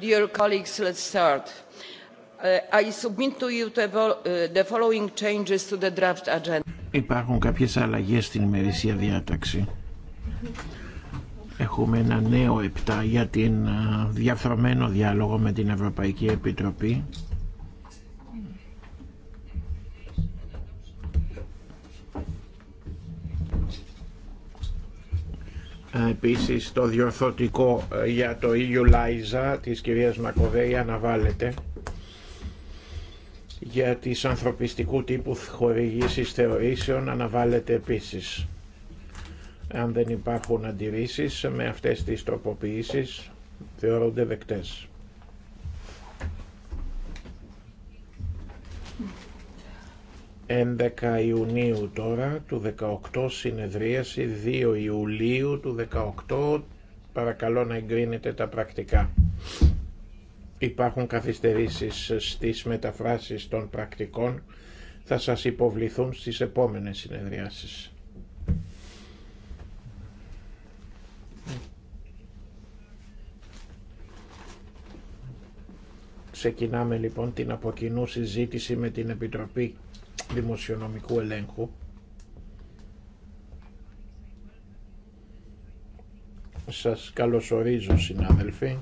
Dear colleagues, let's start. Uh, I submit to you uh, the following changes to the draft agenda. Υπάρχουν κάποιες αλλαγές στην ημερησία διάταξη. Έχουμε ένα νέο επτά για την uh, διαφραμένο διάλογο με την Ευρωπαϊκή Επιτροπή επίσης το διορθωτικό ε, για το ίδιο Λάιζα της κυρίας Μακοβέη αναβάλλεται για τις ανθρωπιστικού τύπου χορηγήσεις θεωρήσεων αναβάλλεται επίσης. Αν δεν υπάρχουν αντιρρήσεις με αυτές τις τροποποιήσεις θεωρούνται δεκτές. 11 Ιουνίου τώρα του 18 συνεδρίαση 2 Ιουλίου του 18 παρακαλώ να εγκρίνετε τα πρακτικά υπάρχουν καθυστερήσεις στις μεταφράσεις των πρακτικών θα σας υποβληθούν στις επόμενες συνεδριάσεις Ξεκινάμε λοιπόν την αποκοινού συζήτηση με την Επιτροπή δημοσιονομικού ελέγχου. Σας καλωσορίζω συνάδελφοι.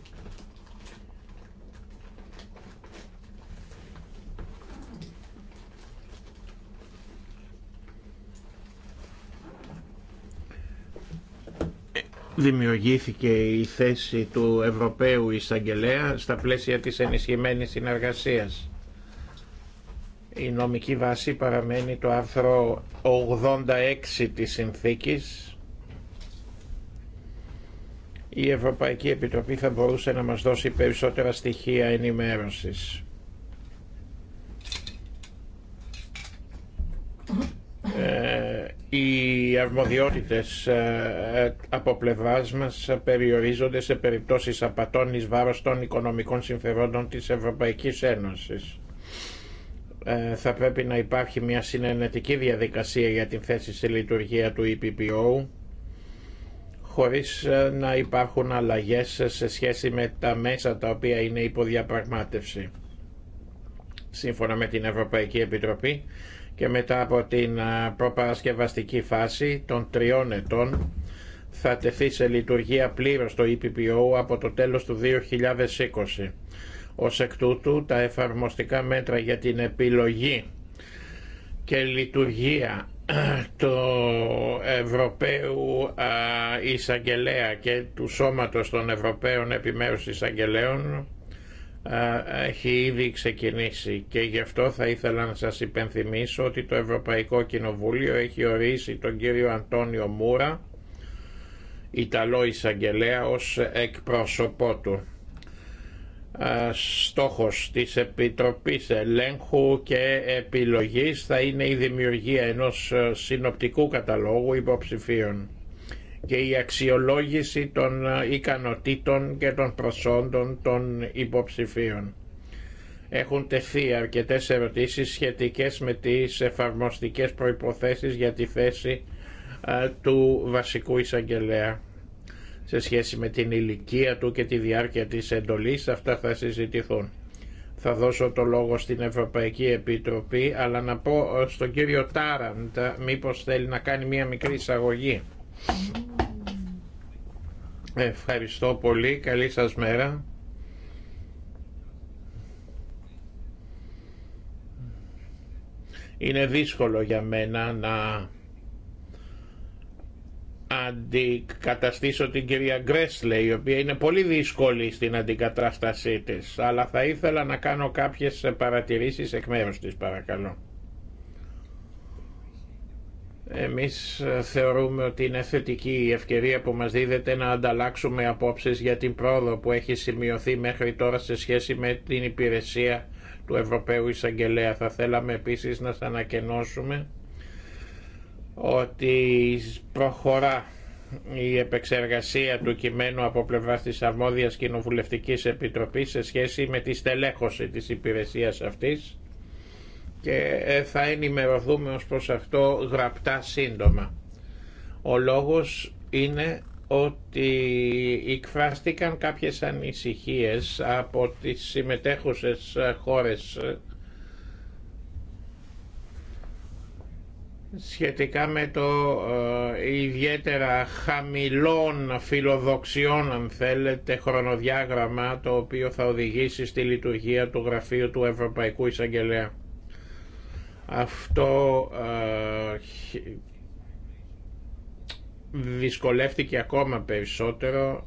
δημιουργήθηκε η θέση του Ευρωπαίου Εισαγγελέα στα πλαίσια της ενισχυμένης συνεργασίας. Η νομική βάση παραμένει το άρθρο 86 της συνθήκης. Η Ευρωπαϊκή Επιτροπή θα μπορούσε να μας δώσει περισσότερα στοιχεία ενημέρωσης. Ε, οι αρμοδιότητες ε, ε, από πλευράς μας περιορίζονται σε περιπτώσεις απατών εις βάρος των οικονομικών συμφερόντων της Ευρωπαϊκής Ένωσης. Ε, θα πρέπει να υπάρχει μια συνενετική διαδικασία για την θέση στη λειτουργία του EPPO χωρίς ε, να υπάρχουν αλλαγές σε σχέση με τα μέσα τα οποία είναι υποδιαπραγμάτευση. Σύμφωνα με την Ευρωπαϊκή Επιτροπή και μετά από την ε, προπαρασκευαστική φάση των τριών ετών θα τεθεί σε λειτουργία πλήρως το EPPO από το τέλος του 2020. Ως εκ τούτου τα εφαρμοστικά μέτρα για την επιλογή και λειτουργία του Ευρωπαίου Εισαγγελέα και του Σώματος των Ευρωπαίων Επιμέρους Εισαγγελέων έχει ήδη ξεκινήσει και γι' αυτό θα ήθελα να σας υπενθυμίσω ότι το Ευρωπαϊκό Κοινοβούλιο έχει ορίσει τον κύριο Αντώνιο Μούρα Ιταλό Εισαγγελέα ως εκπρόσωπό του. Ε, στόχος της Επιτροπής Ελέγχου και Επιλογής θα είναι η δημιουργία ενός ε, συνοπτικού καταλόγου υποψηφίων και η αξιολόγηση των ε, ικανοτήτων και των προσόντων των υποψηφίων. Έχουν τεθεί αρκετές ερωτήσεις σχετικές με τις εφαρμοστικές προϋποθέσεις για τη θέση του βασικού εισαγγελέα σε σχέση με την ηλικία του και τη διάρκεια της εντολής, αυτά θα συζητηθούν. Θα δώσω το λόγο στην Ευρωπαϊκή Επιτροπή, αλλά να πω ε, στον κύριο Τάραντα μήπως θέλει να κάνει μία μικρή εισαγωγή. Ευχαριστώ πολύ, καλή σας μέρα. Είναι δύσκολο για μένα να αντικαταστήσω την κυρία Γκρέσλε η οποία είναι πολύ δύσκολη στην αντικατάστασή της αλλά θα ήθελα να κάνω κάποιες παρατηρήσεις εκ μέρους της παρακαλώ. Εμείς θεωρούμε ότι είναι θετική η ευκαιρία που μας δίδεται να ανταλλάξουμε απόψεις για την πρόοδο που έχει σημειωθεί μέχρι τώρα σε σχέση με την υπηρεσία του Ευρωπαίου Εισαγγελέα. Θα θέλαμε επίσης να σας ανακαινώσουμε ότι προχωρά η επεξεργασία του κειμένου από πλευρά της αρμόδιας κοινοβουλευτική επιτροπής σε σχέση με τη στελέχωση της υπηρεσία αυτής και ε, θα ενημερωθούμε ως προς αυτό γραπτά σύντομα. Ο λόγος είναι ότι εκφράστηκαν κάποιες ανησυχίες από τις συμμετέχουσες ε, χώρες ε, σχετικά με το ε, ιδιαίτερα χαμηλών φιλοδοξιών αν θέλετε χρονοδιάγραμμα το οποίο θα οδηγήσει στη λειτουργία του γραφείου του Ευρωπαϊκού Εισαγγελέα. Αυτό ε, δυσκολεύτηκε ακόμα περισσότερο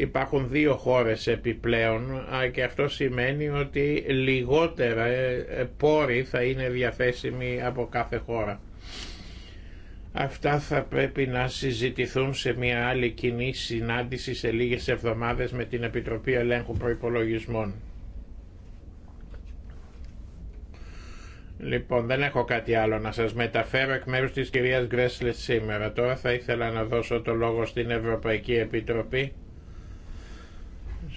Υπάρχουν δύο χώρες επιπλέον και αυτό σημαίνει ότι λιγότερα ε, ε, πόροι θα είναι διαθέσιμοι από κάθε χώρα. Αυτά θα πρέπει να συζητηθούν σε μια άλλη κοινή συνάντηση σε λίγες εβδομάδες με την Επιτροπή Ελέγχου Προϋπολογισμών. Λοιπόν, δεν έχω κάτι άλλο να σας μεταφέρω εκ μέρους της κυρίας Γκρέσλετ σήμερα. Τώρα θα ήθελα να δώσω το λόγο στην Ευρωπαϊκή Επιτροπή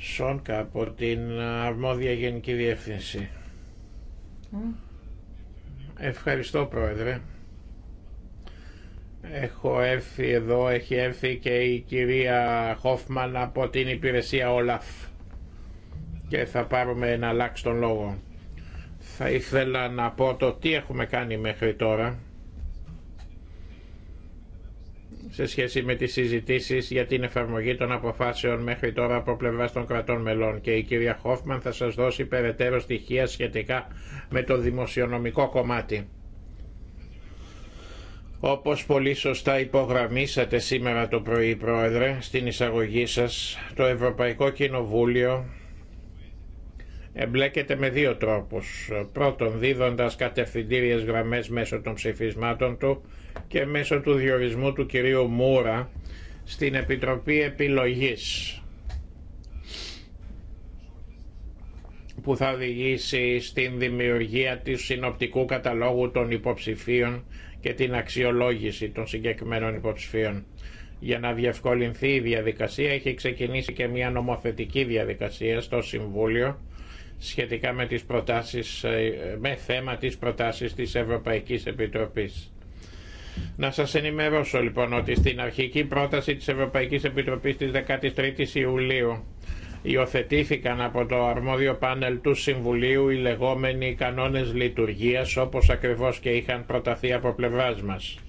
Σόνκα από την Αρμόδια Γενική Διεύθυνση. Ευχαριστώ Πρόεδρε. Έχω έρθει εδώ, έχει έρθει και η κυρία Χόφμαν από την υπηρεσία Όλαφ και θα πάρουμε ένα αλλάξ τον λόγο. Θα ήθελα να πω το τι έχουμε κάνει μέχρι τώρα σε σχέση με τις συζητήσεις για την εφαρμογή των αποφάσεων μέχρι τώρα από πλευρά των κρατών μελών και η κυρία Χόφμαν θα σας δώσει περαιτέρω στοιχεία σχετικά με το δημοσιονομικό κομμάτι. Όπως πολύ σωστά υπογραμμίσατε σήμερα το πρωί, Πρόεδρε, στην εισαγωγή σας, το Ευρωπαϊκό Κοινοβούλιο εμπλέκεται με δύο τρόπους. Πρώτον, δίδοντας κατευθυντήριες γραμμές μέσω των ψηφισμάτων του και μέσω του διορισμού του κυρίου Μούρα στην Επιτροπή Επιλογής που θα οδηγήσει στην δημιουργία του συνοπτικού καταλόγου των υποψηφίων και την αξιολόγηση των συγκεκριμένων υποψηφίων. Για να διευκολυνθεί η διαδικασία έχει ξεκινήσει και μια νομοθετική διαδικασία στο Συμβούλιο σχετικά με, τις προτάσεις, ε, με θέμα τις προτάσεις της Ευρωπαϊκής Επιτροπής. Να σας ενημερώσω λοιπόν ότι στην αρχική πρόταση της Ευρωπαϊκής Επιτροπής της 13ης Ιουλίου υιοθετήθηκαν από το αρμόδιο πάνελ του Συμβουλίου οι λεγόμενοι κανόνες λειτουργίας όπως ακριβώς και είχαν προταθεί από πλευράς μας.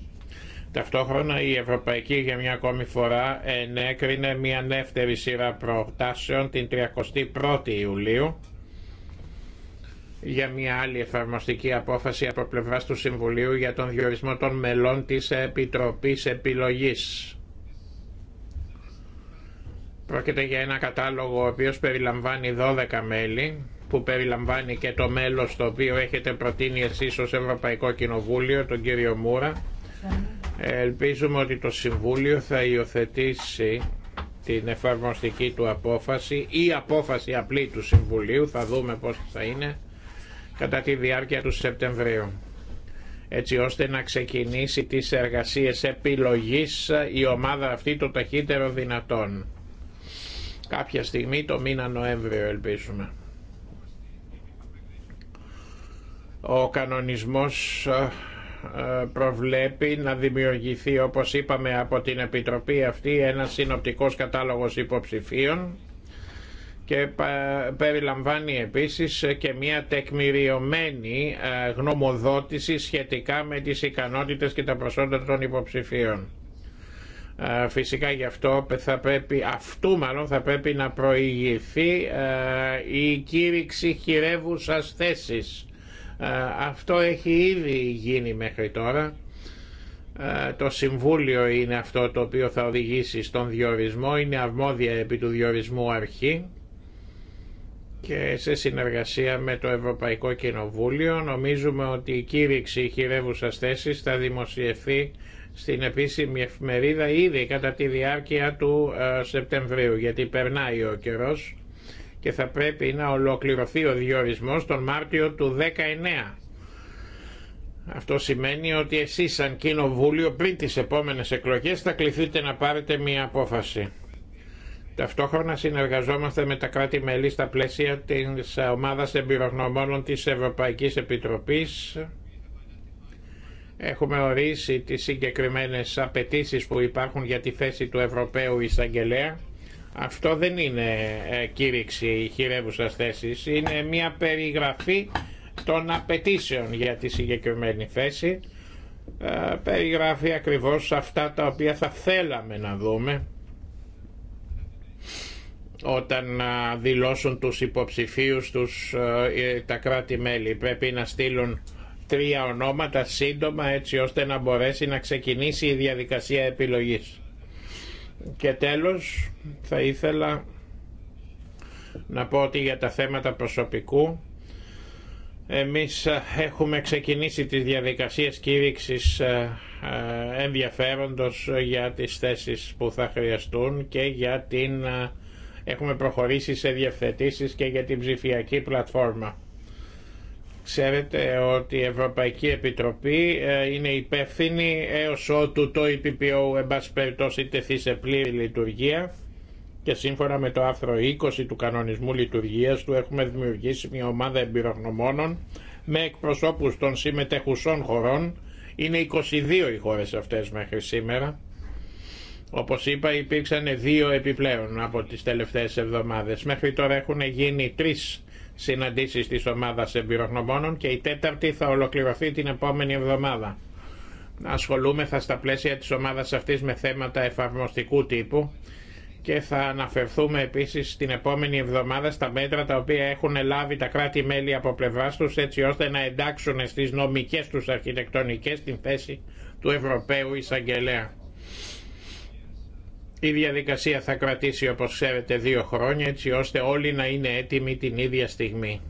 Ταυτόχρονα η Ευρωπαϊκή για μια ακόμη φορά ενέκρινε μια δεύτερη σειρά προτάσεων την 31η Ιουλίου για μια άλλη εφαρμοστική απόφαση από πλευρά του Συμβουλίου για τον διορισμό των μελών της Επιτροπής Επιλογής. Πρόκειται για ένα κατάλογο ο οποίος περιλαμβάνει 12 μέλη που περιλαμβάνει και το μέλος το οποίο έχετε προτείνει εσείς ως Ευρωπαϊκό Κοινοβούλιο, τον κύριο Μούρα. Ελπίζουμε ότι το Συμβούλιο θα υιοθετήσει την εφαρμοστική του απόφαση ή απόφαση απλή του Συμβουλίου, θα δούμε πώς θα είναι, κατά τη διάρκεια του Σεπτεμβρίου έτσι ώστε να ξεκινήσει τις εργασίες επιλογής η ομάδα αυτή το ταχύτερο δυνατόν. Κάποια στιγμή το μήνα Νοέμβριο ελπίζουμε. Ο κανονισμός ε, ε, προβλέπει να δημιουργηθεί όπως είπαμε από την Επιτροπή αυτή ένα συνοπτικός κατάλογος υποψηφίων και περιλαμβάνει επίσης και μια τεκμηριωμένη ε, γνωμοδότηση σχετικά με τις ικανότητες και τα προσόντα των υποψηφίων. Ε, φυσικά γι' αυτό θα πρέπει, αυτού μάλλον θα πρέπει να προηγηθεί ε, η κήρυξη χειρεύουσας θέσης. Αυτό έχει ήδη γίνει μέχρι τώρα. Το Συμβούλιο είναι αυτό το οποίο θα οδηγήσει στον διορισμό, είναι αρμόδια επί του διορισμού αρχή και σε συνεργασία με το Ευρωπαϊκό Κοινοβούλιο νομίζουμε ότι η κήρυξη χειρεύουσας θέσης θα δημοσιευθεί στην επίσημη εφημερίδα ήδη κατά τη διάρκεια του ε, Σεπτεμβρίου γιατί περνάει ο καιρός και θα πρέπει να ολοκληρωθεί ο διορισμός τον Μάρτιο του 19. Αυτό σημαίνει ότι εσείς σαν κοινοβούλιο πριν τις επόμενες εκλογές θα κληθείτε να πάρετε μια απόφαση. Ταυτόχρονα συνεργαζόμαστε με τα κράτη-μέλη στα πλαίσια της ομάδας εμπειρογνωμόνων της Ευρωπαϊκής Επιτροπής. Έχουμε ορίσει τις συγκεκριμένες απαιτήσει που υπάρχουν για τη θέση του Ευρωπαίου Ισαγγελέα. Αυτό δεν είναι ε, κήρυξη χειρεύουσα θέση, είναι μια περιγραφή των απαιτήσεων για τη συγκεκριμένη θέση. Ε, περιγράφει ακριβώς αυτά τα οποία θα θέλαμε να δούμε όταν δηλώσουν τους υποψηφίους τους ε, τα κράτη-μέλη. Πρέπει να στείλουν τρία ονόματα σύντομα έτσι ώστε να μπορέσει να ξεκινήσει η διαδικασία επιλογής. Και τέλος θα ήθελα να πω ότι για τα θέματα προσωπικού εμείς έχουμε ξεκινήσει τις διαδικασίες κήρυξης ενδιαφέροντος για τις θέσεις που θα χρειαστούν και για την Έχουμε προχωρήσει σε διευθετήσεις και για την ψηφιακή πλατφόρμα. Ξέρετε ότι η Ευρωπαϊκή Επιτροπή ε, είναι υπεύθυνη έως ότου το EPPO εν πάση περιπτώσει τεθεί σε πλήρη λειτουργία και σύμφωνα με το άρθρο 20 του κανονισμού λειτουργίας του έχουμε δημιουργήσει μια ομάδα εμπειρογνωμόνων με εκπροσώπους των συμμετεχουσών χωρών. Είναι 22 οι χώρες αυτές μέχρι σήμερα όπως είπα υπήρξαν δύο επιπλέον από τις τελευταίες εβδομάδες. Μέχρι τώρα έχουν γίνει τρεις συναντήσεις της ομάδας εμπειρογνωμόνων και η τέταρτη θα ολοκληρωθεί την επόμενη εβδομάδα. Ασχολούμεθα στα πλαίσια της ομάδας αυτής με θέματα εφαρμοστικού τύπου και θα αναφερθούμε επίσης την επόμενη εβδομάδα στα μέτρα τα οποία έχουν λάβει τα κράτη-μέλη από πλευρά τους έτσι ώστε να εντάξουν στις νομικές τους αρχιτεκτονικές την θέση του Ευρωπαίου Εισαγγελέα. Η διαδικασία θα κρατήσει όπως ξέρετε δύο χρόνια έτσι ώστε όλοι να είναι έτοιμοι την ίδια στιγμή.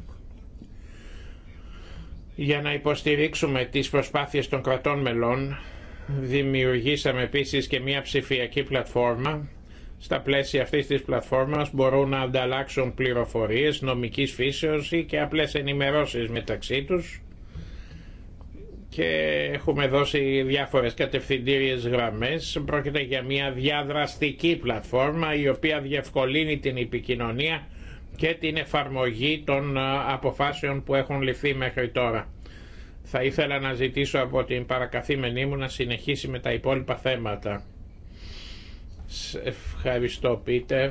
Για να υποστηρίξουμε τις προσπάθειες των κρατών μελών δημιουργήσαμε επίσης και μια ψηφιακή πλατφόρμα. Στα πλαίσια αυτής της πλατφόρμας μπορούν να ανταλλάξουν πληροφορίες νομικής φύσεως ή και απλές ενημερώσεις μεταξύ τους και έχουμε δώσει διάφορες κατευθυντήριες γραμμές. Πρόκειται για μια διαδραστική πλατφόρμα η οποία διευκολύνει την επικοινωνία και την εφαρμογή των ε, αποφάσεων που έχουν ληφθεί μέχρι τώρα. Θα ήθελα να ζητήσω από την παρακαθήμενή μου να συνεχίσει με τα υπόλοιπα θέματα. Σε ευχαριστώ Πίτερ.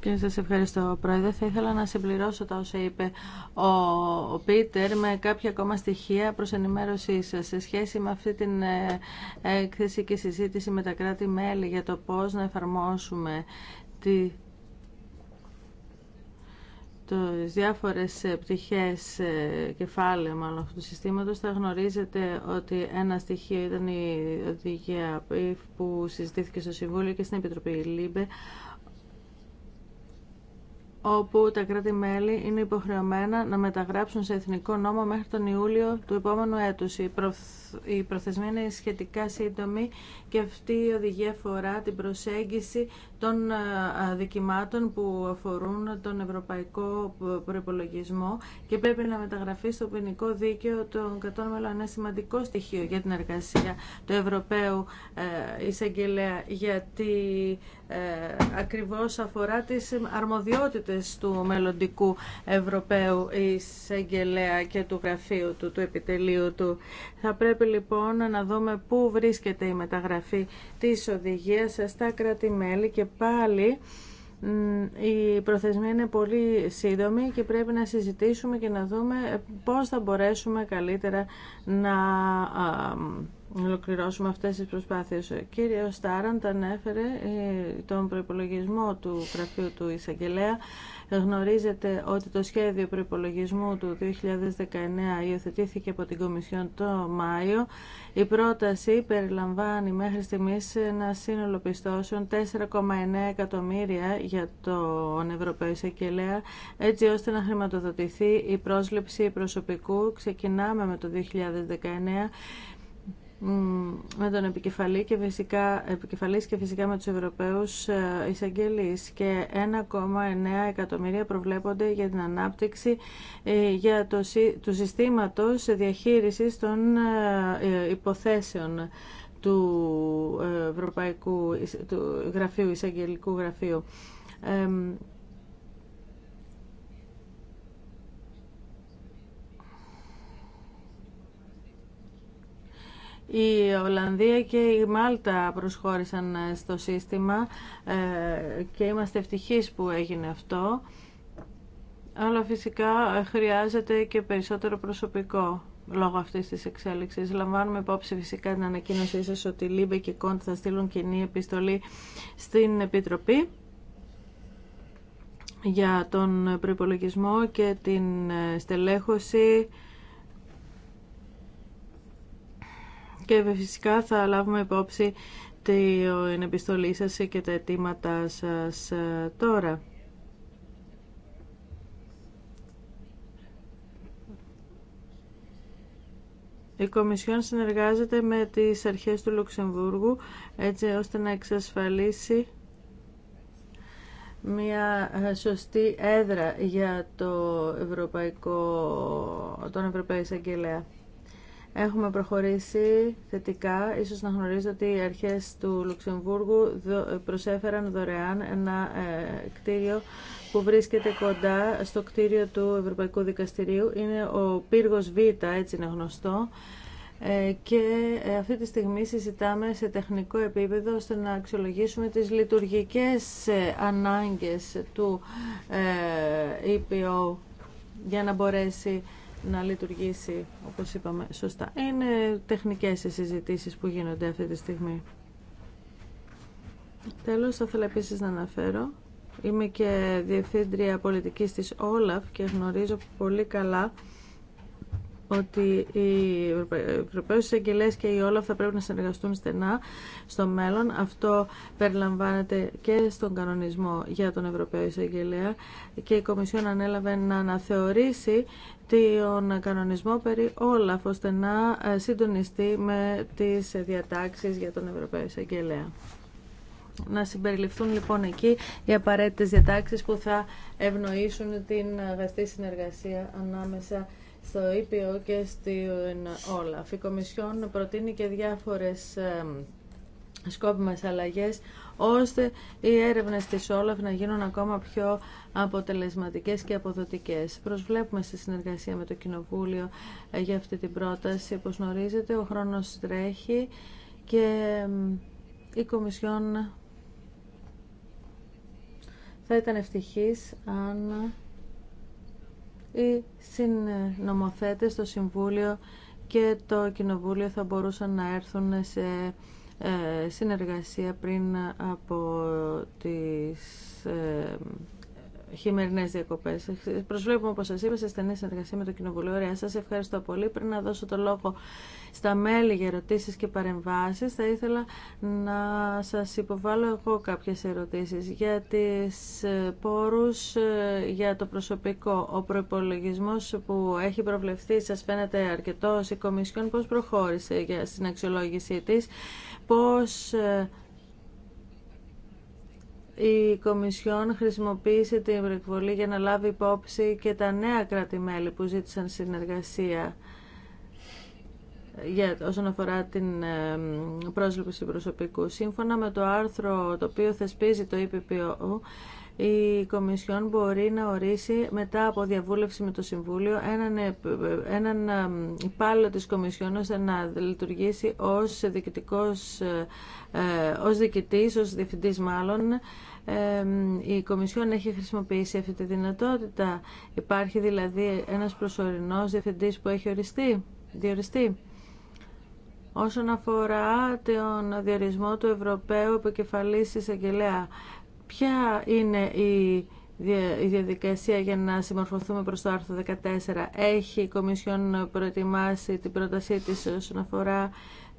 Και σας ευχαριστώ, Πρόεδρε. Θα ήθελα να συμπληρώσω τα όσα είπε ο, Πίτερ με κάποια ακόμα στοιχεία προς ενημέρωσή σας σε σχέση με αυτή την ε, έκθεση και συζήτηση με τα κράτη-μέλη για το πώς να εφαρμόσουμε τη τις διάφορες ε, πτυχές ε, κεφάλαια μάλλον αυτού του συστήματος θα γνωρίζετε ότι ένα στοιχείο ήταν η οδηγία που συζητήθηκε στο Συμβούλιο και στην Επιτροπή ΛΥΜΠΕ όπου τα κράτη-μέλη είναι υποχρεωμένα να μεταγράψουν σε εθνικό νόμο μέχρι τον Ιούλιο του επόμενου έτους. Η προθεσμία είναι σχετικά σύντομη και αυτή η οδηγία αφορά την προσέγγιση των ε, δικημάτων που αφορούν τον ευρωπαϊκό ε, προπολογισμό και πρέπει να μεταγραφεί στο ποινικό δίκαιο των κρατών μελών. Ένα σημαντικό στοιχείο για την εργασία του Ευρωπαίου ε, εισαγγελέα, γιατί ακριβώς αφορά τις αρμοδιότητες του μελλοντικού Ευρωπαίου εισαγγελέα και του γραφείου του, του επιτελείου του. Θα πρέπει λοιπόν να δούμε πού βρίσκεται η μεταγραφή της οδηγίας στα κράτη-μέλη και πάλι η προθεσμία είναι πολύ σύντομη και πρέπει να συζητήσουμε και να δούμε πώς θα μπορέσουμε καλύτερα να ολοκληρώσουμε αυτές τις προσπάθειες. Ο κύριος Στάραντ ανέφερε ε, τον προϋπολογισμό του γραφείου του Ισαγγελέα Γνωρίζετε ότι το σχέδιο προπολογισμού του 2019 υιοθετήθηκε από την Κομισιόν το Μάιο. Η πρόταση περιλαμβάνει μέχρι στιγμής ένα σύνολο πιστώσεων 4,9 εκατομμύρια για τον Ευρωπαίο Εισαγγελέα, έτσι ώστε να χρηματοδοτηθεί η πρόσληψη προσωπικού. Ξεκινάμε με το 2019 με τον επικεφαλή και φυσικά, επικεφαλής και φυσικά με τους Ευρωπαίους ε, εισαγγελείς και 1,9 εκατομμύρια προβλέπονται για την ανάπτυξη ε, για το, του συστήματος διαχείρισης των ε, υποθέσεων του Ευρωπαϊκού του Γραφείου Εισαγγελικού Γραφείου. Η Ολλανδία και η Μάλτα προσχώρησαν ε, στο σύστημα ε, και είμαστε ευτυχείς που έγινε αυτό. Αλλά φυσικά ε, χρειάζεται και περισσότερο προσωπικό λόγω αυτής της εξέλιξης. Λαμβάνουμε υπόψη φυσικά την ανακοίνωσή σας ότι Λίμπε και Κόντ θα στείλουν κοινή επιστολή στην Επιτροπή για τον προϋπολογισμό και την στελέχωση και φυσικά θα λάβουμε υπόψη την επιστολή σας και τα αιτήματά σας ε, τώρα. Η Κομισιόν συνεργάζεται με τις αρχές του Λουξεμβούργου έτσι ώστε να εξασφαλίσει μια ε, σωστή έδρα για το Ευρωπαϊκό, τον Ευρωπαϊκό Εισαγγελέα. Έχουμε προχωρήσει θετικά. Ίσως να γνωρίζετε ότι οι αρχές του Λουξεμβούργου προσέφεραν δωρεάν ένα ε, κτίριο που βρίσκεται κοντά στο κτίριο του Ευρωπαϊκού Δικαστηρίου. Είναι ο πύργος Β, έτσι είναι γνωστό. Ε, και ε, αυτή τη στιγμή συζητάμε σε τεχνικό επίπεδο ώστε να αξιολογήσουμε τις λειτουργικές ανάγκες του ΕΠΟ για να μπορέσει να λειτουργήσει, όπως είπαμε, σωστά. Είναι τεχνικές οι συζητήσεις που γίνονται αυτή τη στιγμή. Τέλος, θα ήθελα επίσης να αναφέρω. Είμαι και Διευθύντρια Πολιτικής της Όλαφ και γνωρίζω πολύ καλά ότι οι Ευρωπαίοι Εισαγγελές και οι Όλαφ θα πρέπει να συνεργαστούν στενά στο μέλλον. Αυτό περιλαμβάνεται και στον κανονισμό για τον Ευρωπαίο Εισαγγελέα και η Κομισιόν ανέλαβε να αναθεωρήσει τον κανονισμό περί Όλαφ ώστε να ε, συντονιστεί με τις διατάξεις για τον Ευρωπαίο Εισαγγελέα να συμπεριληφθούν λοιπόν εκεί οι απαραίτητε διατάξεις που θα ευνοήσουν την ε, αγαστή συνεργασία ανάμεσα στο ΕΠΟ και στην ΟΛΑΦ. Η Κομισιόν προτείνει και διάφορες σκόπιμες αλλαγές ώστε οι έρευνες της Όλαφ να γίνουν ακόμα πιο αποτελεσματικές και αποδοτικές. Προσβλέπουμε στη συνεργασία με το Κοινοβούλιο ε, για αυτή την πρόταση. Όπως γνωρίζετε, ο χρόνος τρέχει και η Κομισιόν θα ήταν ευτυχής αν οι συνομοθέτες το Συμβούλιο και το Κοινοβούλιο θα μπορούσαν να έρθουν σε ε, συνεργασία πριν από τις ε, χειμερινέ διακοπέ. Προσβλέπουμε, όπω σα είπα, σε στενή συνεργασία με το Κοινοβουλίο. Ωραία, σα ευχαριστώ πολύ. Πριν να δώσω το λόγο στα μέλη για ερωτήσει και παρεμβάσει, θα ήθελα να σα υποβάλω εγώ κάποιε ερωτήσει για τι ε, πόρου ε, για το προσωπικό. Ο προπολογισμό που έχει προβλεφθεί, σα φαίνεται αρκετό. Η Κομισιόν πώ προχώρησε για, στην αξιολόγησή τη, η Κομισιόν χρησιμοποίησε την προεκβολή για να λάβει υπόψη και τα νέα κράτη-μέλη που ζήτησαν συνεργασία για, όσον αφορά την ε, πρόσληψη προσωπικού. Σύμφωνα με το άρθρο το οποίο θεσπίζει το ΕΠΠΟ, η Κομισιόν μπορεί να ορίσει μετά από διαβούλευση με το Συμβούλιο έναν, ε, έναν ε, υπάλληλο της Κομισιόν ώστε να λειτουργήσει ως διοικητικός, ε, ως διοικητής, ως διευθυντής μάλλον. Η Κομισιόν έχει χρησιμοποιήσει αυτή τη δυνατότητα. Υπάρχει δηλαδή ένας προσωρινός διευθυντής που έχει οριστεί, διοριστεί. Όσον αφορά τον διορισμό του Ευρωπαίου Επικεφαλής Εισαγγελέα, Ποια είναι η διαδικασία για να συμμορφωθούμε προς το άρθρο 14. Έχει η Κομισιόν προετοιμάσει την πρότασή της όσον αφορά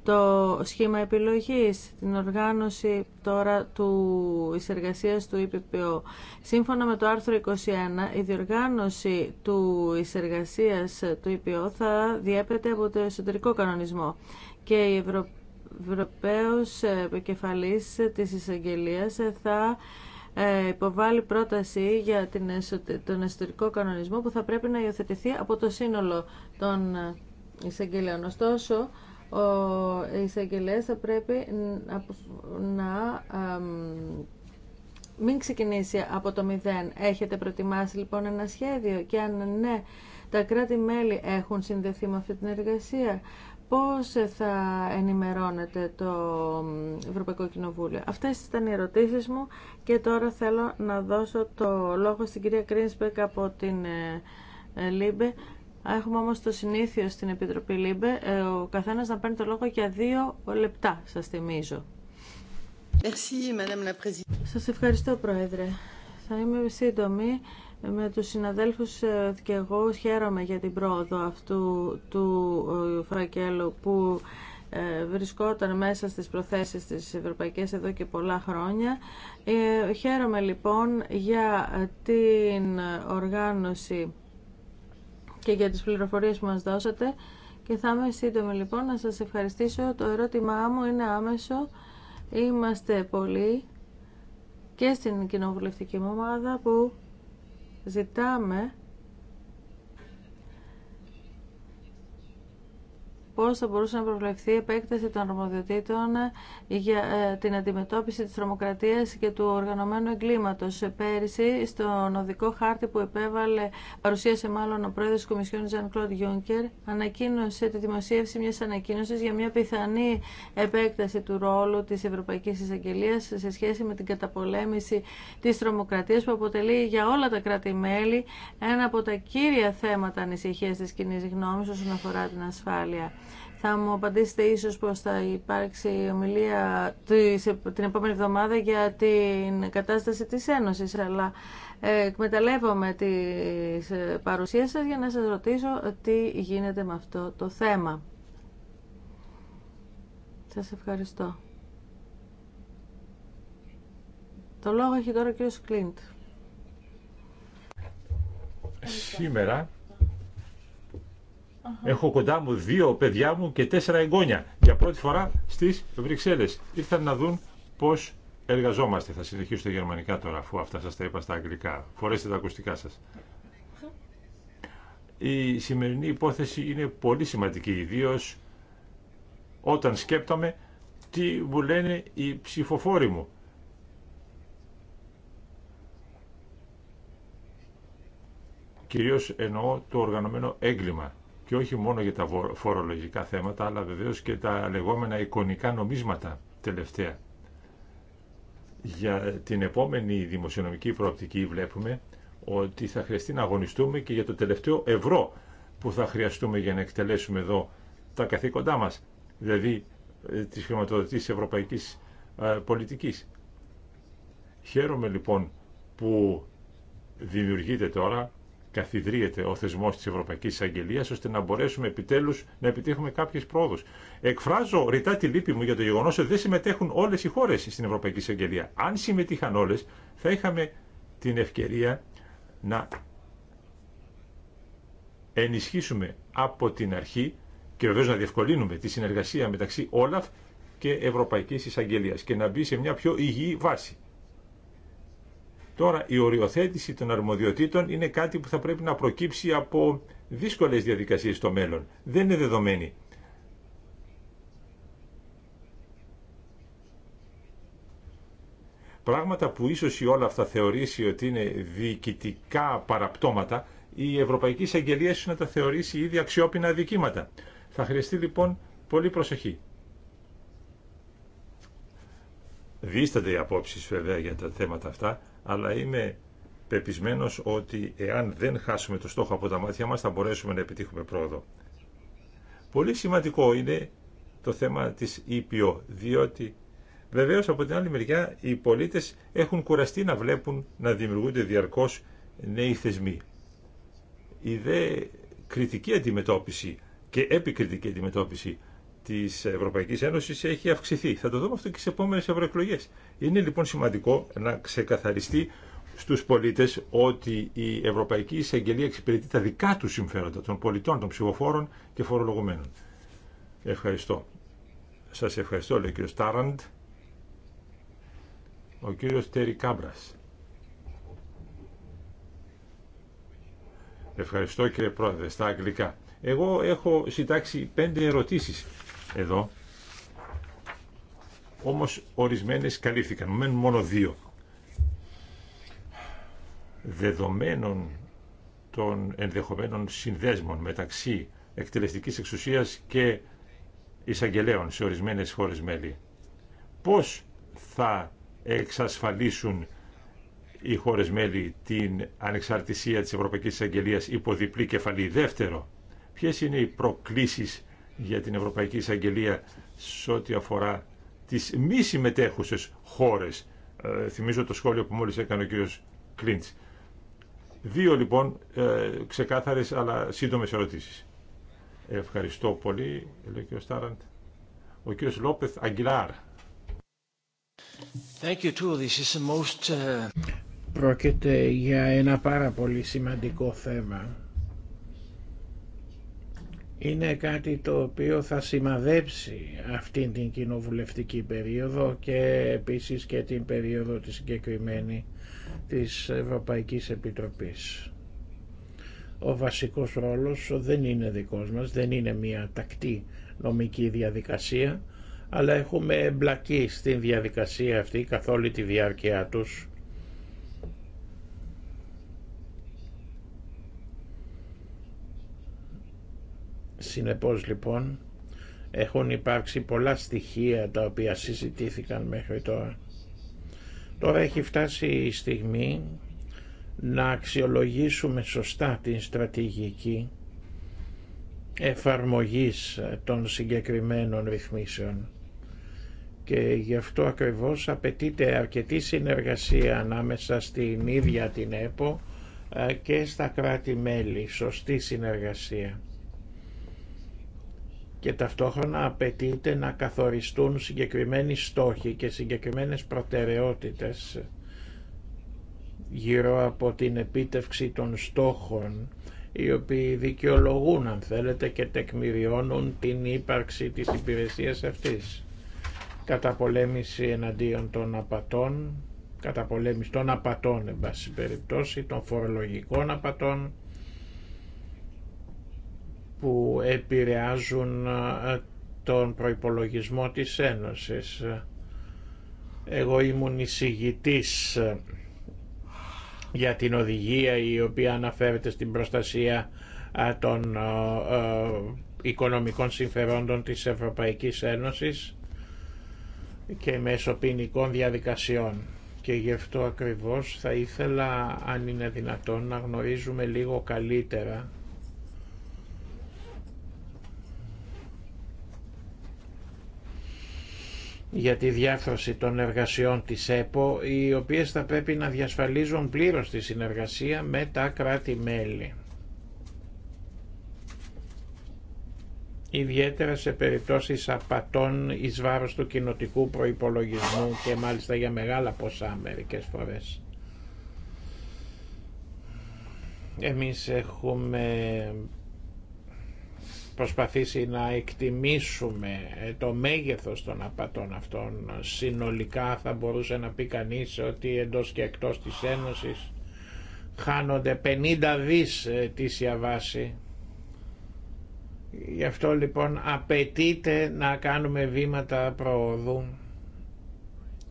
το σχήμα επιλογής, την οργάνωση τώρα του εισεργασίας του ΙΠΠΟ. Σύμφωνα με το άρθρο 21, η διοργάνωση του εισεργασίας του ΙΠΠΟ θα διέπεται από το εσωτερικό κανονισμό και η Ευρωπαίος ε, επικεφαλής της εισαγγελίας ε, θα ε, υποβάλει πρόταση για την, τον εσωτερικό κανονισμό που θα πρέπει να υιοθετηθεί από το σύνολο των εισαγγελίων. Ωστόσο, ο εισαγγελέας θα πρέπει να μην ξεκινήσει από το μηδέν. Έχετε προετοιμάσει λοιπόν ένα σχέδιο και αν ναι, τα κράτη-μέλη έχουν συνδεθεί με αυτή την εργασία πώς θα ενημερώνεται το Ευρωπαϊκό Κοινοβούλιο. Αυτές ήταν οι ερωτήσεις μου και τώρα θέλω να δώσω το λόγο στην κυρία Κρίνσπεκ από την ε, ε, ΛΥΜΠΕ. Έχουμε όμως το συνήθειο στην Επιτροπή ΛΥΜΠΕ ε, ο καθένας να παίρνει το λόγο για δύο λεπτά, σας θυμίζω. Merci, Σας ευχαριστώ, Πρόεδρε. Θα είμαι σύντομη. Με τους συναδέλφους ε, και εγώ χαίρομαι για την πρόοδο αυτού του ε, φρακέλου που ε, βρισκόταν μέσα στις προθέσεις της Ευρωπαϊκής εδώ και πολλά χρόνια. Χαίρομαι λοιπόν για την οργάνωση και για τις πληροφορίες που μας δώσατε και θα είμαι σύντομη λοιπόν να σας ευχαριστήσω. Το ερώτημά μου είναι άμεσο. Είμαστε πολλοί και στην κοινοβουλευτική μου ομάδα που ζητάμε πώς θα μπορούσε να προβλεφθεί η επέκταση των αρμοδιοτήτων για ε, την αντιμετώπιση της τρομοκρατίας και του οργανωμένου εγκλήματος. Πέρυσι, στον οδικό χάρτη που επέβαλε, παρουσίασε μάλλον ο πρόεδρος της Κομισιόν Ζαν Κλοντ Γιούνκερ, ανακοίνωσε τη δημοσίευση μιας ανακοίνωσης για μια πιθανή επέκταση του ρόλου της Ευρωπαϊκής Εισαγγελία σε σχέση με την καταπολέμηση της τρομοκρατίας που αποτελεί για όλα τα κράτη-μέλη ένα από τα κύρια θέματα ανησυχίας τη κοινή γνώμη όσον αφορά την ασφάλεια. Θα μου απαντήσετε ίσως πως θα υπάρξει ομιλία την επόμενη εβδομάδα για την κατάσταση της Ένωσης, αλλά ε, εκμεταλλεύομαι τη ε, παρουσία σας για να σας ρωτήσω τι γίνεται με αυτό το θέμα. Σας ευχαριστώ. Το λόγο έχει τώρα ο κ. Κλίντ. Σήμερα Έχω κοντά μου δύο παιδιά μου και τέσσερα εγγόνια. Για πρώτη φορά στις Βρυξέλλες. Ήρθαν να δουν πώς εργαζόμαστε. Θα συνεχίσω στα γερμανικά τώρα, αφού αυτά σας τα είπα στα αγγλικά. Φορέστε τα ακουστικά σας. Η σημερινή υπόθεση είναι πολύ σημαντική, ιδίω όταν σκέπτομαι τι μου λένε οι ψηφοφόροι μου. Κυρίως εννοώ το οργανωμένο έγκλημα και όχι μόνο για τα φορολογικά θέματα, αλλά βεβαίως και τα λεγόμενα εικονικά νομίσματα τελευταία. Για την επόμενη δημοσιονομική προοπτική βλέπουμε ότι θα χρειαστεί να αγωνιστούμε και για το τελευταίο ευρώ που θα χρειαστούμε για να εκτελέσουμε εδώ τα καθήκοντά μας, δηλαδή ε, της χρηματοδοτής ευρωπαϊκής ε, πολιτικής. Χαίρομαι λοιπόν που δημιουργείται τώρα καθιδρύεται ο θεσμό τη Ευρωπαϊκή Εισαγγελία, ώστε να μπορέσουμε επιτέλου να επιτύχουμε κάποιε πρόοδου. Εκφράζω ρητά τη λύπη μου για το γεγονό ότι δεν συμμετέχουν όλε οι χώρε στην Ευρωπαϊκή Εισαγγελία. Αν συμμετείχαν όλε, θα είχαμε την ευκαιρία να ενισχύσουμε από την αρχή και βεβαίω να διευκολύνουμε τη συνεργασία μεταξύ Όλαφ και Ευρωπαϊκή Εισαγγελία και να μπει σε μια πιο υγιή βάση. Τώρα η οριοθέτηση των αρμοδιοτήτων είναι κάτι που θα πρέπει να προκύψει από δύσκολες διαδικασίες στο μέλλον. Δεν είναι δεδομένη. Πράγματα που ίσως η όλα αυτά θεωρήσει ότι είναι διοικητικά παραπτώματα, η Ευρωπαϊκή Εισαγγελία ίσως να τα θεωρήσει ήδη αξιόπινα αδικήματα. Θα χρειαστεί λοιπόν πολύ προσοχή. Δίστανται οι απόψεις βέβαια για τα θέματα αυτά, αλλά είμαι πεπισμένος ότι εάν δεν χάσουμε το στόχο από τα μάτια μας θα μπορέσουμε να επιτύχουμε πρόοδο. Πολύ σημαντικό είναι το θέμα της ΕΠΟ, διότι βεβαίως από την άλλη μεριά οι πολίτες έχουν κουραστεί να βλέπουν να δημιουργούνται διαρκώς νέοι θεσμοί. Η δε κριτική αντιμετώπιση και επικριτική αντιμετώπιση της Ευρωπαϊκής Ένωσης έχει αυξηθεί. Θα το δούμε αυτό και στι επόμενε ευρωεκλογέ. Είναι λοιπόν σημαντικό να ξεκαθαριστεί στους πολίτες ότι η Ευρωπαϊκή Εισαγγελία εξυπηρετεί τα δικά του συμφέροντα των πολιτών, των ψηφοφόρων και φορολογουμένων. Ευχαριστώ. Σας ευχαριστώ, λέει ο κύριο Τάραντ. Ο κύριο Τέρι Κάμπρα. Ευχαριστώ κύριε Πρόεδρε, στα αγγλικά. Εγώ έχω συντάξει πέντε ερωτήσεις εδώ. Όμως ορισμένες καλύφθηκαν, μένουν μόνο δύο. Δεδομένων των ενδεχομένων συνδέσμων μεταξύ εκτελεστικής εξουσίας και εισαγγελέων σε ορισμένες χώρες μέλη. Πώς θα εξασφαλίσουν οι χώρες μέλη την ανεξαρτησία της Ευρωπαϊκής Εισαγγελίας υπό διπλή κεφαλή. Δεύτερο, ποιες είναι οι προκλήσεις για την Ευρωπαϊκή Εισαγγελία σε ό,τι αφορά τις μη συμμετέχουσε χώρες. Ε, θυμίζω το σχόλιο που μόλις έκανε ο κύριος Κλίντς. Δύο λοιπόν ε, ξεκάθαρες αλλά σύντομες ερωτήσεις. Ευχαριστώ πολύ, λέει ο κ. Στάραντ. Ο κ. Λόπεθ Αγγιλάρ. Uh, Πρόκειται για ένα πάρα πολύ σημαντικό θέμα είναι κάτι το οποίο θα σημαδέψει αυτήν την κοινοβουλευτική περίοδο και επίσης και την περίοδο της συγκεκριμένη της Ευρωπαϊκής Επιτροπής. Ο βασικός ρόλος δεν είναι δικός μας, δεν είναι μια τακτή νομική διαδικασία, αλλά έχουμε εμπλακεί στην διαδικασία αυτή καθ' όλη τη διάρκεια τους Συνεπώς λοιπόν έχουν υπάρξει πολλά στοιχεία τα οποία συζητήθηκαν μέχρι τώρα. Τώρα έχει φτάσει η στιγμή να αξιολογήσουμε σωστά την στρατηγική εφαρμογής των συγκεκριμένων ρυθμίσεων και γι' αυτό ακριβώς απαιτείται αρκετή συνεργασία ανάμεσα στην ίδια την ΕΠΟ ε, και στα κράτη-μέλη, σωστή συνεργασία και ταυτόχρονα απαιτείται να καθοριστούν συγκεκριμένοι στόχοι και συγκεκριμένες προτεραιότητες γύρω από την επίτευξη των στόχων οι οποίοι δικαιολογούν αν θέλετε και τεκμηριώνουν την ύπαρξη της υπηρεσίας αυτής. πολέμηση εναντίον των απατών, καταπολέμηση των απατών εν πάση περιπτώσει, των φορολογικών απατών, που επηρεάζουν ε, τον προϋπολογισμό της Ένωσης. Εγώ ήμουν εισηγητής ε, για την οδηγία η οποία αναφέρεται στην προστασία ε, των οικονομικών συμφερόντων της Ευρωπαϊκής Ένωσης και μέσω ποινικών διαδικασιών. Και γι' αυτό ακριβώς θα ήθελα, αν είναι δυνατόν, να γνωρίζουμε λίγο καλύτερα για τη διάρθρωση των εργασιών της ΕΠΟ, οι οποίες θα πρέπει να διασφαλίζουν πλήρως τη συνεργασία με τα κράτη-μέλη. ιδιαίτερα σε περιπτώσεις απατών εις βάρος του κοινοτικού προϋπολογισμού και μάλιστα για μεγάλα ποσά μερικές φορές. Εμείς έχουμε προσπαθήσει να εκτιμήσουμε ε, το μέγεθος των απατών αυτών. Συνολικά θα μπορούσε να πει κανείς ότι εντός και εκτός της Ένωσης χάνονται 50 δις ε, της βάση. Γι' αυτό λοιπόν απαιτείται να κάνουμε βήματα προοδού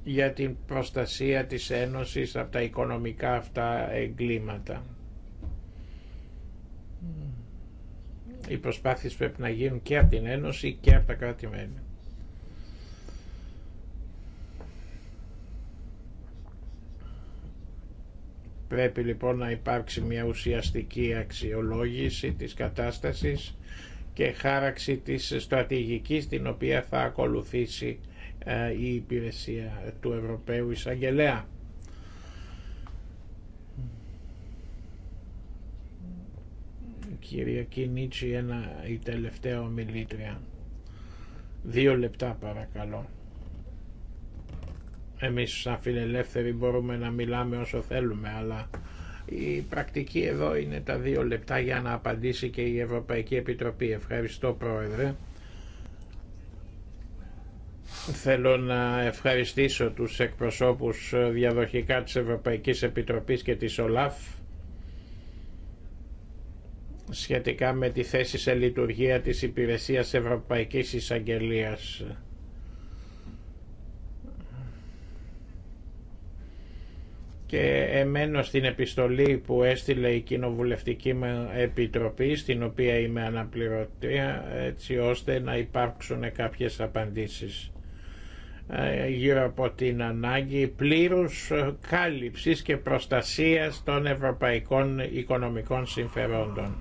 για την προστασία της Ένωσης από τα οικονομικά αυτά εγκλήματα. οι προσπάθειες πρέπει να γίνουν και από την Ένωση και από τα κράτη-μέλη. Πρέπει λοιπόν να υπάρξει μια ουσιαστική αξιολόγηση της κατάστασης και χάραξη της στρατηγικής την οποία θα ακολουθήσει ε, η υπηρεσία του Ευρωπαίου Εισαγγελέα. κυριακή Κινίτσι ένα, η τελευταία ομιλήτρια. Δύο λεπτά παρακαλώ. Εμείς σαν φιλελεύθεροι μπορούμε να μιλάμε όσο θέλουμε, αλλά η πρακτική εδώ είναι τα δύο λεπτά για να απαντήσει και η Ευρωπαϊκή Επιτροπή. Ευχαριστώ Πρόεδρε. Θέλω να ευχαριστήσω τους εκπροσώπους ε, διαδοχικά της Ευρωπαϊκής Επιτροπής και της ΟΛΑΦ σχετικά με τη θέση σε λειτουργία της Υπηρεσίας Ευρωπαϊκής Εισαγγελίας. και εμένω στην επιστολή που έστειλε η Κοινοβουλευτική Επιτροπή, στην οποία είμαι αναπληρωτή, έτσι ώστε να υπάρξουν κάποιες απαντήσεις ε, γύρω από την ανάγκη πλήρους κάλυψης και προστασίας των ευρωπαϊκών οικονομικών συμφερόντων.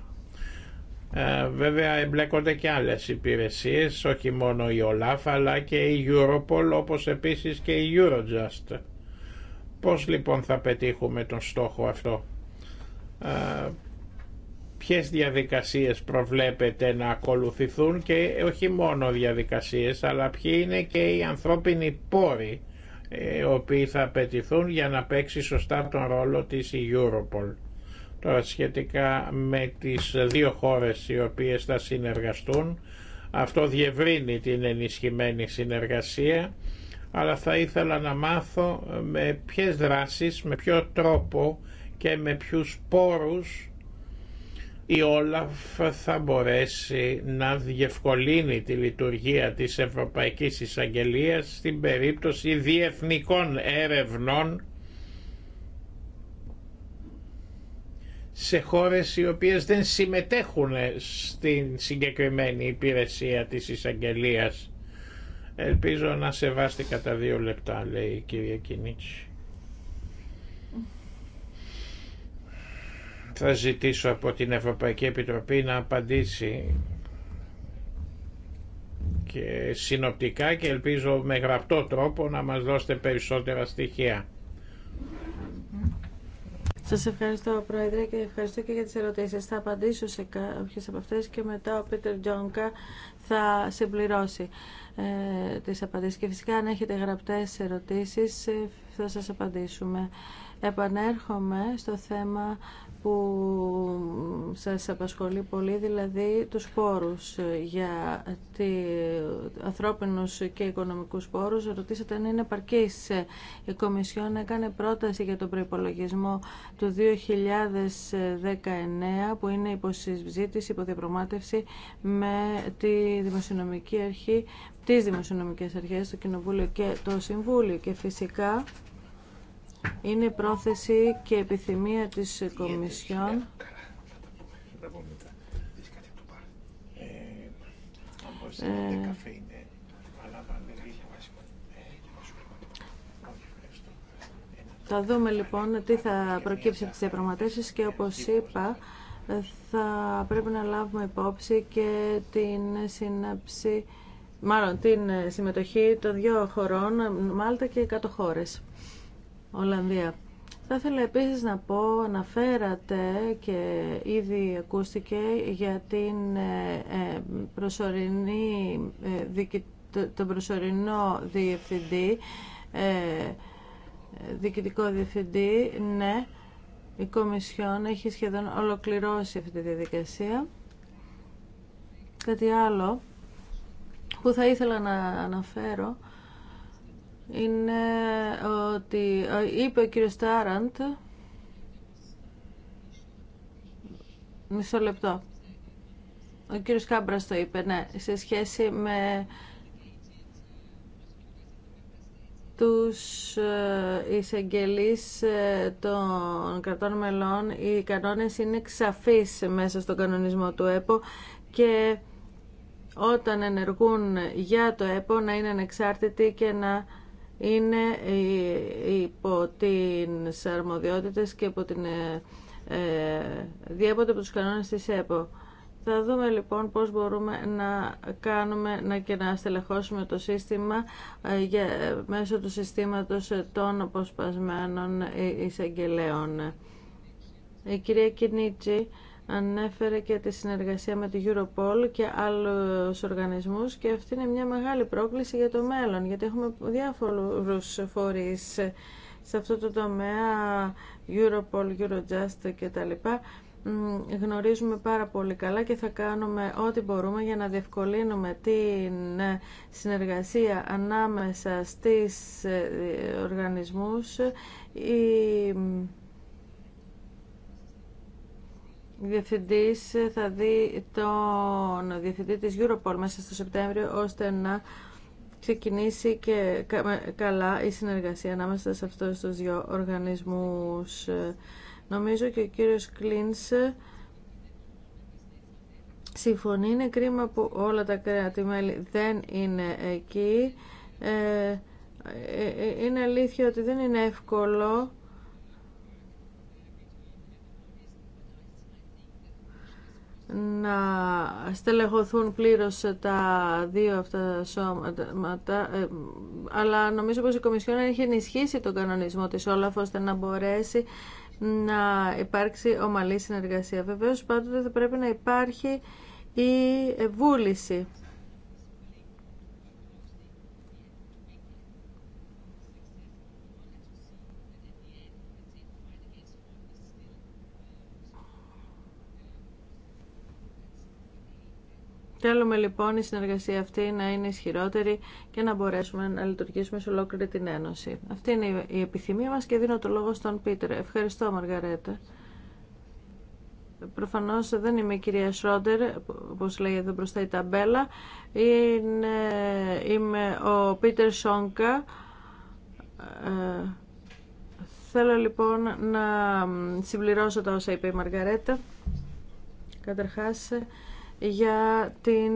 Ε, βέβαια εμπλέκονται και άλλες υπηρεσίες, όχι μόνο η ΟΛΑΦ αλλά και η Europol όπως επίσης και η Eurojust. Πώς λοιπόν θα πετύχουμε τον στόχο αυτό. Ε, ποιες διαδικασίες προβλέπετε να ακολουθηθούν και όχι μόνο διαδικασίες αλλά ποιοι είναι και οι ανθρώπινοι πόροι ε, οι οποίοι θα απαιτηθούν για να παίξει σωστά τον ρόλο της η Europol. Τώρα ε, σχετικά με τις δύο χώρες οι οποίες θα συνεργαστούν, αυτό διευρύνει την ενισχυμένη συνεργασία, αλλά θα ήθελα να μάθω ε, με ποιες δράσεις, με ποιο τρόπο και με ποιους πόρους η Όλαφ θα μπορέσει να διευκολύνει τη λειτουργία της Ευρωπαϊκής Εισαγγελίας στην περίπτωση διεθνικών έρευνων σε χώρες οι οποίες δεν συμμετέχουν στην συγκεκριμένη υπηρεσία της εισαγγελία. Ελπίζω να σεβάστηκα τα δύο λεπτά, λέει η κυρία Κινίτσι. Θα ζητήσω από την Ευρωπαϊκή Επιτροπή να απαντήσει και συνοπτικά και ελπίζω με γραπτό τρόπο να μας δώσετε περισσότερα στοιχεία. Σας ευχαριστώ Πρόεδρε και ευχαριστώ και για τις ερωτήσεις. Θα απαντήσω σε κάποιες από αυτές και μετά ο Πίτερ Τζόνκα θα συμπληρώσει ε, τις απαντήσεις. Και φυσικά αν έχετε γραπτέ ερωτήσεις ε, θα σας απαντήσουμε. Επανέρχομαι στο θέμα που σας απασχολεί πολύ, δηλαδή τους πόρους για τη, ανθρώπινους και οικονομικούς πόρους. Ρωτήσατε αν είναι παρκής η Κομισιόν έκανε πρόταση για τον προϋπολογισμό του 2019 που είναι υποσυζήτηση, υποδιαπραγμάτευση με τη Δημοσιονομική Αρχή, τις Δημοσιονομικές Αρχές, το Κοινοβούλιο και το Συμβούλιο και φυσικά είναι πρόθεση και επιθυμία της Κομισιόν ε, Θα δούμε λοιπόν τι θα προκύψει από τις διαπραγματεύσεις και όπως είπα θα πρέπει να λάβουμε υπόψη και την σύναψη, μάλλον την συμμετοχή των δύο χωρών, Μάλτα και κάτω χώρες. Ολλανδία. Θα ήθελα επίσης να πω, αναφέρατε και ήδη ακούστηκε για την ε, ε, προσωρινή, ε, τον προσωρινό διευθυντή, διοικητικό διευθυντή, ναι, η Κομισιόν έχει σχεδόν ολοκληρώσει αυτή τη διαδικασία. Κάτι άλλο που θα ήθελα να αναφέρω είναι ότι ε, είπε ο κύριος Τάραντ μισό λεπτό ο κύριος Κάμπρας το είπε ναι, σε σχέση με τους ε, εισαγγελείς ε, των κρατών μελών οι κανόνες είναι ξαφείς μέσα στον κανονισμό του ΕΠΟ και όταν ενεργούν για το ΕΠΟ να είναι ανεξάρτητοι και να είναι ε, υπό την αρμοδιότητες και υπό την ε, ε, διέπονται από τους κανόνες της ΕΠΟ. Θα δούμε λοιπόν πώς μπορούμε να κάνουμε να και να στελεχώσουμε το σύστημα για, μέσω του συστήματος των αποσπασμένων εισαγγελέων. Η κυρία Κινίτσι ανέφερε και τη συνεργασία με τη Europol και άλλους οργανισμούς και αυτή είναι μια μεγάλη πρόκληση για το μέλλον γιατί έχουμε διάφορους φορείς σε αυτό το τομέα Europol, Eurojust και τα γνωρίζουμε πάρα πολύ καλά και θα κάνουμε ό,τι μπορούμε για να διευκολύνουμε την συνεργασία ανάμεσα στις ε, οργανισμούς διευθυντής ε, θα δει τον διευθυντή της Europol μέσα στο Σεπτέμβριο ώστε να ξεκινήσει και καλά η συνεργασία ανάμεσα σε αυτούς τους δύο οργανισμούς. Ε, νομίζω και ο κύριος Κλίνς ε, συμφωνεί. Είναι κρίμα που όλα τα κράτη-μέλη δεν είναι εκεί. Είναι αλήθεια ότι δεν είναι εύκολο να στελεχωθούν πλήρως τα δύο αυτά σώματα, ε, αλλά νομίζω πως η Κομισιόν έχει ενισχύσει τον κανονισμό της όλα ώστε να μπορέσει να υπάρξει ομαλή συνεργασία. Βεβαίως πάντοτε θα πρέπει να υπάρχει η βούληση Θέλουμε λοιπόν η συνεργασία αυτή να είναι ισχυρότερη και να μπορέσουμε να λειτουργήσουμε σε ολόκληρη την Ένωση. Αυτή είναι η επιθυμία μας και δίνω το λόγο στον Πίτερ. Ευχαριστώ Μαργαρέτα. Προφανώς δεν είμαι η κυρία Σρόντερ, όπως λέει εδώ μπροστά η ταμπέλα. Είναι, είμαι ο Πίτερ Σόγκα. Ε, θέλω λοιπόν να συμπληρώσω τα όσα είπε η Μαργαρέτα. Καταρχάς, για την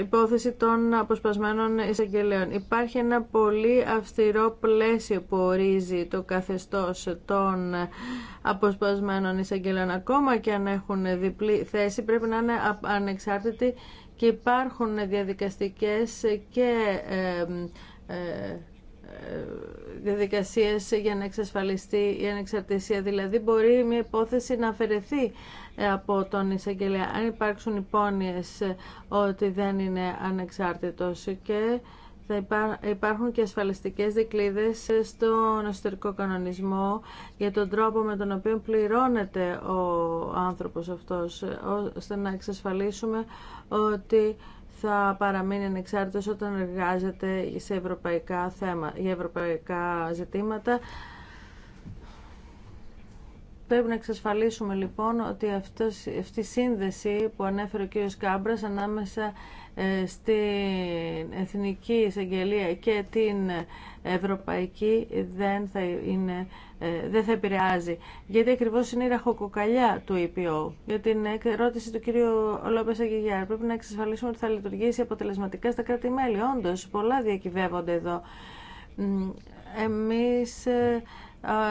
υπόθεση των αποσπασμένων εισαγγελέων. Υπάρχει ένα πολύ αυστηρό πλαίσιο που ορίζει το καθεστώς των αποσπασμένων εισαγγελέων. Ακόμα και αν έχουν διπλή θέση πρέπει να είναι ανεξάρτητοι και υπάρχουν διαδικαστικές και ε, ε, διαδικασίες για να εξασφαλιστεί η ανεξαρτησία. Δηλαδή μπορεί μια υπόθεση να αφαιρεθεί ε, από τον εισαγγελέα. Αν υπάρξουν υπόνοιες ότι δεν είναι ανεξάρτητος και θα υπάρχουν και ασφαλιστικές δικλείδες στον εσωτερικό κανονισμό για τον τρόπο με τον οποίο πληρώνεται ο άνθρωπος αυτός, ώστε να εξασφαλίσουμε ότι θα παραμείνει ανεξάρτητος όταν εργάζεται σε ευρωπαϊκά θέμα, για ευρωπαϊκά ζητήματα. Πρέπει να εξασφαλίσουμε λοιπόν ότι αυτός, αυτή η σύνδεση που ανέφερε ο κ. Κάμπρας ανάμεσα ε, στην Εθνική Εισαγγελία και την Ευρωπαϊκή δεν θα είναι ε, δεν θα επηρεάζει. Γιατί ακριβώ είναι η ραχοκοκαλιά του ΕΠΟ. Για την ερώτηση του κύριου Λόπε Αγγιγιάρ, πρέπει να εξασφαλίσουμε ότι θα λειτουργήσει αποτελεσματικά στα κράτη-μέλη. Όντω, πολλά διακυβεύονται εδώ. Εμείς ε,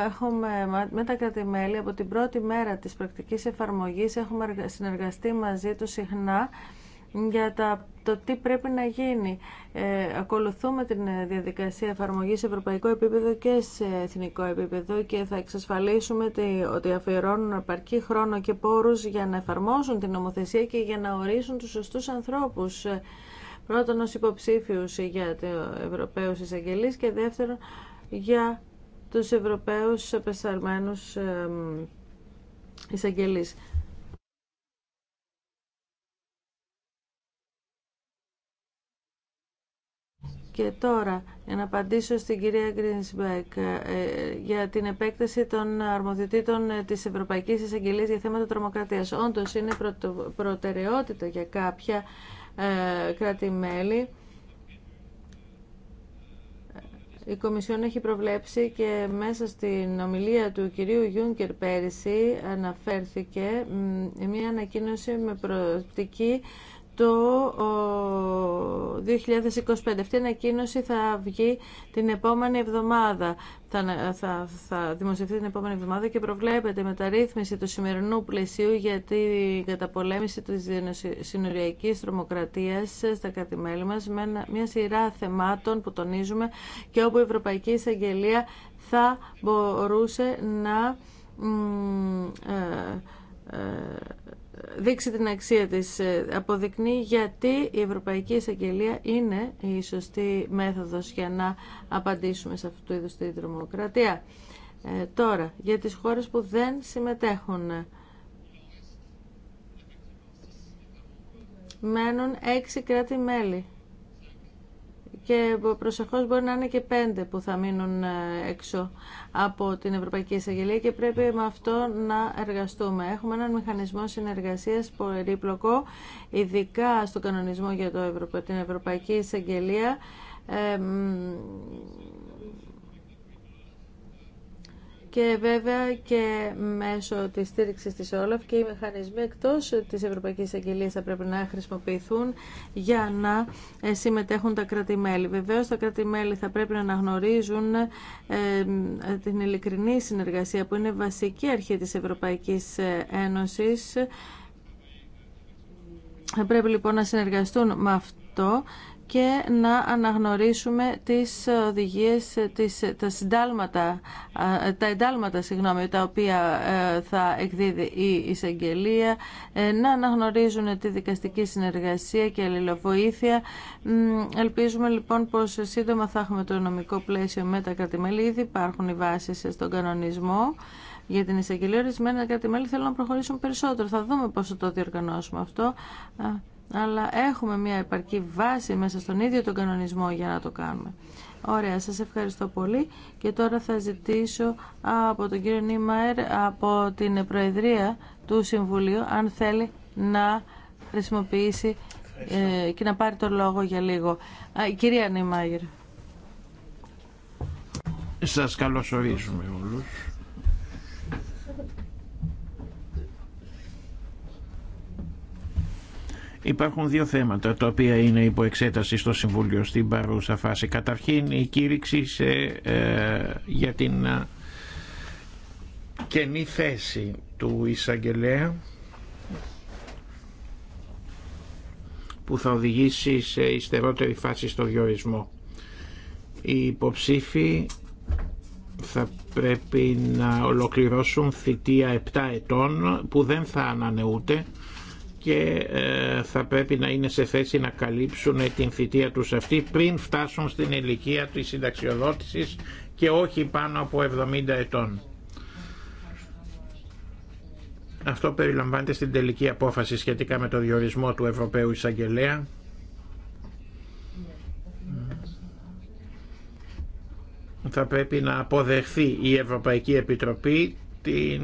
έχουμε με τα κράτη-μέλη από την πρώτη μέρα της πρακτικής εφαρμογή έχουμε συνεργαστεί μαζί του συχνά για τα, το τι πρέπει να γίνει. Ε, ακολουθούμε την ε, διαδικασία εφαρμογή σε ευρωπαϊκό επίπεδο και σε εθνικό επίπεδο και θα εξασφαλίσουμε ότι αφιερώνουν επαρκή χρόνο και πόρους για να εφαρμόσουν την νομοθεσία και για να ορίσουν τους σωστούς ανθρώπους. Ε, πρώτον ως υποψήφιους για το Ευρωπαίους Εισαγγελείς και δεύτερον για τους Ευρωπαίους απεσταλμένου εισαγγελείς. Και τώρα, για να απαντήσω στην κυρία Γκρινσμπέκ ε, για την επέκταση των αρμοδιοτήτων ε, της Ευρωπαϊκής Εισαγγελίας για θέματα τρομοκρατίας. Όντως, είναι προτεραιότητα για κάποια ε, κράτη-μέλη. Η Κομισιόν έχει προβλέψει και μέσα στην ομιλία του κυρίου Γιούνκερ πέρυσι αναφέρθηκε μια ανακοίνωση με προοπτική το 2025. Αυτή η ανακοίνωση θα βγει την επόμενη εβδομάδα. Θα, θα, θα δημοσιευτεί την επόμενη εβδομάδα και προβλέπεται μεταρρύθμιση του σημερινού πλαισίου για την καταπολέμηση της συνοριακής τρομοκρατίας στα κατημέλη μας με μια σειρά θεμάτων που τονίζουμε και όπου η Ευρωπαϊκή Εισαγγελία θα μπορούσε να ε, ε δείξει την αξία της, ε, αποδεικνύει γιατί η Ευρωπαϊκή Εισαγγελία είναι η σωστή μέθοδος για να απαντήσουμε σε αυτού του είδους τη δημοκρατία; ε, τώρα, για τις χώρες που δεν συμμετέχουν. Μένουν έξι κράτη-μέλη και προσεχώς μπορεί να είναι και πέντε που θα μείνουν ε, έξω από την Ευρωπαϊκή Εισαγγελία και πρέπει με αυτό να εργαστούμε. Έχουμε έναν μηχανισμό συνεργασίας περίπλοκο, ειδικά στο κανονισμό για το την Ευρωπαϊκή Εισαγγελία, ε, και βέβαια και μέσω της στήριξη της Όλαφ και οι μηχανισμοί εκτό της Ευρωπαϊκής Αγγελία θα πρέπει να χρησιμοποιηθούν για να ε, συμμετέχουν τα κράτη-μέλη. τα κράτη-μέλη θα πρέπει να αναγνωρίζουν ε, την ειλικρινή συνεργασία που είναι βασική αρχή της Ευρωπαϊκής ε, Ένωσης. Θα πρέπει λοιπόν να συνεργαστούν με αυτό και να αναγνωρίσουμε τις οδηγίες, τις, τα συντάλματα, ε, τα εντάλματα συγγνώμη, τα οποία ε, θα εκδίδει η εισαγγελία, ε, να αναγνωρίζουν τη δικαστική συνεργασία και αλληλοβοήθεια. Ελπίζουμε λοιπόν πως σύντομα θα έχουμε το νομικό πλαίσιο με τα κρατημέλη. Ήδη υπάρχουν οι βάσεις στον κανονισμό για την εισαγγελία. Ορισμένα κρατημέλη θέλουν να προχωρήσουν περισσότερο. Θα δούμε πώς θα το διοργανώσουμε αυτό αλλά έχουμε μια επαρκή βάση μέσα στον ίδιο τον κανονισμό για να το κάνουμε. Ωραία, σας ευχαριστώ πολύ και τώρα θα ζητήσω από τον κύριο Νίμαερ από την Προεδρία του Συμβουλίου αν θέλει να χρησιμοποιήσει ε, και να πάρει το λόγο για λίγο. Α, κυρία Νίμαερ. Σας καλωσορίζουμε όλους. Υπάρχουν δύο θέματα τα οποία είναι υπό εξέταση στο Συμβούλιο στην παρούσα φάση. Καταρχήν η κήρυξη ε, για την ε, κενή θέση του εισαγγελέα που θα οδηγήσει σε ιστερότερη φάση στο διορισμό. Οι υποψήφοι θα πρέπει να ολοκληρώσουν θητεία 7 ετών που δεν θα ανανεούνται και ε, θα πρέπει να είναι σε θέση να καλύψουν την θητεία τους αυτή πριν φτάσουν στην ηλικία της συνταξιοδότησης και όχι πάνω από 70 ετών. Αυτό περιλαμβάνεται στην τελική απόφαση σχετικά με το διορισμό του Ευρωπαίου Εισαγγελέα. Θα πρέπει να αποδεχθεί η Ευρωπαϊκή Επιτροπή την,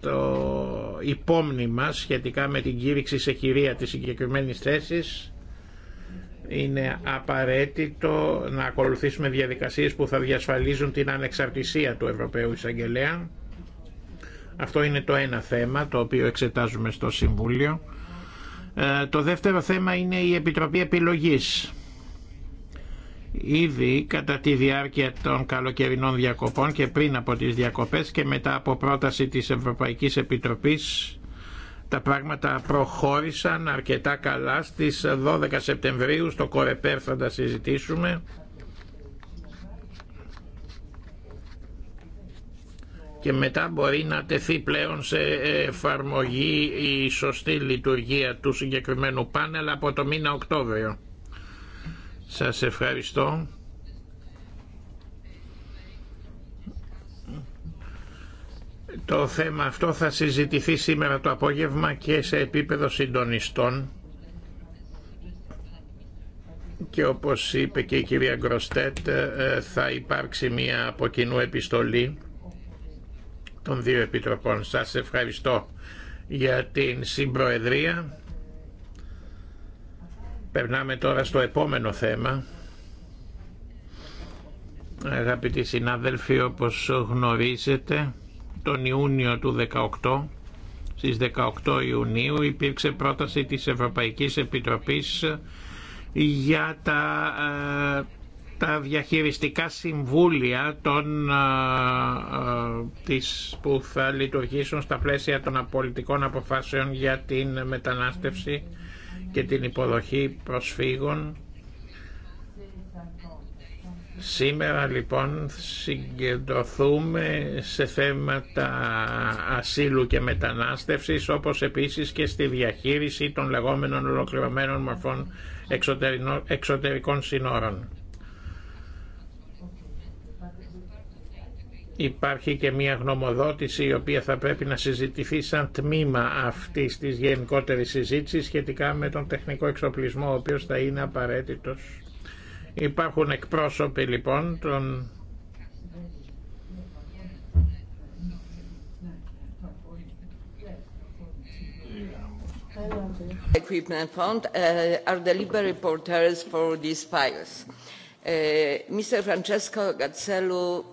το υπόμνημα σχετικά με την κήρυξη σε χειρία της συγκεκριμένη θέση είναι απαραίτητο να ακολουθήσουμε διαδικασίες που θα διασφαλίζουν την ανεξαρτησία του Ευρωπαίου Εισαγγελέα. Αυτό είναι το ένα θέμα το οποίο εξετάζουμε στο Συμβούλιο. Ε, το δεύτερο θέμα είναι η Επιτροπή Επιλογής Ήδη κατά τη διάρκεια των καλοκαιρινών διακοπών και πριν από τις διακοπές και μετά από πρόταση της Ευρωπαϊκής Επιτροπής τα πράγματα προχώρησαν αρκετά καλά. Στις 12 Σεπτεμβρίου στο Κορεπέρ θα τα συζητήσουμε. και μετά μπορεί να τεθεί πλέον σε εφαρμογή η σωστή λειτουργία του συγκεκριμένου πάνελ από το μήνα Οκτώβριο. Σας ευχαριστώ. Το θέμα αυτό θα συζητηθεί σήμερα το απόγευμα και σε επίπεδο συντονιστών και όπως είπε και η κυρία Γκροστέτ ε, θα υπάρξει μια από κοινού επιστολή των δύο επιτροπών. Σας ευχαριστώ για την συμπροεδρία. Περνάμε τώρα στο επόμενο θέμα. Αγαπητοί συνάδελφοι, όπως γνωρίζετε, τον Ιούνιο του 18, στις 18 Ιουνίου υπήρξε πρόταση της Ευρωπαϊκής Επιτροπής για τα, ε, τα διαχειριστικά συμβούλια των, ε, ε, της, που θα λειτουργήσουν στα πλαίσια των πολιτικών αποφάσεων για την μετανάστευση και την υποδοχή προσφύγων. Σήμερα λοιπόν συγκεντρωθούμε σε θέματα ασύλου και μετανάστευσης όπως επίσης και στη διαχείριση των λεγόμενων ολοκληρωμένων μορφών εξωτερικών συνόρων. Υπάρχει και μια γνωμοδότηση η οποία θα πρέπει να συζητηθεί σαν τμήμα αυτής της γενικότερης συζήτησης σχετικά με τον τεχνικό εξοπλισμό ο οποίος θα είναι απαραίτητος. Υπάρχουν εκπρόσωποι λοιπόν των equipment ε, fund are reporters for these files. Ε, Mr. Francesco Gazzello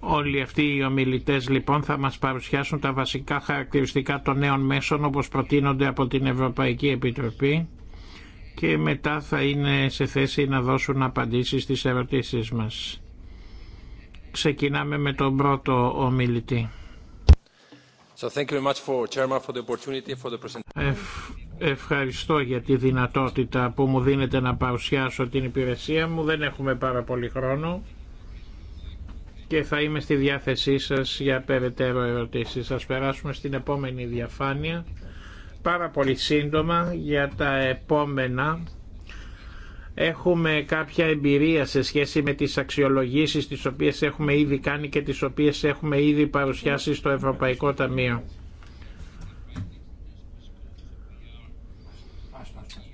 Όλοι αυτοί οι ομιλητές λοιπόν θα μας παρουσιάσουν τα βασικά χαρακτηριστικά των νέων μέσων όπως προτείνονται από την Ευρωπαϊκή Επιτροπή και μετά θα είναι σε θέση να δώσουν απαντήσεις στις ερωτήσεις μας. Ξεκινάμε με τον πρώτο ομιλητή. Ευχαριστώ για τη δυνατότητα που μου δίνετε να παρουσιάσω την υπηρεσία μου. Δεν έχουμε πάρα πολύ χρόνο και θα είμαι στη διάθεσή σας για περαιτέρω ερωτήσεις. Σας περάσουμε στην επόμενη διαφάνεια. Πάρα πολύ σύντομα για τα επόμενα Έχουμε κάποια εμπειρία σε σχέση με τις αξιολογήσεις τις οποίες έχουμε ήδη κάνει και τις οποίες έχουμε ήδη παρουσιάσει στο Ευρωπαϊκό Ταμείο.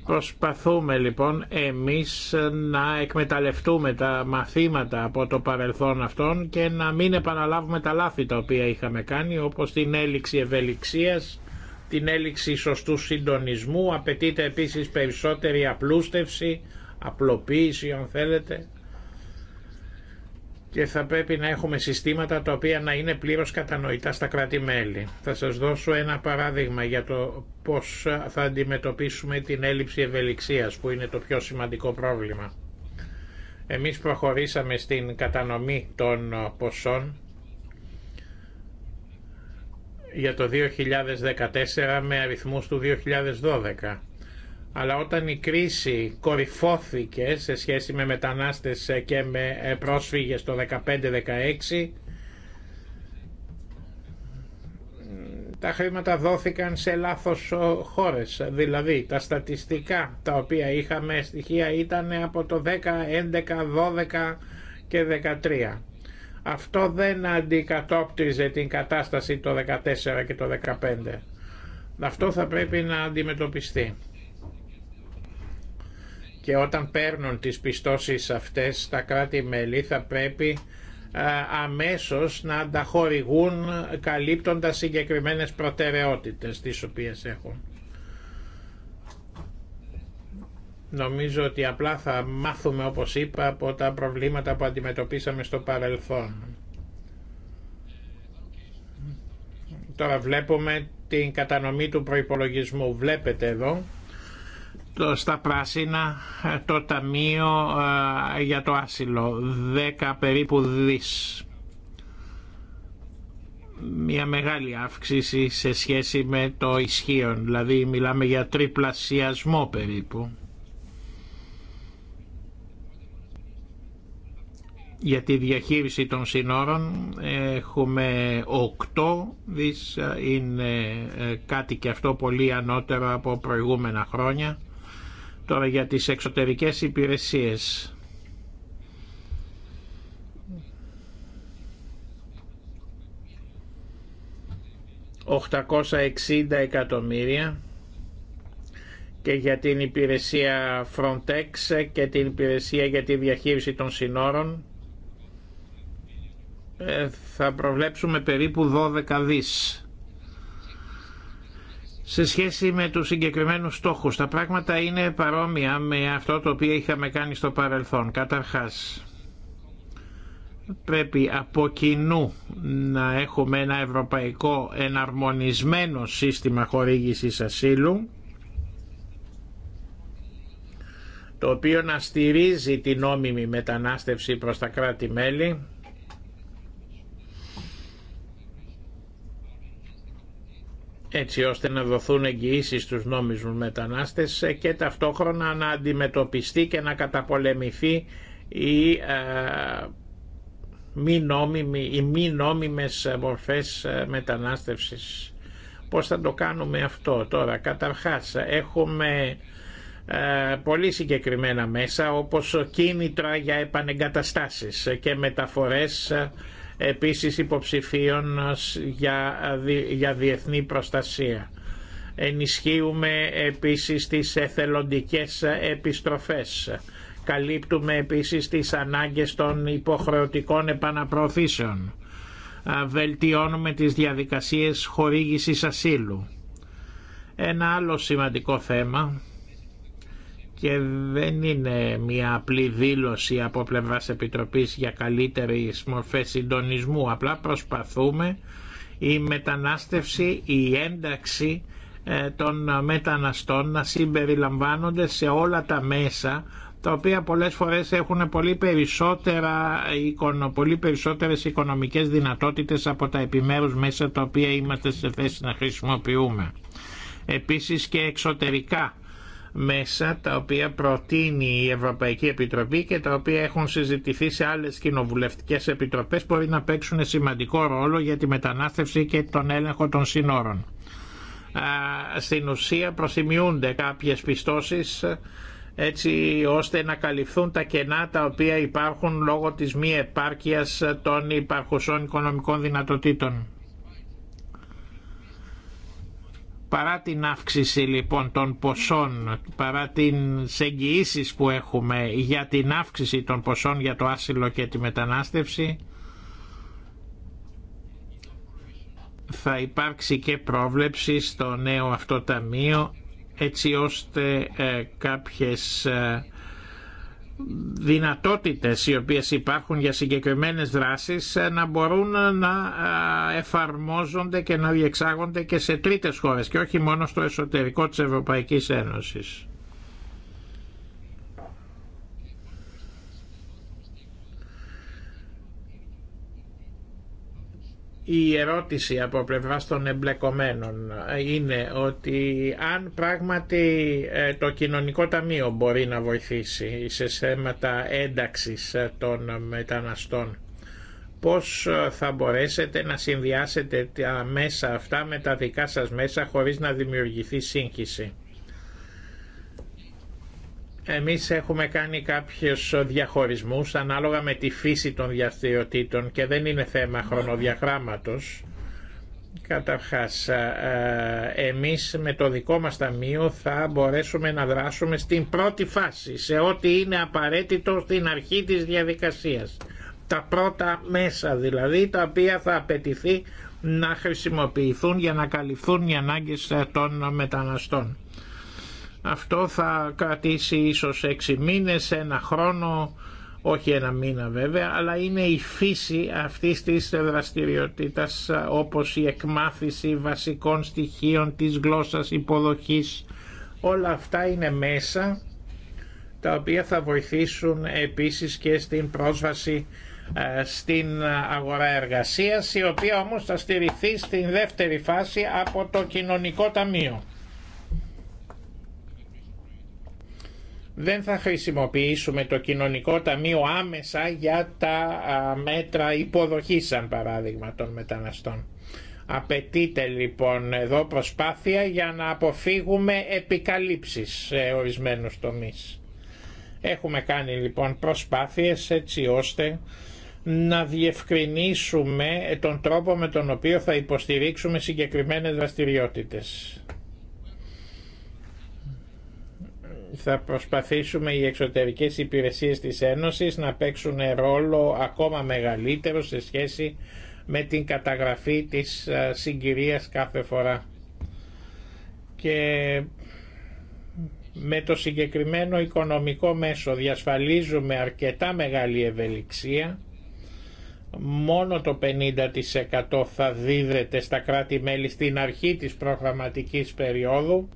Προσπαθούμε λοιπόν εμείς να εκμεταλλευτούμε τα μαθήματα από το παρελθόν αυτών και να μην επαναλάβουμε τα λάθη τα οποία είχαμε κάνει όπως την έλλειξη ευελιξίας, την έλλειξη σωστού συντονισμού, απαιτείται επίσης περισσότερη απλούστευση, απλοποίηση αν θέλετε και θα πρέπει να έχουμε συστήματα τα οποία να είναι πλήρως κατανοητά στα κράτη-μέλη. Θα σας δώσω ένα παράδειγμα για το πώς θα αντιμετωπίσουμε την έλλειψη ευελιξίας που είναι το πιο σημαντικό πρόβλημα. Εμείς προχωρήσαμε στην κατανομή των ποσών για το 2014 με αριθμούς του 2012 αλλά όταν η κρίση κορυφώθηκε σε σχέση με μετανάστες και με ε, πρόσφυγες το 15 2016 τα χρήματα δόθηκαν σε λάθος χώρες. Δηλαδή τα στατιστικά τα οποία είχαμε στοιχεία ήταν από το 10, 11, 12 και 13. Αυτό δεν αντικατόπτριζε την κατάσταση το 14 και το 2015. Αυτό θα πρέπει να αντιμετωπιστεί και όταν παίρνουν τις πιστώσεις αυτές τα κράτη-μέλη θα πρέπει αμέσως να ανταχορηγούν καλύπτοντας συγκεκριμένες προτεραιότητες τις οποίες έχουν. Νομίζω ότι απλά θα μάθουμε όπως είπα από τα προβλήματα που αντιμετωπίσαμε στο παρελθόν. Τώρα βλέπουμε την κατανομή του προϋπολογισμού. Βλέπετε εδώ το, στα πράσινα ε, το ταμείο ε, για το άσυλο 10 περίπου δις μια μεγάλη αύξηση σε σχέση με το ισχύον δηλαδή μιλάμε για τριπλασιασμό περίπου για τη διαχείριση των συνόρων έχουμε 8 δις είναι ε, κάτι και αυτό πολύ ανώτερο από προηγούμενα χρόνια Τώρα για τις εξωτερικές υπηρεσίες. ...860 εκατομμύρια και για την υπηρεσία Frontex και την υπηρεσία για τη διαχείριση των συνόρων ε, θα προβλέψουμε περίπου 12 δις σε σχέση με τους συγκεκριμένους στόχους. Τα πράγματα είναι παρόμοια με αυτό το οποίο είχαμε κάνει στο παρελθόν. Καταρχάς, πρέπει από κοινού να έχουμε ένα ευρωπαϊκό εναρμονισμένο σύστημα χορήγησης ασύλου, το οποίο να στηρίζει την νόμιμη μετανάστευση προς τα κράτη-μέλη, έτσι ώστε να δοθούν εγγυήσεις στους νόμιζους μετανάστες ε, και ταυτόχρονα να αντιμετωπιστεί και να καταπολεμηθεί η, ε, μη νόμιμη, οι μη νόμιμες μορφές ε, μετανάστευσης. Πώς θα το κάνουμε αυτό τώρα. Καταρχάς έχουμε πολύ συγκεκριμένα μέσα όπως κίνητρα για επανεγκαταστάσεις και μεταφορές επίσης υποψηφίων για, διεθνή προστασία. Ενισχύουμε επίσης τις εθελοντικές επιστροφές. Καλύπτουμε επίσης τις ανάγκες των υποχρεωτικών επαναπροωθήσεων. Βελτιώνουμε τις διαδικασίες χορήγησης ασύλου. Ένα άλλο σημαντικό θέμα και δεν είναι μια απλή δήλωση από πλευράς Επιτροπής για καλύτερη μορφέ συντονισμού. Απλά προσπαθούμε η μετανάστευση, η ένταξη ε, των μεταναστών να συμπεριλαμβάνονται σε όλα τα μέσα τα οποία πολλές φορές έχουν πολύ, περισσότερα, πολύ περισσότερες οικονομικές δυνατότητες από τα επιμέρους μέσα τα οποία είμαστε σε θέση να χρησιμοποιούμε. Επίσης και εξωτερικά μέσα τα οποία προτείνει η Ευρωπαϊκή Επιτροπή και τα οποία έχουν συζητηθεί σε άλλες κοινοβουλευτικές επιτροπές μπορεί να παίξουν σημαντικό ρόλο για τη μετανάστευση και τον έλεγχο των συνόρων. Στην ουσία προσημιούνται κάποιες πιστώσεις έτσι ώστε να καλυφθούν τα κενά τα οποία υπάρχουν λόγω της μη επάρκειας των υπαρχουσών οικονομικών δυνατοτήτων. Παρά την αύξηση λοιπόν των ποσών, παρά την εγγυήσει που έχουμε για την αύξηση των ποσών για το άσυλο και τη μετανάστευση, θα υπάρξει και πρόβλεψη στο νέο αυτό ταμείο έτσι ώστε ε, κάποιες ε, δυνατότητες οι οποίες υπάρχουν για συγκεκριμένες δράσεις ε, να μπορούν να ε, εφαρμόζονται και να διεξάγονται και σε τρίτες χώρες και όχι μόνο στο εσωτερικό της Ευρωπαϊκής Ένωσης. η ερώτηση από πλευρά των εμπλεκομένων είναι ότι αν πράγματι ε, το κοινωνικό ταμείο μπορεί να βοηθήσει σε θέματα ένταξης των μεταναστών πώς ε, θα μπορέσετε να συνδυάσετε τα μέσα αυτά με τα δικά σας μέσα χωρίς να δημιουργηθεί σύγχυση. Εμείς έχουμε κάνει κάποιους διαχωρισμούς ανάλογα με τη φύση των διαστηριοτήτων και δεν είναι θέμα χρονοδιαγράμματος. Καταρχάς, ε, ε, εμείς με το δικό μας ταμείο θα μπορέσουμε να δράσουμε στην πρώτη φάση, σε ό,τι είναι απαραίτητο στην αρχή της διαδικασίας. Τα πρώτα μέσα δηλαδή, τα οποία θα απαιτηθεί να χρησιμοποιηθούν για να καλυφθούν οι ανάγκες ε, των μεταναστών. Αυτό θα κρατήσει ίσως έξι μήνες, ένα χρόνο, όχι ένα μήνα βέβαια, αλλά είναι η φύση αυτής της δραστηριότητας όπως η εκμάθηση βασικών στοιχείων της γλώσσας υποδοχής. Όλα αυτά είναι μέσα τα οποία θα βοηθήσουν επίσης και στην πρόσβαση ε, στην αγορά εργασίας η οποία όμως θα στηριχθεί στην δεύτερη φάση από το κοινωνικό ταμείο. δεν θα χρησιμοποιήσουμε το κοινωνικό ταμείο άμεσα για τα μέτρα υποδοχής σαν παράδειγμα των μεταναστών. Απαιτείται λοιπόν εδώ προσπάθεια για να αποφύγουμε επικαλύψεις σε ορισμένους τομείς. Έχουμε κάνει λοιπόν προσπάθειες έτσι ώστε να διευκρινίσουμε τον τρόπο με τον οποίο θα υποστηρίξουμε συγκεκριμένες δραστηριότητες. θα προσπαθήσουμε οι εξωτερικές υπηρεσίες της Ένωσης να παίξουν ρόλο ακόμα μεγαλύτερο σε σχέση με την καταγραφή της ε, συγκυρίας κάθε φορά. Και με το συγκεκριμένο οικονομικό μέσο διασφαλίζουμε αρκετά μεγάλη ευελιξία μόνο το 50% θα δίδεται στα κράτη-μέλη στην αρχή της προγραμματικής περίοδου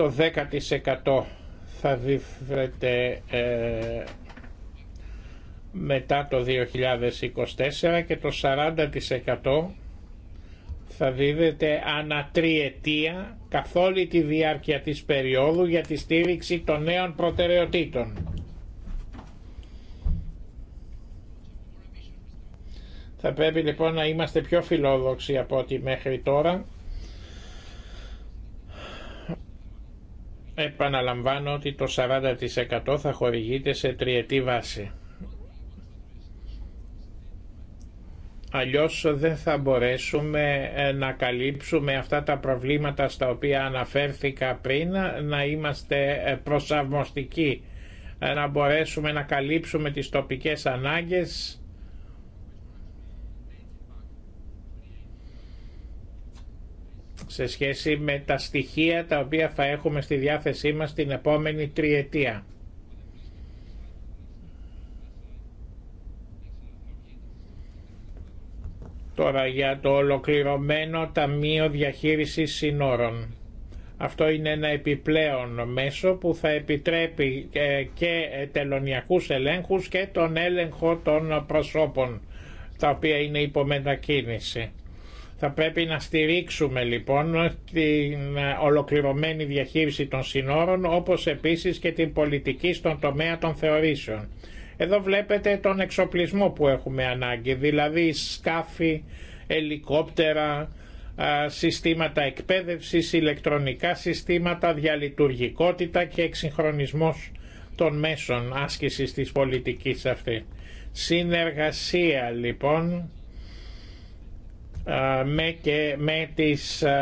το 10% θα δίδεται ε, μετά το 2024 και το 40% θα δίδεται ανατριετία καθ' όλη τη διάρκεια της περίοδου για τη στήριξη των νέων προτεραιοτήτων. Θα πρέπει λοιπόν να είμαστε πιο φιλόδοξοι από ό,τι μέχρι τώρα Επαναλαμβάνω ότι το 40% θα χορηγείται σε τριετή βάση. Αλλιώς δεν θα μπορέσουμε ε, να καλύψουμε αυτά τα προβλήματα στα οποία αναφέρθηκα πριν, να είμαστε ε, προσαρμοστικοί, ε, να μπορέσουμε να καλύψουμε τις τοπικές ανάγκες σε σχέση με τα στοιχεία τα οποία θα έχουμε στη διάθεσή μας την επόμενη τριετία. Τώρα για το ολοκληρωμένο Ταμείο Διαχείρισης Συνόρων. Αυτό είναι ένα επιπλέον μέσο που θα επιτρέπει ε, και τελωνιακούς ελέγχους και τον έλεγχο των προσώπων τα οποία είναι υπομετακίνηση. Θα πρέπει να στηρίξουμε λοιπόν την ολοκληρωμένη διαχείριση των συνόρων όπως επίσης και την πολιτική στον τομέα των θεωρήσεων. Εδώ βλέπετε τον εξοπλισμό που έχουμε ανάγκη, δηλαδή σκάφη, ελικόπτερα, συστήματα εκπαίδευσης, ηλεκτρονικά συστήματα, διαλειτουργικότητα και εξυγχρονισμός των μέσων άσκησης της πολιτικής αυτή. Συνεργασία λοιπόν ε, με και με τις ε,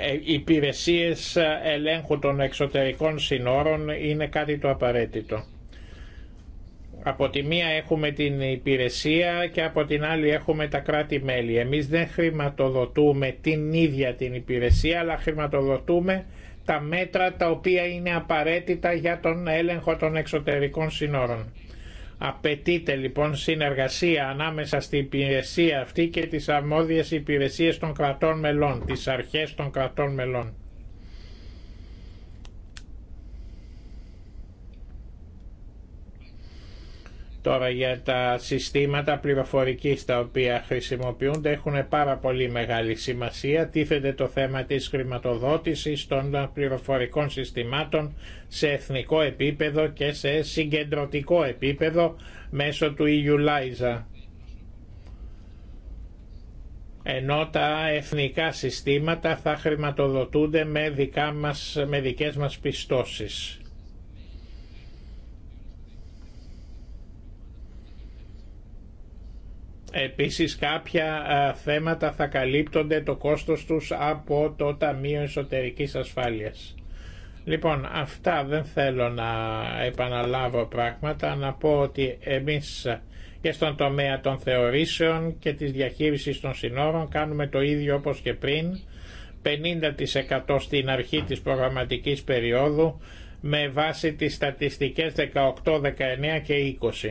ε, υπηρεσίες ελέγχου των εξωτερικών συνόρων είναι κάτι το απαραίτητο. Από τη μία έχουμε την υπηρεσία και από την άλλη έχουμε τα κράτη-μέλη. Εμείς δεν χρηματοδοτούμε την ίδια την υπηρεσία, αλλά χρηματοδοτούμε τα μέτρα τα οποία είναι απαραίτητα για τον έλεγχο των εξωτερικών συνόρων. Απαιτείται λοιπόν συνεργασία ανάμεσα στην υπηρεσία αυτή και τις αρμόδιες υπηρεσίες των κρατών μελών, τις αρχές των κρατών μελών. Τώρα για τα συστήματα πληροφορικής τα οποία χρησιμοποιούνται έχουν πάρα πολύ μεγάλη σημασία. Τίθεται το θέμα της χρηματοδότησης των πληροφορικών συστημάτων σε εθνικό επίπεδο και σε συγκεντρωτικό επίπεδο μέσω του EU -LISA. Ενώ τα εθνικά συστήματα θα χρηματοδοτούνται με, δικά μας, με δικές μας πιστώσεις. Επίσης κάποια θέματα θα καλύπτονται το κόστος τους από το Ταμείο Εσωτερικής Ασφάλειας. Λοιπόν, αυτά δεν θέλω να επαναλάβω πράγματα, να πω ότι εμείς και στον τομέα των θεωρήσεων και της διαχείρισης των συνόρων κάνουμε το ίδιο όπως και πριν, 50% στην αρχή της προγραμματικής περίοδου με βάση τις στατιστικές 18, 19 και 20.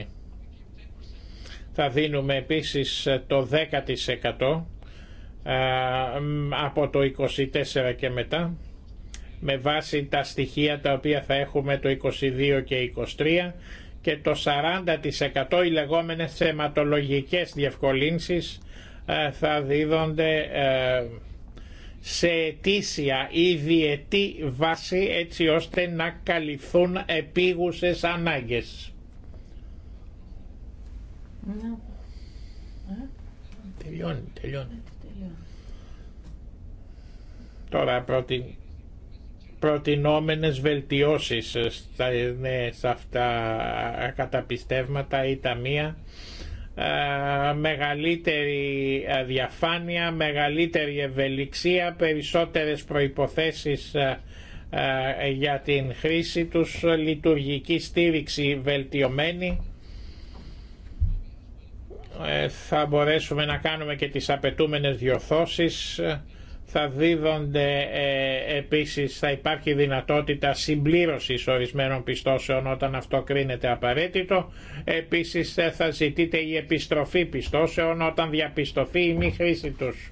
Θα δίνουμε επίσης το 10% από το 24 και μετά με βάση τα στοιχεία τα οποία θα έχουμε το 22 και 23 και το 40% οι λεγόμενες θεματολογικές διευκολύνσεις θα δίδονται ε, σε ετήσια ή διετή βάση έτσι ώστε να καλυφθούν επίγουσες ανάγκες. Ε. Τελειώνει, τελειώνει. Τώρα πρώτη, προτινόμενες βελτιώσεις ε, στα, ναι, σε αυτά καταπιστεύματα ή ταμεία μεγαλύτερη διαφάνεια, μεγαλύτερη ευελιξία, περισσότερες προϋποθέσεις ε, για την χρήση τους, λειτουργική στήριξη βελτιωμένη ε, θα μπορέσουμε να κάνουμε και τις απαιτούμενες διορθώσεις. Θα δίδονται ε, επίσης, θα υπάρχει δυνατότητα συμπλήρωσης ορισμένων πιστώσεων όταν αυτό κρίνεται απαραίτητο. Επίσης ε, θα ζητείται η επιστροφή πιστώσεων όταν διαπιστωθεί η μη χρήση τους.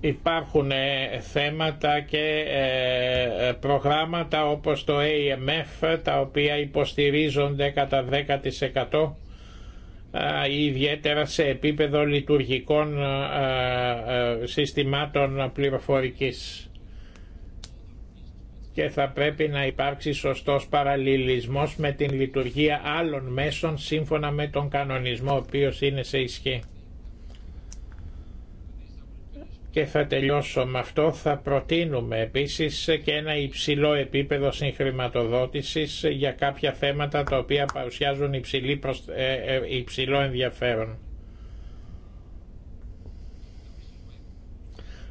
Υπάρχουν ε, θέματα και ε, ε, προγράμματα όπως το AMF τα οποία υποστηρίζονται κατά 10% ιδιαίτερα σε επίπεδο λειτουργικών συστημάτων πληροφορικής και θα πρέπει να υπάρξει σωστός παραλληλισμός με την λειτουργία άλλων μέσων σύμφωνα με τον κανονισμό ο οποίος είναι σε ισχύ και θα τελειώσω με αυτό, θα προτείνουμε επίσης και ένα υψηλό επίπεδο συγχρηματοδότησης για κάποια θέματα τα οποία παρουσιάζουν υψηλή προσ... Ε, ε, υψηλό ενδιαφέρον.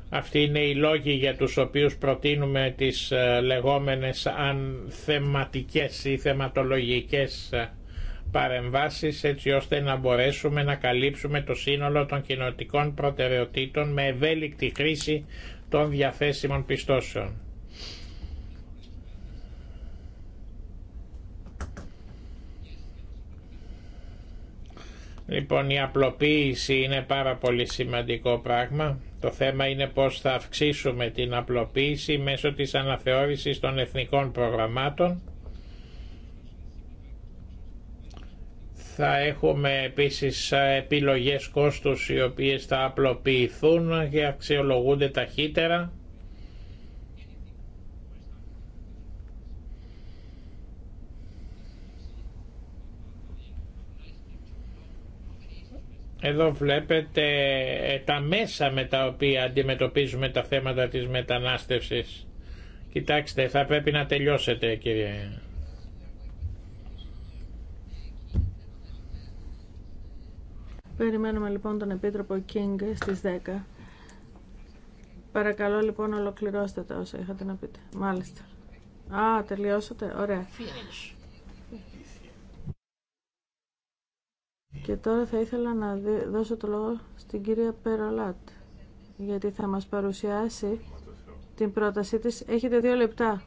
Αυτοί είναι οι λόγοι για τους οποίους προτείνουμε τις ε, λεγόμενες αν θεματικές ή θεματολογικές παρεμβάσεις έτσι ώστε να μπορέσουμε να καλύψουμε το σύνολο των κοινωτικών προτεραιοτήτων με ευέλικτη χρήση των διαθέσιμων πιστώσεων. Λοιπόν, η απλοποίηση είναι πάρα πολύ σημαντικό πράγμα. Το θέμα είναι πώς θα αυξήσουμε την απλοποίηση μέσω της αναθεώρησης των εθνικών προγραμμάτων Θα έχουμε επίσης επιλογές κόστους οι οποίες θα απλοποιηθούν και αξιολογούνται ταχύτερα. Εδώ βλέπετε τα μέσα με τα οποία αντιμετωπίζουμε τα θέματα της μετανάστευσης. Κοιτάξτε, θα πρέπει να τελειώσετε κύριε Περιμένουμε λοιπόν τον Επίτροπο Κίνγκ στις 10. Παρακαλώ λοιπόν ολοκληρώστε τα όσα είχατε να πείτε. Μάλιστα. Α, τελειώσατε. Ωραία. Και τώρα θα ήθελα να δώσω το λόγο στην κυρία Περολάτ, γιατί θα μας παρουσιάσει την πρότασή της. Έχετε δύο λεπτά.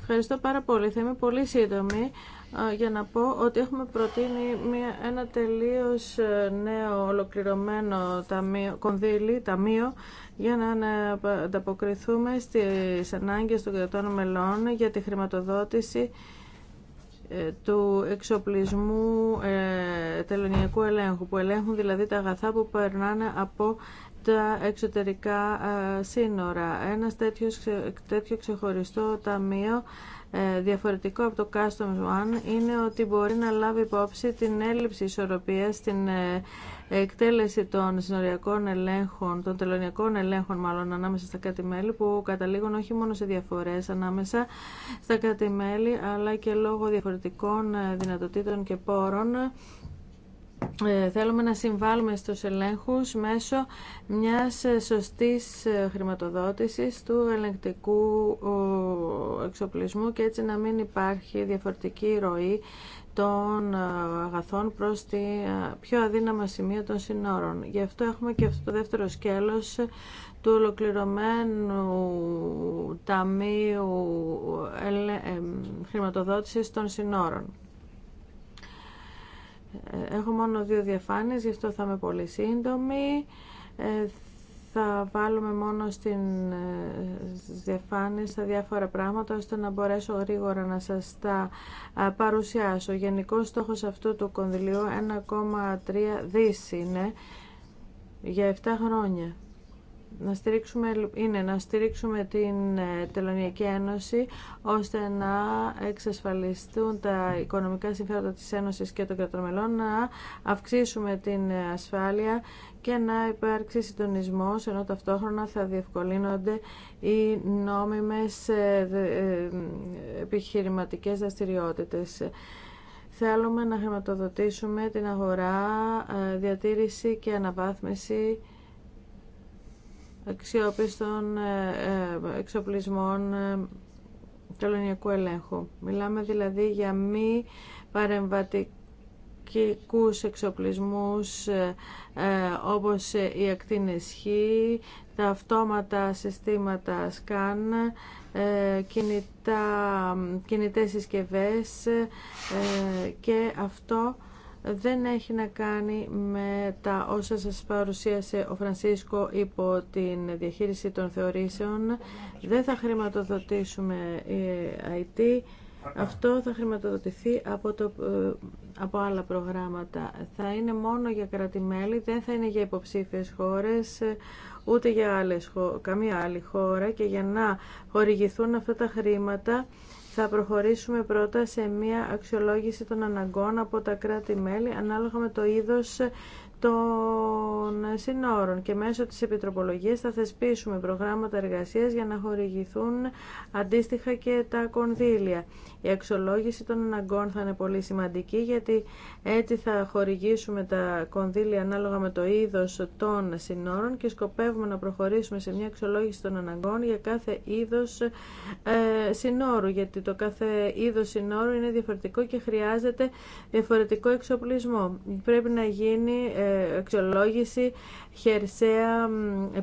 Ευχαριστώ πάρα πολύ. Θα είμαι πολύ σύντομη για να πω ότι έχουμε προτείνει μια, ένα τελείως ε, νέο ολοκληρωμένο ταμείο, κονδύλι, ταμείο για να ανταποκριθούμε στις ανάγκες των κρατών μελών για τη χρηματοδότηση ε, του εξοπλισμού ε, τελωνιακού ελέγχου, που ελέγχουν δηλαδή τα αγαθά που περνάνε από τα εξωτερικά σύνορα. Ένα τέτοιο ξεχωριστό ταμείο ε, διαφορετικό από το Customs One είναι ότι μπορεί να λάβει υπόψη την έλλειψη ισορροπίας στην ε, εκτέλεση των συνοριακών ελέγχων, των τελωνιακών ελέγχων μάλλον ανάμεσα στα κράτη-μέλη που καταλήγουν όχι μόνο σε διαφορές ανάμεσα στα κράτη-μέλη αλλά και λόγω διαφορετικών ε, δυνατοτήτων και πόρων ε, θέλουμε να συμβάλλουμε στους ελέγχους μέσω μιας σωστής ε, χρηματοδότησης του ελεγκτικού εξοπλισμού και έτσι να μην υπάρχει διαφορετική ροή των ε, αγαθών προς τη πιο αδύναμα σημεία των συνόρων. Γι' αυτό έχουμε και αυτό το δεύτερο σκέλος του ολοκληρωμένου ταμείου χρηματοδότησης των συνόρων. Ε, έχω μόνο δύο διαφάνειες, γι' αυτό θα είμαι πολύ σύντομη. Ε, θα βάλουμε μόνο στην ε, διαφάνεια στα διάφορα πράγματα ώστε να μπορέσω γρήγορα να σας τα παρουσιάσω. Ο γενικός στόχος αυτού του κονδυλίου 1,3 δις είναι για 7 χρόνια να στηρίξουμε, είναι να στηρίξουμε την ε, Τελωνιακή Ένωση ώστε να εξασφαλιστούν τα οικονομικά συμφέροντα της Ένωσης και των κρατομελών, να αυξήσουμε την ασφάλεια και να υπάρξει συντονισμός, ενώ ταυτόχρονα θα διευκολύνονται οι νόμιμες ε, ε, επιχειρηματικές δραστηριότητες. Θέλουμε να χρηματοδοτήσουμε την αγορά, διατήρηση και αναβάθμιση αξιόπιστων ε, ε, εξοπλισμών ε, τελωνιακού ελέγχου. Μιλάμε δηλαδή για μη παρεμβατικούς εξοπλισμούς όπως η ακτίνες Χ, τα αυτόματα συστήματα σκάν, κινητά, κινητές συσκευές και αυτό δεν έχει να κάνει με τα όσα σας παρουσίασε ο Φρανσίσκο υπό την διαχείριση των θεωρήσεων. Δεν θα χρηματοδοτήσουμε IT. Ε, Αυτό θα χρηματοδοτηθεί από, το, ε, από άλλα προγράμματα. Θα είναι μόνο για κρατημέλη, δεν θα είναι για υποψήφιες χώρες, ούτε για άλλες, καμία άλλη χώρα και για να χορηγηθούν αυτά τα χρήματα θα προχωρήσουμε πρώτα σε μια αξιολόγηση των αναγκών από τα κράτη-μέλη ανάλογα με το είδος των συνόρων και μέσω της επιτροπολογίας θα θεσπίσουμε προγράμματα εργασίας για να χορηγηθούν αντίστοιχα και τα κονδύλια. Η αξιολόγηση των αναγκών θα είναι πολύ σημαντική γιατί έτσι θα χορηγήσουμε τα κονδύλια ανάλογα με το είδος των συνόρων και σκοπεύουμε να προχωρήσουμε σε μια αξιολόγηση των αναγκών για κάθε είδος ε, συνόρου γιατί το κάθε είδος συνόρου είναι διαφορετικό και χρειάζεται διαφορετικό εξοπλισμό. Πρέπει να γίνει ε, αξιολόγηση χερσαία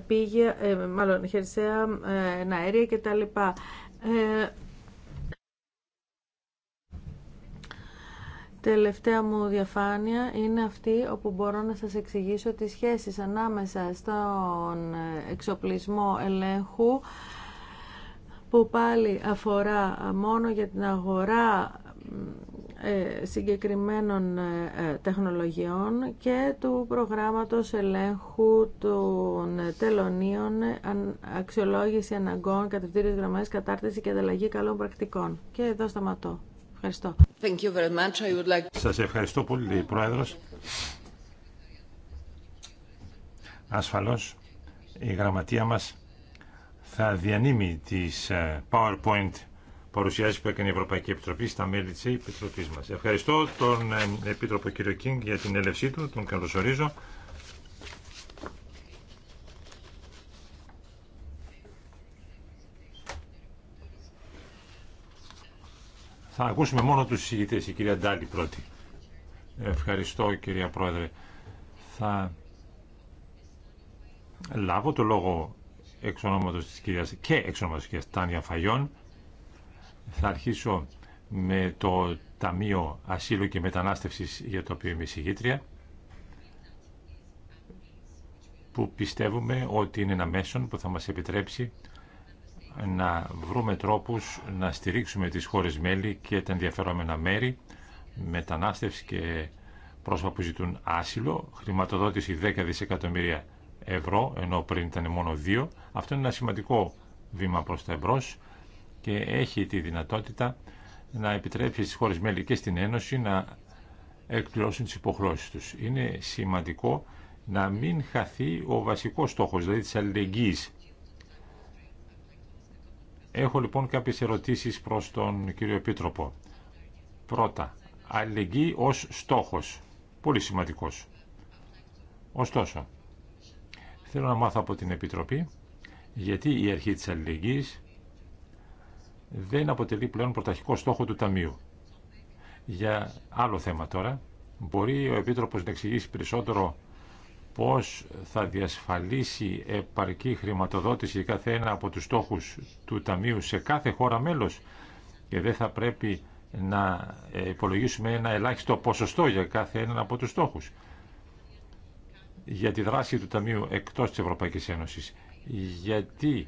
πήγε, ε, μάλλον χερσαία ε, αέρια κτλ. Ε, τελευταία μου διαφάνεια είναι αυτή όπου μπορώ να σας εξηγήσω τις σχέσεις ανάμεσα στον εξοπλισμό ελέγχου που πάλι αφορά μόνο για την αγορά ε, συγκεκριμένων ε, ε, τεχνολογιών και του προγράμματος ελέγχου των τελωνίων, αξιολόγηση αναγκών, κατευθύνεις γραμμές, κατάρτιση και ανταλλαγή καλών πρακτικών. Και εδώ σταματώ. Ευχαριστώ. Thank like... Σας ευχαριστώ πολύ, Πρόεδρος. Ασφαλώς, η γραμματεία μας θα διανύμει τις PowerPoint παρουσιάσει που έκανε η Ευρωπαϊκή Επιτροπή στα μέλη τη Επιτροπή μα. Ευχαριστώ τον ε, Επίτροπο κύριο Κίνγκ για την έλευσή του, τον καλωσορίζω. Θα ακούσουμε μόνο τους συζητητές, η κυρία Ντάλη πρώτη. Ευχαριστώ κυρία Πρόεδρε. Θα λάβω το λόγο εξ ονόματος της κυρίας και εξ ονόματος της κυρίας Τάνια Φαγιών θα αρχίσω με το Ταμείο Ασύλου και Μετανάστευσης για το οποίο είμαι συγγήτρια που πιστεύουμε ότι είναι ένα μέσον που θα μας επιτρέψει να βρούμε τρόπους να στηρίξουμε τις χώρες μέλη και τα ενδιαφερόμενα μέρη μετανάστευση και πρόσωπα που ζητούν άσυλο, χρηματοδότηση 10 δισεκατομμύρια ευρώ, ενώ πριν ήταν μόνο 2. Αυτό είναι ένα σημαντικό βήμα προς τα εμπρός και έχει τη δυνατότητα να επιτρέψει στις χώρες μέλη και στην Ένωση να εκπληρώσουν τις υποχρώσεις τους. Είναι σημαντικό να μην χαθεί ο βασικός στόχος, δηλαδή της αλληλεγγύης. Έχω λοιπόν κάποιες ερωτήσεις προς τον κύριο Επίτροπο. Πρώτα, αλληλεγγύη ως στόχος. Πολύ σημαντικός. Ωστόσο, θέλω να μάθω από την Επιτροπή γιατί η αρχή της αλληλεγγύης δεν αποτελεί πλέον πρωταρχικό στόχο του Ταμείου. Για άλλο θέμα τώρα, μπορεί ο Επίτροπος να εξηγήσει περισσότερο πώς θα διασφαλίσει επαρκή χρηματοδότηση για κάθε ένα από τους στόχους του Ταμείου σε κάθε χώρα μέλος και δεν θα πρέπει να υπολογίσουμε ένα ελάχιστο ποσοστό για κάθε ένα από τους στόχους για τη δράση του Ταμείου εκτός της Ευρωπαϊκής Ένωσης. Γιατί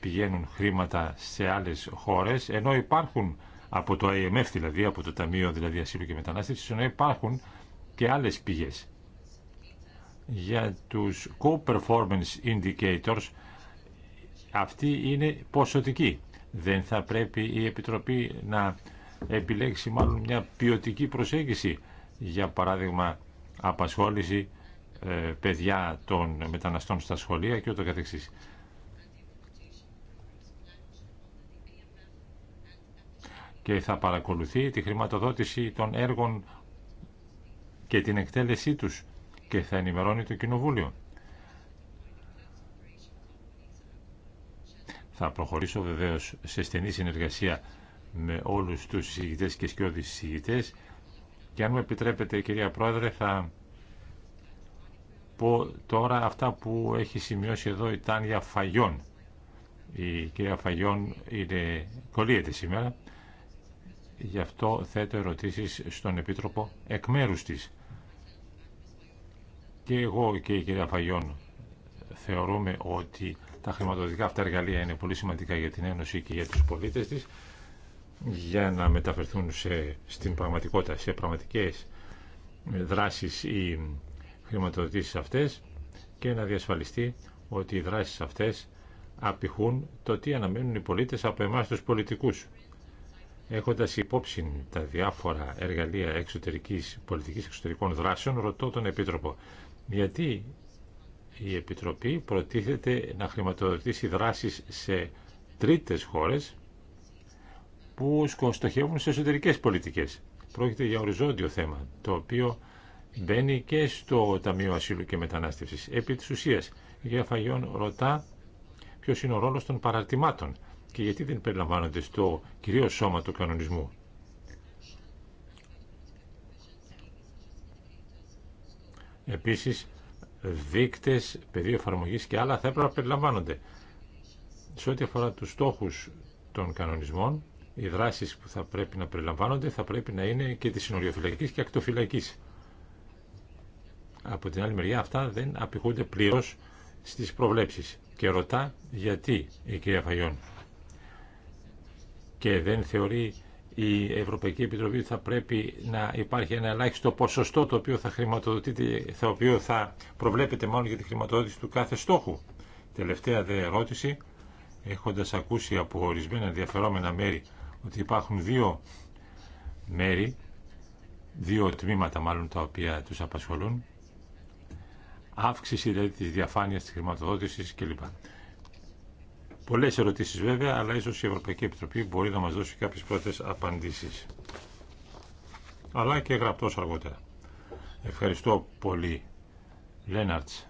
πηγαίνουν χρήματα σε άλλες χώρες, ενώ υπάρχουν από το IMF δηλαδή, από το Ταμείο δηλαδή Ασύλου και μετανάστευση, ενώ υπάρχουν και άλλες πηγές. Για τους co-performance indicators, αυτή είναι ποσοτική. Δεν θα πρέπει η Επιτροπή να επιλέξει μάλλον μια ποιοτική προσέγγιση, για παράδειγμα απασχόληση, ε, παιδιά των μεταναστών στα σχολεία και ούτω καθεξής. και θα παρακολουθεί τη χρηματοδότηση των έργων και την εκτέλεσή τους και θα ενημερώνει το Κοινοβούλιο. Θα προχωρήσω βεβαίως σε στενή συνεργασία με όλους τους συζητητές και σκιώδεις συζητητές και αν μου επιτρέπετε κυρία Πρόεδρε θα πω τώρα αυτά που έχει σημειώσει εδώ η Τάνια φαγιών. Η κυρία Φαγιών είναι κολλείεται σήμερα Γι' αυτό θέτω ερωτήσεις στον Επίτροπο εκ μέρους της. Και εγώ και η κυρία Φαγιών θεωρούμε ότι τα χρηματοδοτικά αυτά εργαλεία είναι πολύ σημαντικά για την Ένωση και για τους πολίτες της για να μεταφερθούν σε, στην πραγματικότητα, σε πραγματικές δράσεις οι χρηματοδοτήσεις αυτές και να διασφαλιστεί ότι οι δράσεις αυτές απηχούν το τι αναμένουν οι πολίτες από εμάς τους πολιτικούς. Έχοντας υπόψη τα διάφορα εργαλεία εξωτερικής πολιτικής εξωτερικών δράσεων, ρωτώ τον Επίτροπο, γιατί η Επιτροπή προτίθεται να χρηματοδοτήσει δράσεις σε τρίτες χώρες που σκοστοχεύουν σε εσωτερικές πολιτικές. Πρόκειται για οριζόντιο θέμα, το οποίο μπαίνει και στο Ταμείο Ασύλου και Μετανάστευσης. Επί της ουσίας, η ρωτά ποιος είναι ο ρόλος των παραρτημάτων και γιατί δεν περιλαμβάνονται στο κυρίως σώμα του κανονισμού. Επίσης, δείκτες, πεδίο εφαρμογής και άλλα θα έπρεπε να περιλαμβάνονται. Σε ό,τι αφορά τους στόχους των κανονισμών, οι δράσεις που θα πρέπει να περιλαμβάνονται θα πρέπει να είναι και της συνοριοφυλακής και ακτοφυλακής. Από την άλλη μεριά αυτά δεν απηχούνται πλήρως στις προβλέψεις. Και ρωτά γιατί η κυρία Φαγιών και δεν θεωρεί η Ευρωπαϊκή Επιτροπή ότι θα πρέπει να υπάρχει ένα ελάχιστο ποσοστό το οποίο θα, χρηματοδοτείται, το οποίο θα προβλέπεται μάλλον για τη χρηματοδότηση του κάθε στόχου. Τελευταία δε ερώτηση, έχοντας ακούσει από ορισμένα ενδιαφερόμενα μέρη ότι υπάρχουν δύο μέρη, δύο τμήματα μάλλον τα οποία τους απασχολούν, αύξηση δηλαδή της διαφάνειας της χρηματοδότησης κλπ. Πολλές ερωτήσεις βέβαια, αλλά ίσως η Ευρωπαϊκή Επιτροπή μπορεί να μας δώσει κάποιες πρώτες απαντήσεις. Αλλά και γραπτός αργότερα. Ευχαριστώ πολύ, Λέναρτς.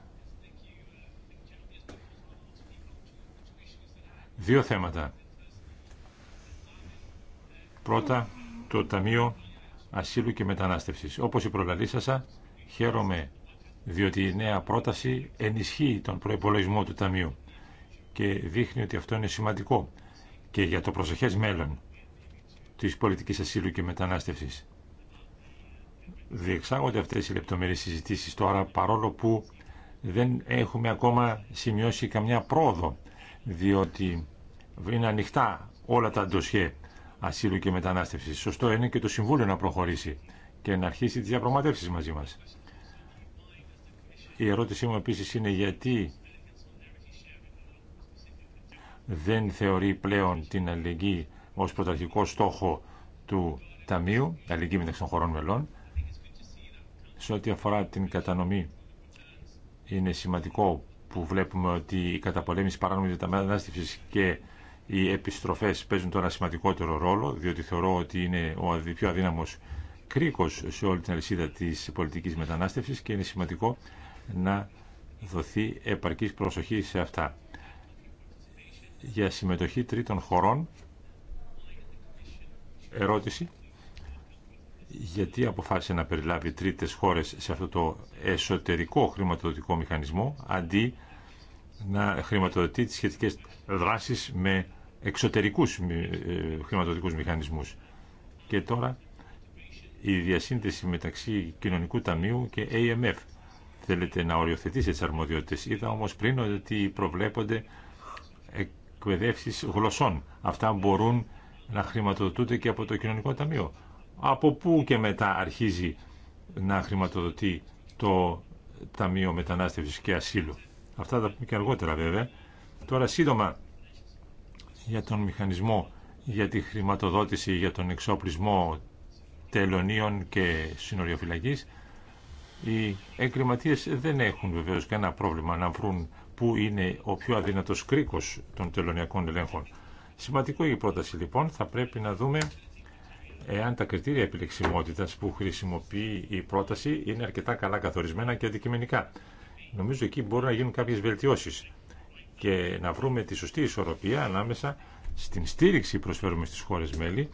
Δύο θέματα. Πρώτα, το Ταμείο Ασύλου και Μετανάστευσης. Όπως η προλαλήσασα, χαίρομαι διότι η νέα πρόταση ενισχύει τον προϋπολογισμό του Ταμείου και δείχνει ότι αυτό είναι σημαντικό και για το προσεχές μέλλον της πολιτικής ασύλου και μετανάστευσης. Διεξάγονται αυτές οι λεπτομερείς συζητήσεις τώρα παρόλο που δεν έχουμε ακόμα σημειώσει καμιά πρόοδο διότι είναι ανοιχτά όλα τα ντοσιέ ασύλου και μετανάστευσης. Σωστό είναι και το Συμβούλιο να προχωρήσει και να αρχίσει τις διαπραγματεύσεις μαζί μας. Η ερώτησή μου επίσης είναι γιατί δεν θεωρεί πλέον την αλληλεγγύη ω πρωταρχικό στόχο του Ταμείου, αλληλεγγύη μεταξύ των χωρών μελών. Σε ό,τι αφορά την κατανομή, είναι σημαντικό που βλέπουμε ότι η καταπολέμηση παράνομη μετανάστευση και οι επιστροφέ παίζουν τώρα σημαντικότερο ρόλο, διότι θεωρώ ότι είναι ο πιο αδύναμο κρίκο σε όλη την αλυσίδα τη πολιτική μετανάστευση και είναι σημαντικό να δοθεί επαρκή προσοχή σε αυτά για συμμετοχή τρίτων χωρών. Ερώτηση. Γιατί αποφάσισε να περιλάβει τρίτες χώρες σε αυτό το εσωτερικό χρηματοδοτικό μηχανισμό αντί να χρηματοδοτεί τις σχετικές δράσεις με εξωτερικούς ε, χρηματοδοτικούς μηχανισμούς. Και τώρα η διασύνδεση μεταξύ Κοινωνικού Ταμείου και AMF. Θέλετε να οριοθετήσετε τις αρμοδιότητες. Είδα όμως πριν ότι προβλέπονται εκπαιδεύσει γλωσσών. Αυτά μπορούν να χρηματοδοτούνται και από το Κοινωνικό Ταμείο. Από πού και μετά αρχίζει να χρηματοδοτεί το Ταμείο μετανάστευση και Ασύλου. Αυτά θα πούμε και αργότερα βέβαια. Τώρα σύντομα για τον μηχανισμό για τη χρηματοδότηση για τον εξοπλισμό τελωνίων και συνοριοφυλακής. Οι εγκληματίες δεν έχουν βεβαίως κανένα πρόβλημα να βρουν που είναι ο πιο αδύνατος κρίκος των τελωνιακών ελέγχων. Σημαντικό η πρόταση λοιπόν, θα πρέπει να δούμε εάν τα κριτήρια επιλεξιμότητας που χρησιμοποιεί η πρόταση είναι αρκετά καλά καθορισμένα και αντικειμενικά. Νομίζω εκεί μπορούν να γίνουν κάποιες βελτιώσεις και να βρούμε τη σωστή ισορροπία ανάμεσα στην στήριξη που προσφέρουμε στις χώρες μέλη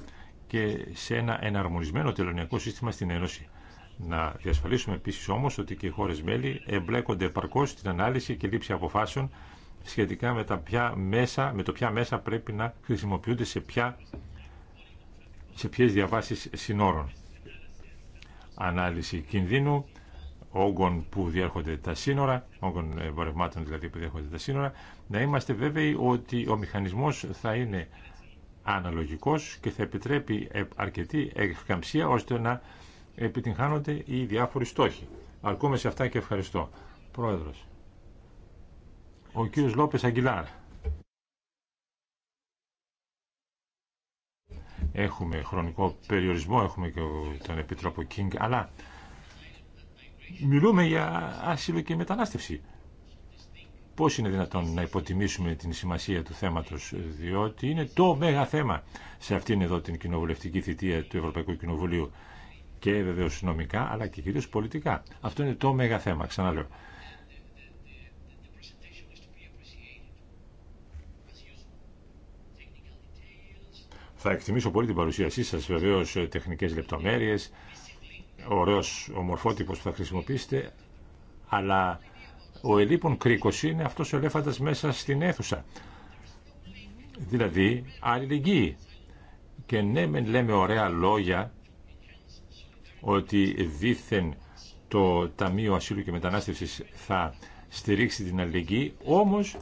και σε ένα εναρμονισμένο τελωνιακό σύστημα στην Ένωση. Να διασφαλίσουμε επίση όμω ότι και οι χώρε μέλη εμπλέκονται επαρκώ στην ανάλυση και λήψη αποφάσεων σχετικά με, τα ποια μέσα, με το ποια μέσα πρέπει να χρησιμοποιούνται σε, ποια, σε ποιες διαβάσεις συνόρων. Ανάλυση κινδύνου, όγκων που διέρχονται τα σύνορα, όγκων εμπορευμάτων δηλαδή που διέρχονται τα σύνορα, να είμαστε βέβαιοι ότι ο μηχανισμός θα είναι αναλογικός και θα επιτρέπει αρκετή ευκαμψία ώστε να επιτυγχάνονται οι διάφοροι στόχοι. Αρκούμε σε αυτά και ευχαριστώ. Πρόεδρος. Ο κύριος Λόπες Αγγιλάρ. Έχουμε χρονικό περιορισμό, έχουμε και τον Επιτρόπο Κίνγκ, αλλά μιλούμε για άσυλο και μετανάστευση. Πώς είναι δυνατόν να υποτιμήσουμε την σημασία του θέματος, διότι είναι το μέγα θέμα σε αυτήν εδώ την κοινοβουλευτική θητεία του Ευρωπαϊκού Κοινοβουλίου και βεβαίω νομικά αλλά και κυρίως πολιτικά. Αυτό είναι το μέγα θέμα, ξαναλέω. Θα εκτιμήσω πολύ την παρουσίασή σας, βεβαίως τεχνικές λεπτομέρειες, ωραίος ομορφότυπος που θα χρησιμοποιήσετε, αλλά ο ελίπων κρίκο είναι αυτός ο ελέφαντα μέσα στην αίθουσα. Δηλαδή, αλληλεγγύη. Και ναι, λέμε ωραία λόγια, ότι δήθεν το Ταμείο Ασύλου και Μετανάστευσης θα στηρίξει την αλληλεγγύη, όμως ε,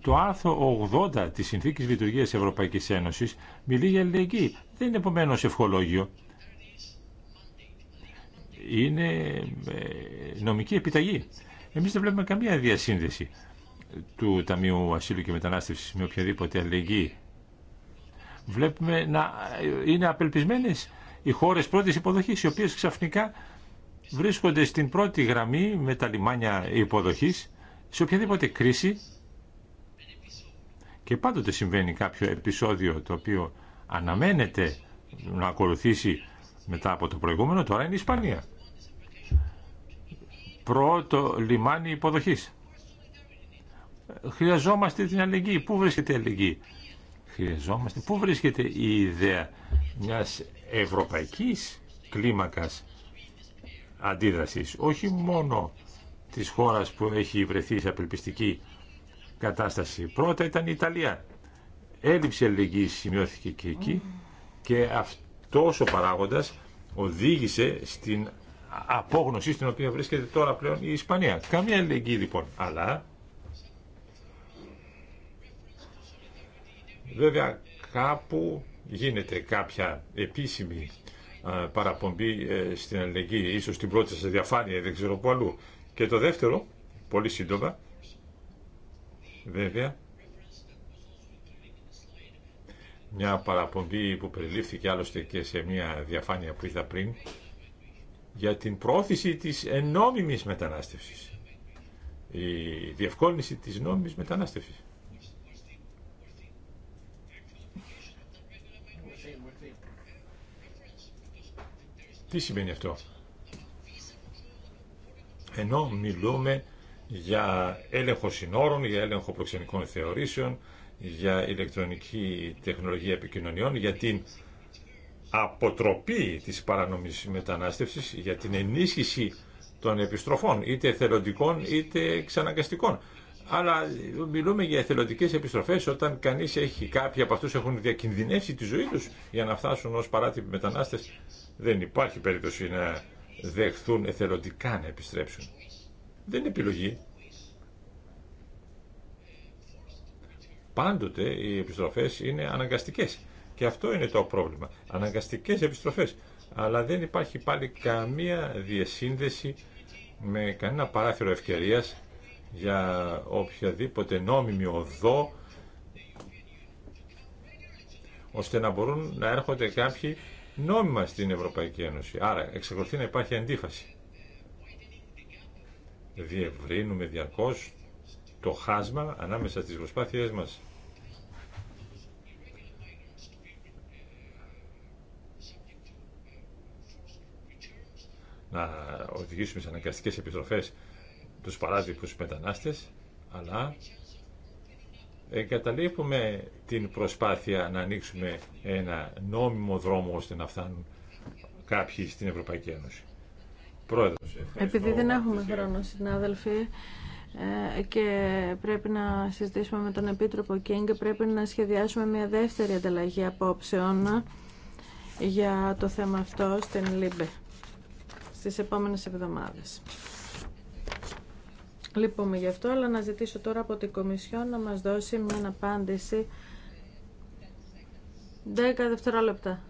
το άρθρο 80 της Συνθήκης Λειτουργίας Ευρωπαϊκής Ένωσης μιλεί για αλληλεγγύη. Δεν είναι επομένω ευχολόγιο. Είναι ε, νομική επιταγή. Εμείς δεν βλέπουμε καμία διασύνδεση του Ταμείου Ασύλου και Μετανάστευσης με οποιαδήποτε αλληλεγγύη. Βλέπουμε να ε, είναι απελπισμένες οι χώρε πρώτης υποδοχής, οι οποίε ξαφνικά βρίσκονται στην πρώτη γραμμή με τα λιμάνια υποδοχής σε οποιαδήποτε κρίση και πάντοτε συμβαίνει κάποιο επεισόδιο το οποίο αναμένεται να ακολουθήσει μετά από το προηγούμενο, τώρα είναι η Ισπανία. Πρώτο λιμάνι υποδοχής. Χρειαζόμαστε την αλληλεγγύη. Πού βρίσκεται η αλληλεγγύη. Χρειαζόμαστε. Πού βρίσκεται η ιδέα μιας ευρωπαϊκής κλίμακας αντίδρασης, όχι μόνο της χώρας που έχει βρεθεί σε απελπιστική κατάσταση. Πρώτα ήταν η Ιταλία. Έλλειψη αλληλεγγύης σημειώθηκε και εκεί και αυτός ο παράγοντας οδήγησε στην απόγνωση στην οποία βρίσκεται τώρα πλέον η Ισπανία. Καμία αλληλεγγύη λοιπόν, αλλά βέβαια κάπου γίνεται κάποια επίσημη παραπομπή ε, στην αλληλεγγύη, ίσως την πρώτη σας διαφάνεια, δεν ξέρω πού αλλού. Και το δεύτερο, πολύ σύντομα, βέβαια, μια παραπομπή που περιλήφθηκε άλλωστε και σε μια διαφάνεια που είδα πριν, για την πρόθεση της ενόμιμης μετανάστευσης. Η διευκόλυνση της νόμιμης μετανάστευσης. Τι σημαίνει αυτό. Ενώ μιλούμε για έλεγχο συνόρων, για έλεγχο προξενικών θεωρήσεων, για ηλεκτρονική τεχνολογία επικοινωνιών, για την αποτροπή της παρανομής μετανάστευσης, για την ενίσχυση των επιστροφών, είτε εθελοντικών είτε εξαναγκαστικών. Αλλά μιλούμε για εθελοντικές επιστροφές όταν κανείς έχει, κάποιοι από αυτούς έχουν διακινδυνεύσει τη ζωή τους για να φτάσουν ως παράτυποι μετανάστες δεν υπάρχει περίπτωση να δεχθούν εθελοντικά να επιστρέψουν. Δεν είναι επιλογή. Πάντοτε οι επιστροφές είναι αναγκαστικές. Και αυτό είναι το πρόβλημα. Αναγκαστικές επιστροφές. Αλλά δεν υπάρχει πάλι καμία διασύνδεση με κανένα παράθυρο ευκαιρίας για οποιαδήποτε νόμιμη οδό ώστε να μπορούν να έρχονται κάποιοι νόμιμα στην Ευρωπαϊκή Ένωση. Άρα εξακολουθεί να υπάρχει αντίφαση. Διευρύνουμε διαρκώς το χάσμα ανάμεσα στις προσπάθειές μας. Να οδηγήσουμε σε αναγκαστικές επιστροφές τους παράδειγους μετανάστες, αλλά εγκαταλείπουμε την προσπάθεια να ανοίξουμε ένα νόμιμο δρόμο ώστε να φτάνουν κάποιοι στην Ευρωπαϊκή Ένωση. Πρόεδρος, Επειδή δεν έχουμε χρόνο, συνάδελφοι, ε, και πρέπει να συζητήσουμε με τον Επίτροπο Κίνγκ, πρέπει να σχεδιάσουμε μια δεύτερη ανταλλαγή απόψεων για το θέμα αυτό στην ΛΥΜΠΕ στις επόμενες εβδομάδες. Λυπούμε γι' αυτό, αλλά να ζητήσω τώρα από την Κομισιόν να μας δώσει μια απάντηση 10 δευτερόλεπτα.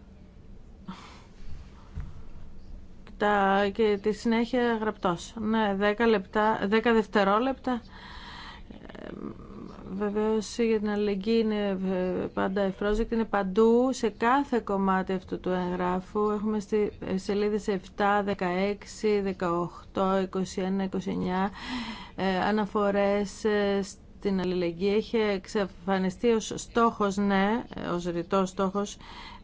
Τα, και τη συνέχεια γραπτός. Ναι, 10, λεπτά, 10 δευτερόλεπτα Βεβαίως για την αλληλεγγύη είναι ε, πάντα ευπρόσδεκτη, είναι παντού, σε κάθε κομμάτι αυτού του εγγράφου. Έχουμε στη ε, σελίδες 7, 16, 18, 21, 29 αναφορές ε, στην αλληλεγγύη. Έχει εξαφανιστεί ως στόχος, ναι, ως ρητό στόχος,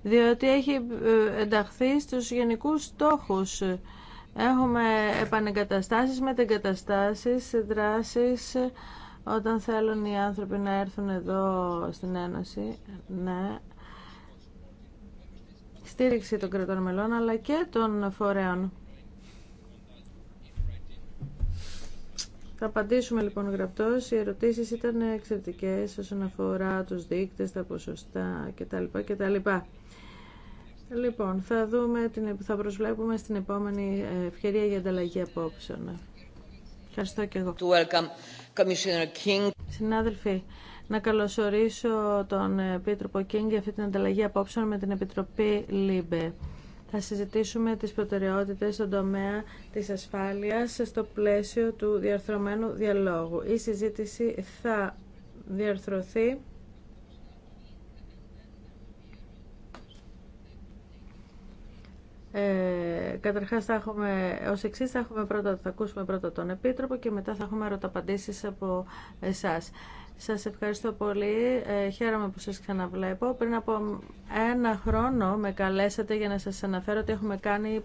διότι έχει ενταχθεί στους γενικούς στόχους. Έχουμε επανεγκαταστάσεις, μετεγκαταστάσεις, δράσεις, όταν θέλουν οι άνθρωποι να έρθουν εδώ στην Ένωση, ναι, στήριξη των κρατών μελών αλλά και των φορέων. Θα απαντήσουμε λοιπόν γραπτός. Οι ερωτήσεις ήταν εξαιρετικές όσον αφορά τους δείκτες, τα ποσοστά κτλ. κτλ. Λοιπόν, θα, δούμε, θα προσβλέπουμε στην επόμενη ευκαιρία για ανταλλαγή απόψεων. Ευχαριστώ και εγώ. Συνάδελφοι, να καλωσορίσω τον Επίτροπο Κίνγκ για αυτή την ανταλλαγή απόψεων με την Επιτροπή ΛΥΜΠΕ. Θα συζητήσουμε τις προτεραιότητες στον τομέα της ασφάλειας στο πλαίσιο του διαρθρωμένου διαλόγου. Η συζήτηση θα διαρθρωθεί Ε, καταρχάς θα έχουμε, ως εξής θα, έχουμε θα ακούσουμε πρώτα τον Επίτροπο και μετά θα έχουμε ερωταπαντήσει από εσάς. Σα ευχαριστώ πολύ. Ε, χαίρομαι που σας ξαναβλέπω. Πριν από ένα χρόνο με καλέσατε για να σας αναφέρω ότι έχουμε κάνει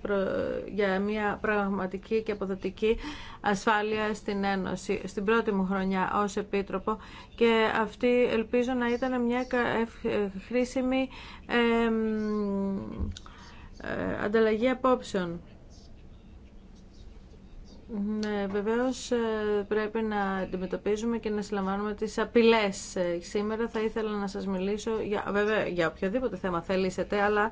για μια πραγματική και αποδοτική ασφάλεια στην Ένωση, στην πρώτη μου χρονιά ω Επίτροπο και αυτή ελπίζω να ήταν μια ε, χρήσιμη ε, ε, ανταλλαγή απόψεων. Ναι, βεβαίως ε, πρέπει να αντιμετωπίζουμε και να συλλαμβάνουμε τις απειλές. Ε, σήμερα θα ήθελα να σας μιλήσω, για, βέβαια για οποιοδήποτε θέμα θελήσετε, αλλά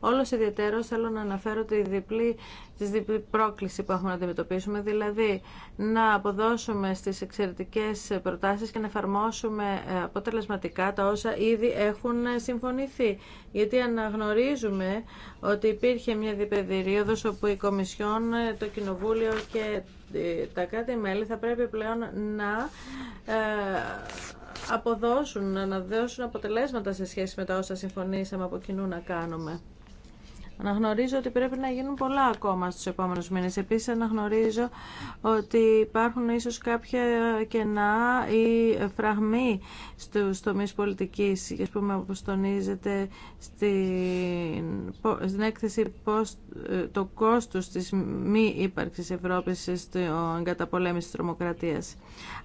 όλος ιδιαίτερος θέλω να αναφέρω τη διπλή της διπλή πρόκληση που έχουμε να αντιμετωπίσουμε, δηλαδή να αποδώσουμε στις εξαιρετικές προτάσεις και να εφαρμόσουμε ε, αποτελεσματικά τα όσα ήδη έχουν ε, συμφωνηθεί. Γιατί αναγνωρίζουμε ότι υπήρχε μια διπεδηρίωδος όπου η Κομισιόν, ε, το Κοινοβούλιο και τα κάτι μέλη θα πρέπει πλέον να αποδώσουν, να δώσουν αποτελέσματα σε σχέση με τα όσα συμφωνήσαμε από κοινού να κάνουμε. Αναγνωρίζω ότι πρέπει να γίνουν πολλά ακόμα στους επόμενους μήνες. Επίσης αναγνωρίζω ότι υπάρχουν ίσως κάποια κενά ή φραγμοί στους τομείς πολιτικής, ας πούμε όπως τονίζεται στην, στην έκθεση πώς ε, το κόστος της μη ύπαρξης Ευρώπης στην καταπολέμηση της τρομοκρατίας.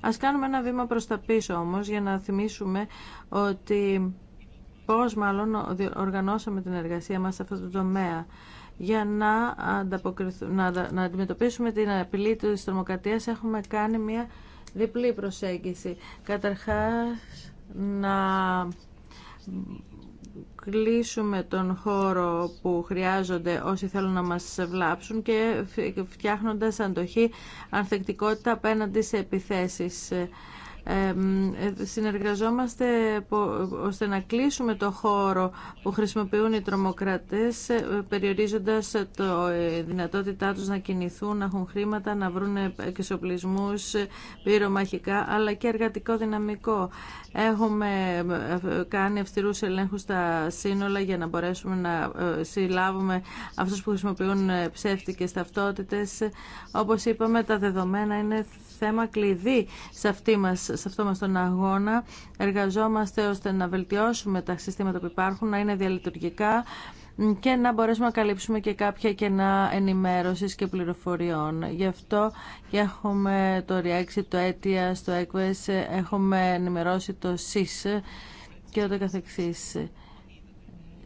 Ας κάνουμε ένα βήμα προς τα πίσω όμως για να θυμίσουμε ότι πώς μάλλον οργανώσαμε την εργασία μας σε αυτό το τομέα για να, να, να αντιμετωπίσουμε την απειλή της τρομοκρατίας έχουμε κάνει μια διπλή προσέγγιση. Καταρχάς να κλείσουμε τον χώρο που χρειάζονται όσοι θέλουν να μας βλάψουν και φτιάχνοντας αντοχή ανθεκτικότητα απέναντι σε επιθέσεις. Ε, συνεργαζόμαστε ώστε να κλείσουμε το χώρο που χρησιμοποιούν οι τρομοκρατές ε, περιορίζοντας το ε, δυνατότητά τους να κινηθούν, να έχουν χρήματα, να βρουν εξοπλισμούς πυρομαχικά αλλά και εργατικό δυναμικό. Έχουμε κάνει αυστηρούς ελέγχους στα σύνολα για να μπορέσουμε να συλλάβουμε αυτούς που χρησιμοποιούν ψεύτικες ταυτότητες. Όπως είπαμε τα δεδομένα είναι θέμα κλειδί σε, αυτή μας, σε αυτό μας τον αγώνα. Εργαζόμαστε ώστε να βελτιώσουμε τα συστήματα που υπάρχουν, να είναι διαλειτουργικά και να μπορέσουμε να καλύψουμε και κάποια κενά ενημέρωσης και πληροφοριών. Γι' αυτό έχουμε το React, το ETIA, το EQUES, έχουμε ενημερώσει το SIS και ούτω καθεξής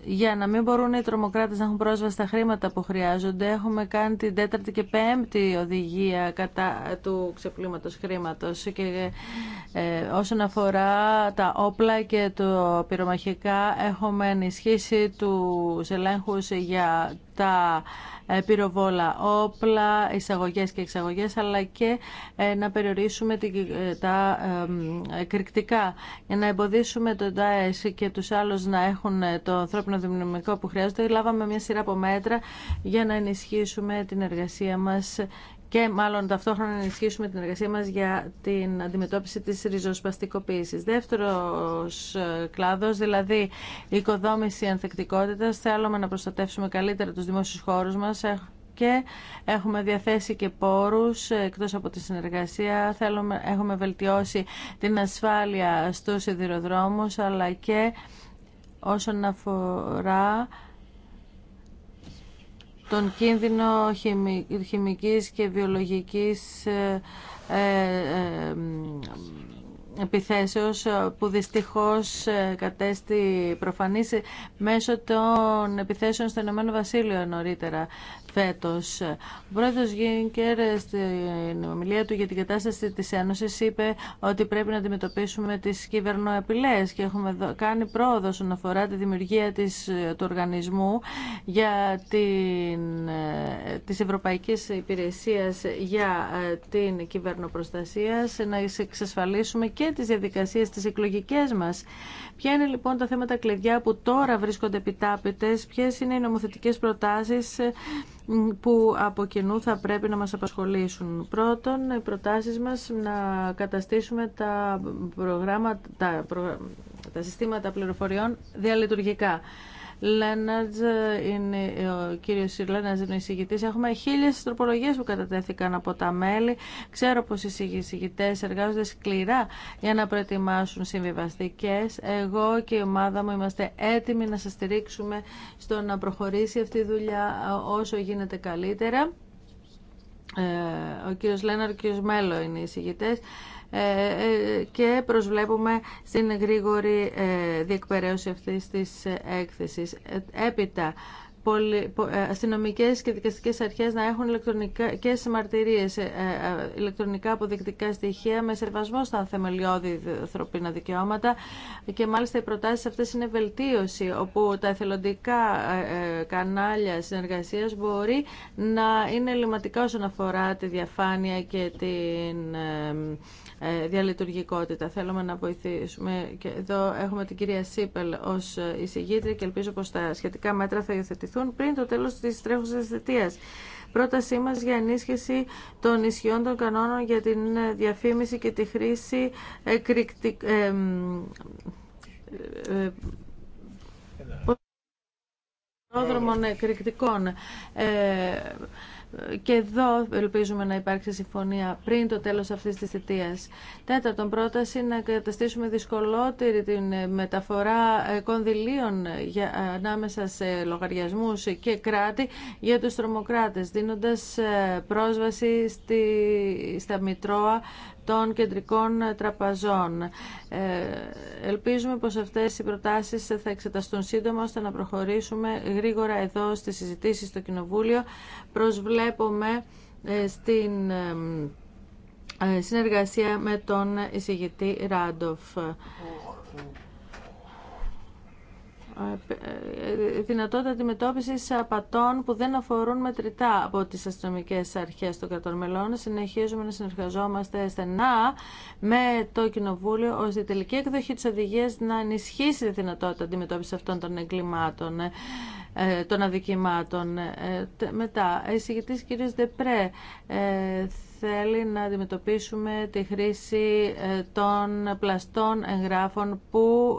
για να μην μπορούν οι τρομοκράτες να έχουν πρόσβαση στα χρήματα που χρειάζονται, έχουμε κάνει την τέταρτη και πέμπτη οδηγία κατά του ξεπλήματος χρήματος και ε, όσον αφορά τα όπλα και το πυρομαχικά έχουμε ενισχύσει του ελέγχου για τα ε, πυροβόλα όπλα, εισαγωγές και εξαγωγές, αλλά και ε, να περιορίσουμε ε, τα κρυκτικά για να εμποδίσουμε τον ΤΑΕΣ και τους άλλους να έχουν το ανθρώπινο δυναμικό που χρειάζεται. Λάβαμε μια σειρά από μέτρα για να ενισχύσουμε την εργασία μας και μάλλον ταυτόχρονα να ενισχύσουμε την εργασία μας για την αντιμετώπιση της ριζοσπαστικοποίησης. Δεύτερος ε, κλάδος, δηλαδή η οικοδόμηση ανθεκτικότητας, θέλουμε να προστατεύσουμε καλύτερα τους δημόσιους χώρους μας, και έχουμε διαθέσει και πόρους ε, εκτός από τη συνεργασία. Θέλουμε, έχουμε βελτιώσει την ασφάλεια στους σιδηροδρόμους αλλά και όσον αφορά τον κίνδυνο χημικής και βιολογικής ε, ε, ε, επιθέσεως που δυστυχώς κατέστη προφανής μέσω των επιθέσεων στο Ηνωμένο Βασίλειο νωρίτερα φέτος. Ο πρόεδρος Γίνκερ στην ομιλία του για την κατάσταση της Ένωση είπε ότι πρέπει να αντιμετωπίσουμε τις κυβερνοαπειλές και έχουμε κάνει πρόοδο όσον αφορά τη δημιουργία της, του οργανισμού για την, ε, της Ευρωπαϊκής Υπηρεσίας για ε, την κυβερνοπροστασία να εξασφαλίσουμε και τις διαδικασίες τις εκλογικές μας Ποια είναι λοιπόν τα θέματα κλειδιά που τώρα βρίσκονται επιτάπητες, ποιες είναι οι νομοθετικές προτάσεις ε, που από κοινού θα πρέπει να μας απασχολήσουν. Πρώτον, οι προτάσεις μας να καταστήσουμε τα, προγράμματα, τα, τα συστήματα πληροφοριών διαλειτουργικά. Ε, είναι, ο κύριο Λέναρτς είναι ο εισηγητή. Έχουμε χίλιε τροπολογίες που κατατέθηκαν από τα μέλη. Ξέρω πω οι εισηγητέ εργάζονται σκληρά για να προετοιμάσουν συμβιβαστικέ. Εγώ και η ομάδα μου είμαστε έτοιμοι να σα στηρίξουμε στο να προχωρήσει αυτή η δουλειά ε, όσο γίνεται καλύτερα. Ε, ο κύριος Λέναρ και ο κύριος Μέλο είναι οι ε, ε, και προσβλέπουμε στην γρήγορη ε, διεκπαιρέωση αυτής της έκθεσης. Έπειτα, αστυνομικές και δικαστικές αρχές να έχουν και μαρτυρίε, ηλεκτρονικά αποδεικτικά στοιχεία με σερβασμό στα θεμελιώδη ανθρωπίνα δικαιώματα. Και μάλιστα οι προτάσει αυτέ είναι βελτίωση, όπου τα εθελοντικά κανάλια συνεργασία μπορεί να είναι ελληματικά όσον αφορά τη διαφάνεια και την ε, διαλειτουργικότητα. Θέλουμε να βοηθήσουμε και εδώ έχουμε την κυρία Σίπελ ως ε, εισηγήτρια και ελπίζω πως τα σχετικά μέτρα θα υιοθετηθούν πριν το τέλος τη τρέχουσα θετίας. Πρότασή μας για ενίσχυση των ισχυών των κανόνων για την ε, διαφήμιση και τη χρήση εκρηκτικ... εκρηκτικών και εδώ ελπίζουμε να υπάρξει συμφωνία πριν το τέλος αυτής της θητείας. Τέταρτον, πρόταση να καταστήσουμε δυσκολότερη την μεταφορά ε, κονδυλίων για, ανάμεσα σε λογαριασμούς και κράτη για τους τρομοκράτες, δίνοντας ε, πρόσβαση στη, στα Μητρώα των κεντρικών τραπαζών. Ε, ελπίζουμε πως αυτές οι προτάσεις θα εξεταστούν σύντομα ώστε να προχωρήσουμε γρήγορα εδώ στις συζητήσεις στο Κοινοβούλιο. Επομένως, ε, στην ε, συνεργασία με τον εισηγητή Ράντοφ. Ε, δυνατότητα αντιμετώπιση απατών που δεν αφορούν μετρητά από τι αστυνομικέ αρχέ των κρατών μελών. Συνεχίζουμε να συνεργαζόμαστε στενά με το Κοινοβούλιο, ώστε η τελική εκδοχή τη οδηγία να ενισχύσει τη δυνατότητα αντιμετώπιση αυτών των εγκλημάτων. Ε, των αδικημάτων. Ε, μετά, εισηγητής κυρία Δεπρέ ε, θέλει να αντιμετωπίσουμε τη χρήση των πλαστών εγγράφων που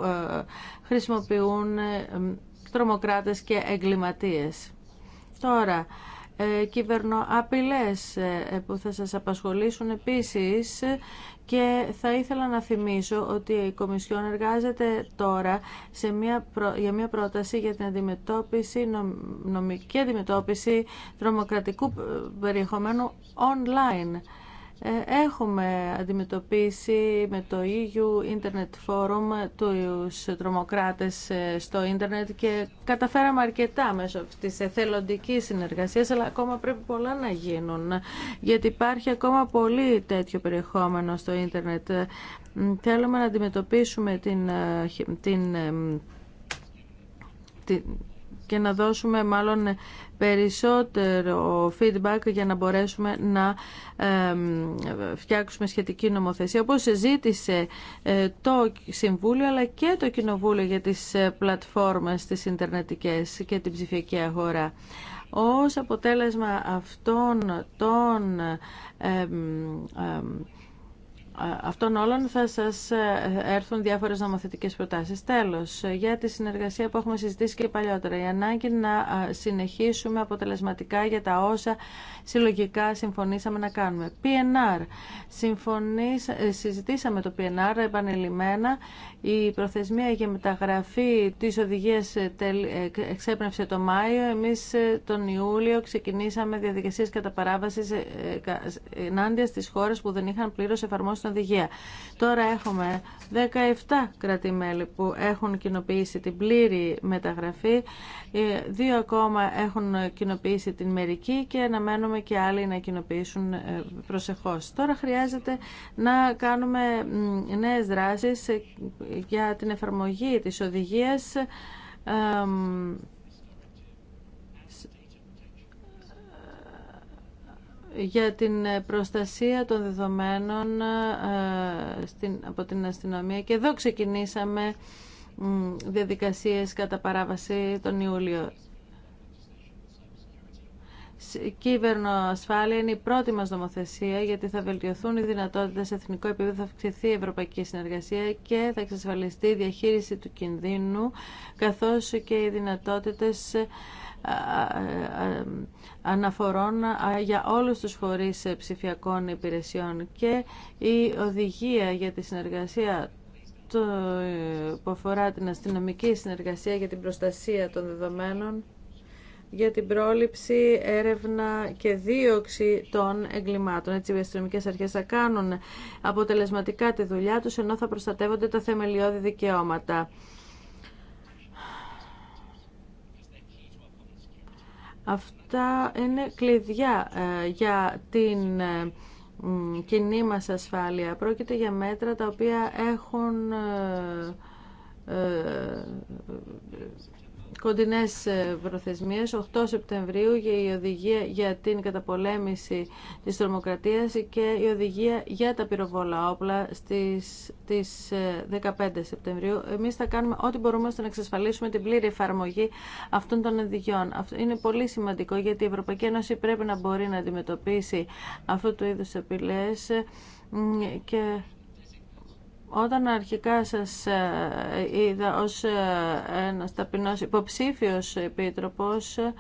χρησιμοποιούν τρομοκράτες και εγκληματίες. Τώρα, κυβερνοαπειλές που θα σας απασχολήσουν επίσης και θα ήθελα να θυμίσω ότι η Κομισιόν εργάζεται τώρα σε μια για μια πρόταση για την αντιμετώπιση, νομική αντιμετώπιση τρομοκρατικού ε, περιεχομένου online. Ε, έχουμε αντιμετωπίσει με το EU Internet Forum τους τρομοκράτες ε, στο ίντερνετ και καταφέραμε αρκετά μέσω της εθελοντικής συνεργασίας, αλλά ακόμα πρέπει πολλά να γίνουν, γιατί υπάρχει ακόμα πολύ τέτοιο περιεχόμενο στο ίντερνετ. Θέλουμε να αντιμετωπίσουμε την, ε, την και να δώσουμε μάλλον περισσότερο feedback για να μπορέσουμε να φτιάξουμε σχετική νομοθεσία όπως ζήτησε ε, το Συμβούλιο αλλά και το Κοινοβούλιο για τις ε, πλατφόρμες τις Ιντερνετικές και την ψηφιακή αγορά. Ως αποτέλεσμα αυτών των αυτών όλων θα σας ε, έρθουν διάφορες νομοθετικές προτάσεις. Τέλος, για τη συνεργασία που έχουμε συζητήσει και παλιότερα, η ανάγκη να συνεχίσουμε αποτελεσματικά για τα όσα συλλογικά συμφωνήσαμε να κάνουμε. PNR. Ε, συζητήσαμε το PNR επανειλημμένα η προθεσμία για μεταγραφή της οδηγίας ε, ε, εξέπνευσε το Μάιο. Εμείς ε, τον Ιούλιο ξεκινήσαμε διαδικασίες κατά παράβαση ενάντια στις χώρες που δεν είχαν πλήρως εφαρμόσει την οδηγία. Τώρα έχουμε 17 κρατη που έχουν κοινοποιήσει την πλήρη μεταγραφή. Δύο ακόμα έχουν κοινοποιήσει την μερική και αναμένουμε και άλλοι να κοινοποιήσουν προσεχώς. Τώρα χρειάζεται να κάνουμε νέες δράσεις για την εφαρμογή της οδηγίας για την προστασία των δεδομένων ε, από την αστυνομία και εδώ ξεκινήσαμε διαδικασίες κατά παράβαση τον Ιούλιο ασφάλεια είναι η πρώτη μας νομοθεσία γιατί θα βελτιωθούν οι δυνατότητες σε εθνικό επίπεδο, θα αυξηθεί η ευρωπαϊκή συνεργασία και θα εξασφαλιστεί η διαχείριση του κινδύνου καθώς και οι δυνατότητες ε, ε, αναφορών ε, για όλους τους φορείς ψηφιακών υπηρεσιών και η οδηγία για τη συνεργασία που αφορά την αστυνομική συνεργασία για την προστασία των δεδομένων για την πρόληψη, έρευνα και δίωξη των εγκλημάτων. Έτσι, οι αστυνομικέ αρχέ θα κάνουν αποτελεσματικά τη δουλειά του, ενώ θα προστατεύονται τα θεμελιώδη δικαιώματα. Αυτά είναι κλειδιά ε, για την ε, κοινή μας ασφάλεια. Πρόκειται για μέτρα τα οποία έχουν ε, κοντινές ε, προθεσμίες, 8 Σεπτεμβρίου για η οδηγία για την καταπολέμηση της τρομοκρατίας και η οδηγία για τα πυροβόλα όπλα στις, 15 ε, Σεπτεμβρίου. Εμείς θα κάνουμε ό,τι μπορούμε ώστε να εξασφαλίσουμε την πλήρη εφαρμογή αυτών των οδηγιών. Αυτό είναι πολύ σημαντικό γιατί η Ευρωπαϊκή Ένωση πρέπει να μπορεί να αντιμετωπίσει αυτού του είδους απειλές ε, όταν αρχικά σας ε, είδα ως ε, ένας ταπεινός υποψήφιος επίτροπος ε,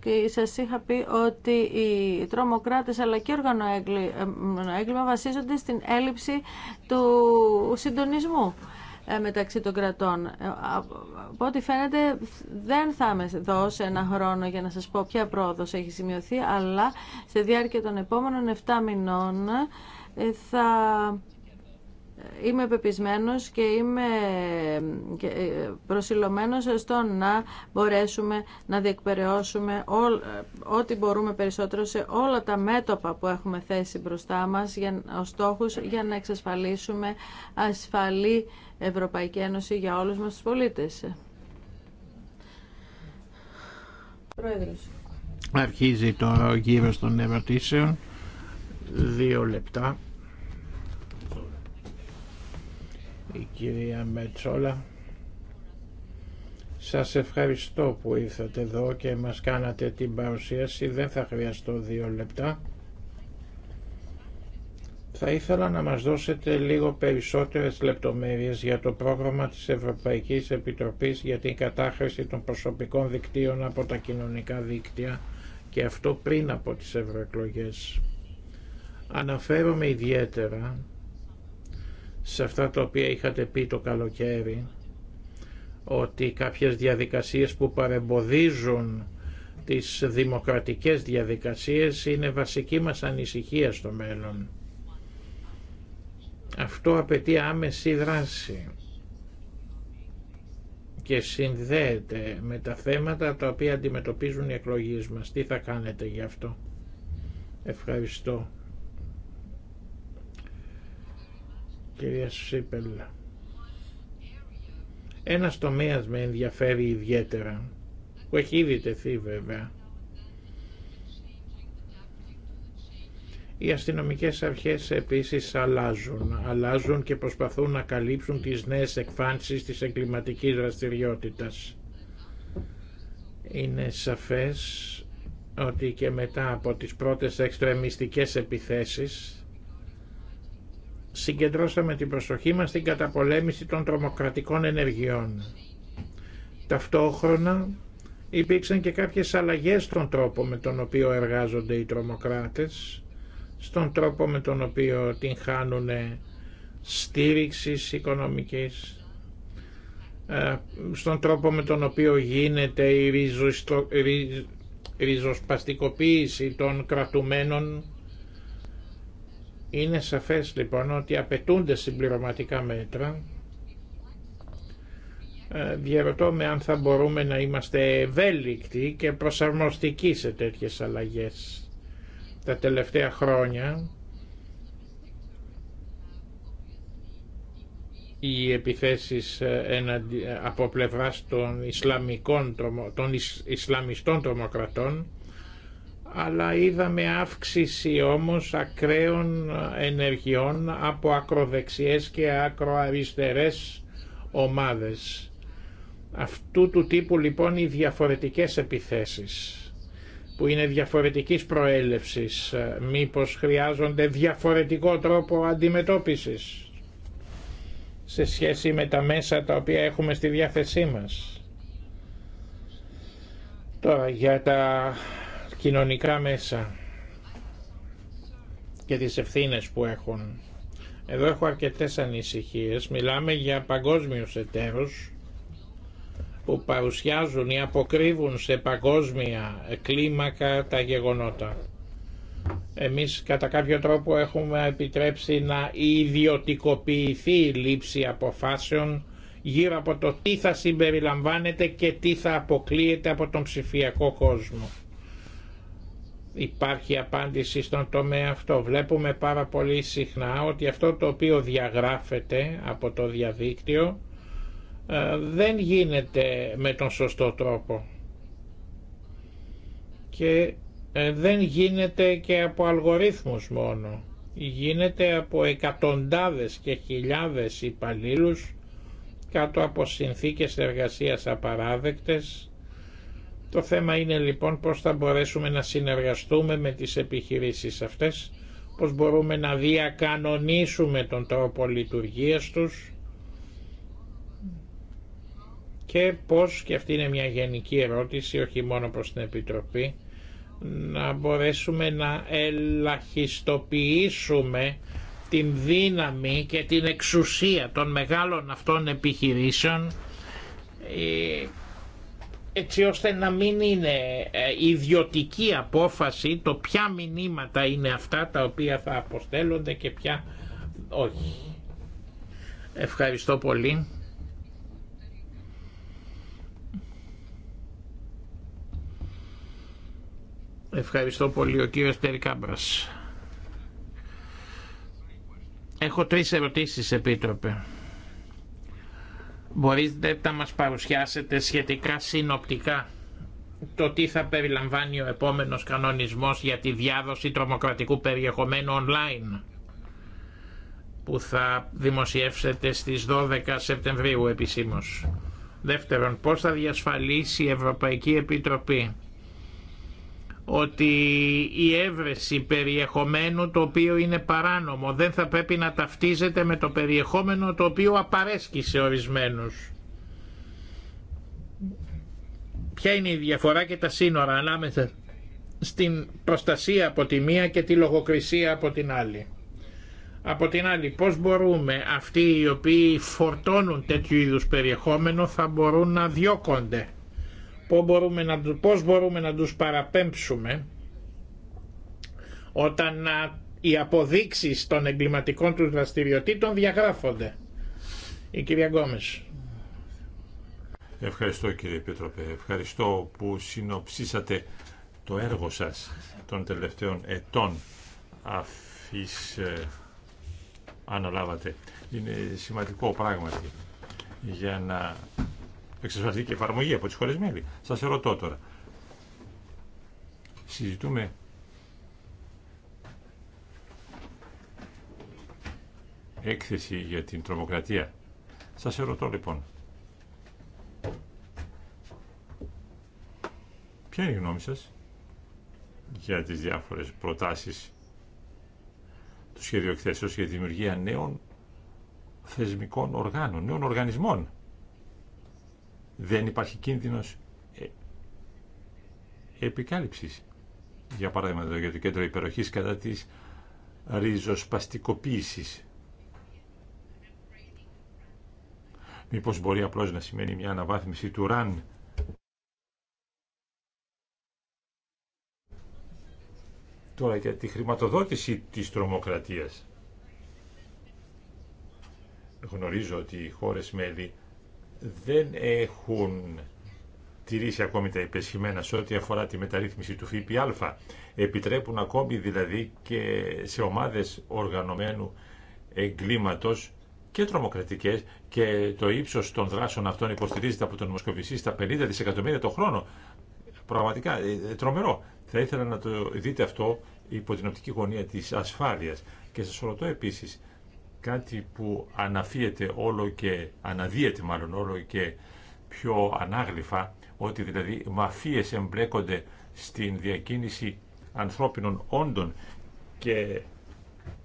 και σας είχα πει ότι οι τρομοκράτες αλλά και έγκλημα βασίζονται στην έλλειψη του συντονισμού μεταξύ των κρατών. Από ό,τι φαίνεται δεν θα με δώσει ένα χρόνο για να σας πω ποια πρόοδος έχει σημειωθεί, αλλά σε διάρκεια των επόμενων 7 μηνών θα είμαι πεπισμένος και είμαι ε, προσιλωμένος στο να μπορέσουμε να διεκπαιρεώσουμε ε, ό,τι μπορούμε περισσότερο σε όλα τα μέτωπα που έχουμε θέσει μπροστά μας για, ως στόχους για να εξασφαλίσουμε ασφαλή Ευρωπαϊκή Ένωση για όλους μας τους πολίτες. Πρόεδρος. Αρχίζει το γύρο των ερωτήσεων. Δύο λεπτά. η κυρία Μετσόλα. Σας ευχαριστώ που ήρθατε εδώ και μας κάνατε την παρουσίαση. Δεν θα χρειαστώ δύο λεπτά. Θα ήθελα να μας δώσετε λίγο περισσότερες λεπτομέρειες για το πρόγραμμα της Ευρωπαϊκής Επιτροπής για την κατάχρηση των προσωπικών δικτύων από τα κοινωνικά δίκτυα και αυτό πριν από τις ευρωεκλογές. Αναφέρομαι ιδιαίτερα σε αυτά τα οποία είχατε πει το καλοκαίρι ότι κάποιες διαδικασίες που παρεμποδίζουν τις δημοκρατικές διαδικασίες είναι βασική μας ανησυχία στο μέλλον. Αυτό απαιτεί άμεση δράση και συνδέεται με τα θέματα τα οποία αντιμετωπίζουν οι εκλογείς μας. Τι θα κάνετε γι' αυτό. Ευχαριστώ. κυρία Σίπελ. Ένα τομέα με ενδιαφέρει ιδιαίτερα, που έχει ήδη τεθεί βέβαια. Οι αστυνομικές αρχές επίσης αλλάζουν. Αλλάζουν και προσπαθούν να καλύψουν τις νέες εκφάνσεις της εγκληματικής δραστηριότητας. Είναι σαφές ότι και μετά από τις πρώτες εξτρεμιστικές επιθέσεις συγκεντρώσαμε την προσοχή μας στην καταπολέμηση των τρομοκρατικών ενεργειών. Ταυτόχρονα υπήρξαν και κάποιες αλλαγές στον τρόπο με τον οποίο εργάζονται οι τρομοκράτες, στον τρόπο με τον οποίο την χάνουν στήριξης οικονομικής, ε, στον τρόπο με τον οποίο γίνεται η ριζοσπαστικοποίηση των κρατουμένων είναι σαφές λοιπόν ότι απαιτούνται συμπληρωματικά μέτρα. Ε, διαρωτώ με αν θα μπορούμε να είμαστε ευέλικτοι και προσαρμοστικοί σε τέτοιες αλλαγές. Τα τελευταία χρόνια οι επιθέσεις ε, από πλευράς των, Ισλαμικών, των Ισλαμιστών τρομοκρατών αλλά είδαμε αύξηση όμως ακραίων ενεργειών από ακροδεξιές και ακροαριστερές ομάδες. Αυτού του τύπου λοιπόν οι διαφορετικές επιθέσεις που είναι διαφορετικής προέλευσης μήπως χρειάζονται διαφορετικό τρόπο αντιμετώπισης σε σχέση με τα μέσα τα οποία έχουμε στη διάθεσή μας. Τώρα για τα κοινωνικά μέσα και τις ευθύνες που έχουν. Εδώ έχω αρκετές ανησυχίες. Μιλάμε για παγκόσμιους εταίρους που παρουσιάζουν ή αποκρύβουν σε παγκόσμια κλίμακα τα γεγονότα. Εμείς κατά κάποιο τρόπο έχουμε επιτρέψει να ιδιωτικοποιηθεί η λήψη αποφάσεων γύρω από το τι θα συμπεριλαμβάνεται και τι θα αποκλείεται από τον ψηφιακό κόσμο υπάρχει απάντηση στον τομέα αυτό. Βλέπουμε πάρα πολύ συχνά ότι αυτό το οποίο διαγράφεται από το διαδίκτυο ε, δεν γίνεται με τον σωστό τρόπο και ε, δεν γίνεται και από αλγορίθμους μόνο. Γίνεται από εκατοντάδες και χιλιάδες υπαλλήλους κάτω από συνθήκες εργασίας απαράδεκτες το θέμα είναι λοιπόν πώς θα μπορέσουμε να συνεργαστούμε με τις επιχειρήσεις αυτές, πώς μπορούμε να διακανονίσουμε τον τρόπο λειτουργίας τους και πώς, και αυτή είναι μια γενική ερώτηση, όχι μόνο προς την Επιτροπή, να μπορέσουμε να ελαχιστοποιήσουμε την δύναμη και την εξουσία των μεγάλων αυτών επιχειρήσεων ε, έτσι ώστε να μην είναι ε, ιδιωτική απόφαση το ποια μηνύματα είναι αυτά τα οποία θα αποστέλλονται και ποια όχι. Ευχαριστώ πολύ. Ευχαριστώ πολύ ο κύριος Τερικάμπρας. Έχω τρεις ερωτήσεις επίτροπε. Μπορείτε να μας παρουσιάσετε σχετικά συνοπτικά το τι θα περιλαμβάνει ο επόμενος κανονισμός για τη διάδοση τρομοκρατικού περιεχομένου online που θα δημοσιεύσετε στις 12 Σεπτεμβρίου επισήμως. Δεύτερον, πώς θα διασφαλίσει η Ευρωπαϊκή Επιτροπή ότι η έβρεση περιεχομένου το οποίο είναι παράνομο δεν θα πρέπει να ταυτίζεται με το περιεχόμενο το οποίο απαρέσκει σε ορισμένους. Ποια είναι η διαφορά και τα σύνορα ανάμεσα στην προστασία από τη μία και τη λογοκρισία από την άλλη. Από την άλλη, πώς μπορούμε αυτοί οι οποίοι φορτώνουν τέτοιου είδους περιεχόμενο θα μπορούν να διώκονται πώς μπορούμε να, πώς μπορούμε να τους παραπέμψουμε όταν οι αποδείξεις των εγκληματικών τους δραστηριοτήτων διαγράφονται. Η κυρία Γκόμες. Ευχαριστώ κύριε Επίτροπε. Ευχαριστώ που συνοψίσατε το έργο σας των τελευταίων ετών αφής ε, αναλάβατε. Είναι σημαντικό πράγματι για να εξασφαλιστεί και εφαρμογή από τις χώρες μέλη. Σας ερωτώ τώρα. Συζητούμε έκθεση για την τρομοκρατία. Σας ερωτώ λοιπόν. Ποια είναι η γνώμη σας για τις διάφορες προτάσεις του σχέδιου εκθέσεως για τη δημιουργία νέων θεσμικών οργάνων, νέων οργανισμών δεν υπάρχει κίνδυνος ε, επικάλυψης. Για παράδειγμα, εδώ για το κέντρο υπεροχής κατά της ριζοσπαστικοποίησης. Μήπως μπορεί απλώς να σημαίνει μια αναβάθμιση του ραν τώρα για τη χρηματοδότηση της τρομοκρατίας. Γνωρίζω ότι οι χώρες μέλη δεν έχουν τηρήσει ακόμη τα υπεσχημένα σε ό,τι αφορά τη μεταρρύθμιση του ΦΠΑ. Επιτρέπουν ακόμη δηλαδή και σε ομάδες οργανωμένου εγκλήματος και τρομοκρατικές και το ύψος των δράσεων αυτών υποστηρίζεται από τον Μοσκοβισή στα 50 δισεκατομμύρια το χρόνο. Πραγματικά ε, ε, τρομερό. Θα ήθελα να το δείτε αυτό υπό την οπτική γωνία της ασφάλειας. Και σα ρωτώ επίσης κάτι που αναφύεται όλο και, αναδύεται μάλλον όλο και πιο ανάγλυφα, ότι δηλαδή μαφίες εμπλέκονται στην διακίνηση ανθρώπινων όντων και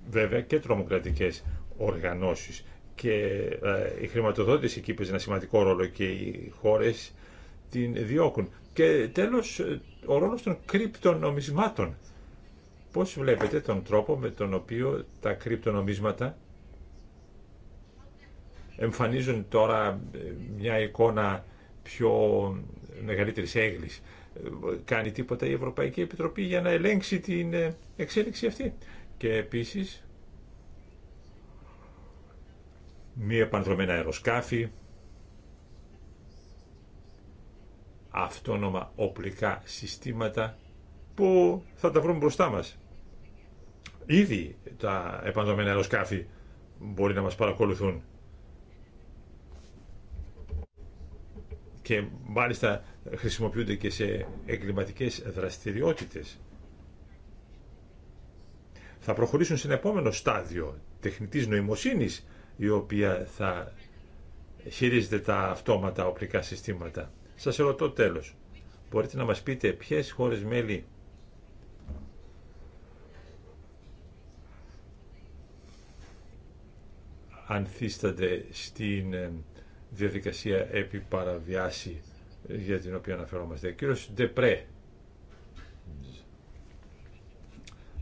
βέβαια και τρομοκρατικές οργανώσεις και ε, η χρηματοδότηση εκεί παίζει ένα σημαντικό ρόλο και οι χώρες την διώκουν. Και τέλος ε, ο ρόλος των κρυπτονομισμάτων. Πώς βλέπετε τον τρόπο με τον οποίο τα κρυπτονομίσματα εμφανίζουν τώρα ε, μια εικόνα πιο μεγαλύτερης έγκλης. Ε, κάνει τίποτα η Ευρωπαϊκή Επιτροπή για να ελέγξει την ε, εξέλιξη αυτή. Και επίσης μη επανδρομένα αεροσκάφη, αυτόνομα οπλικά συστήματα που θα τα βρούμε μπροστά μας. Ήδη τα επανδρομένα αεροσκάφη μπορεί να μας παρακολουθούν και μάλιστα χρησιμοποιούνται και σε εγκληματικές δραστηριότητες. Θα προχωρήσουν σε ένα επόμενο στάδιο τεχνητής νοημοσύνης η οποία θα χειρίζεται τα αυτόματα οπλικά συστήματα. Σας ερωτώ τέλος. Μπορείτε να μας πείτε ποιες χώρες μέλη ανθίστανται στην ε, διαδικασία επί παραβιάση για την οποία αναφερόμαστε. Κύριος Ντεπρέ.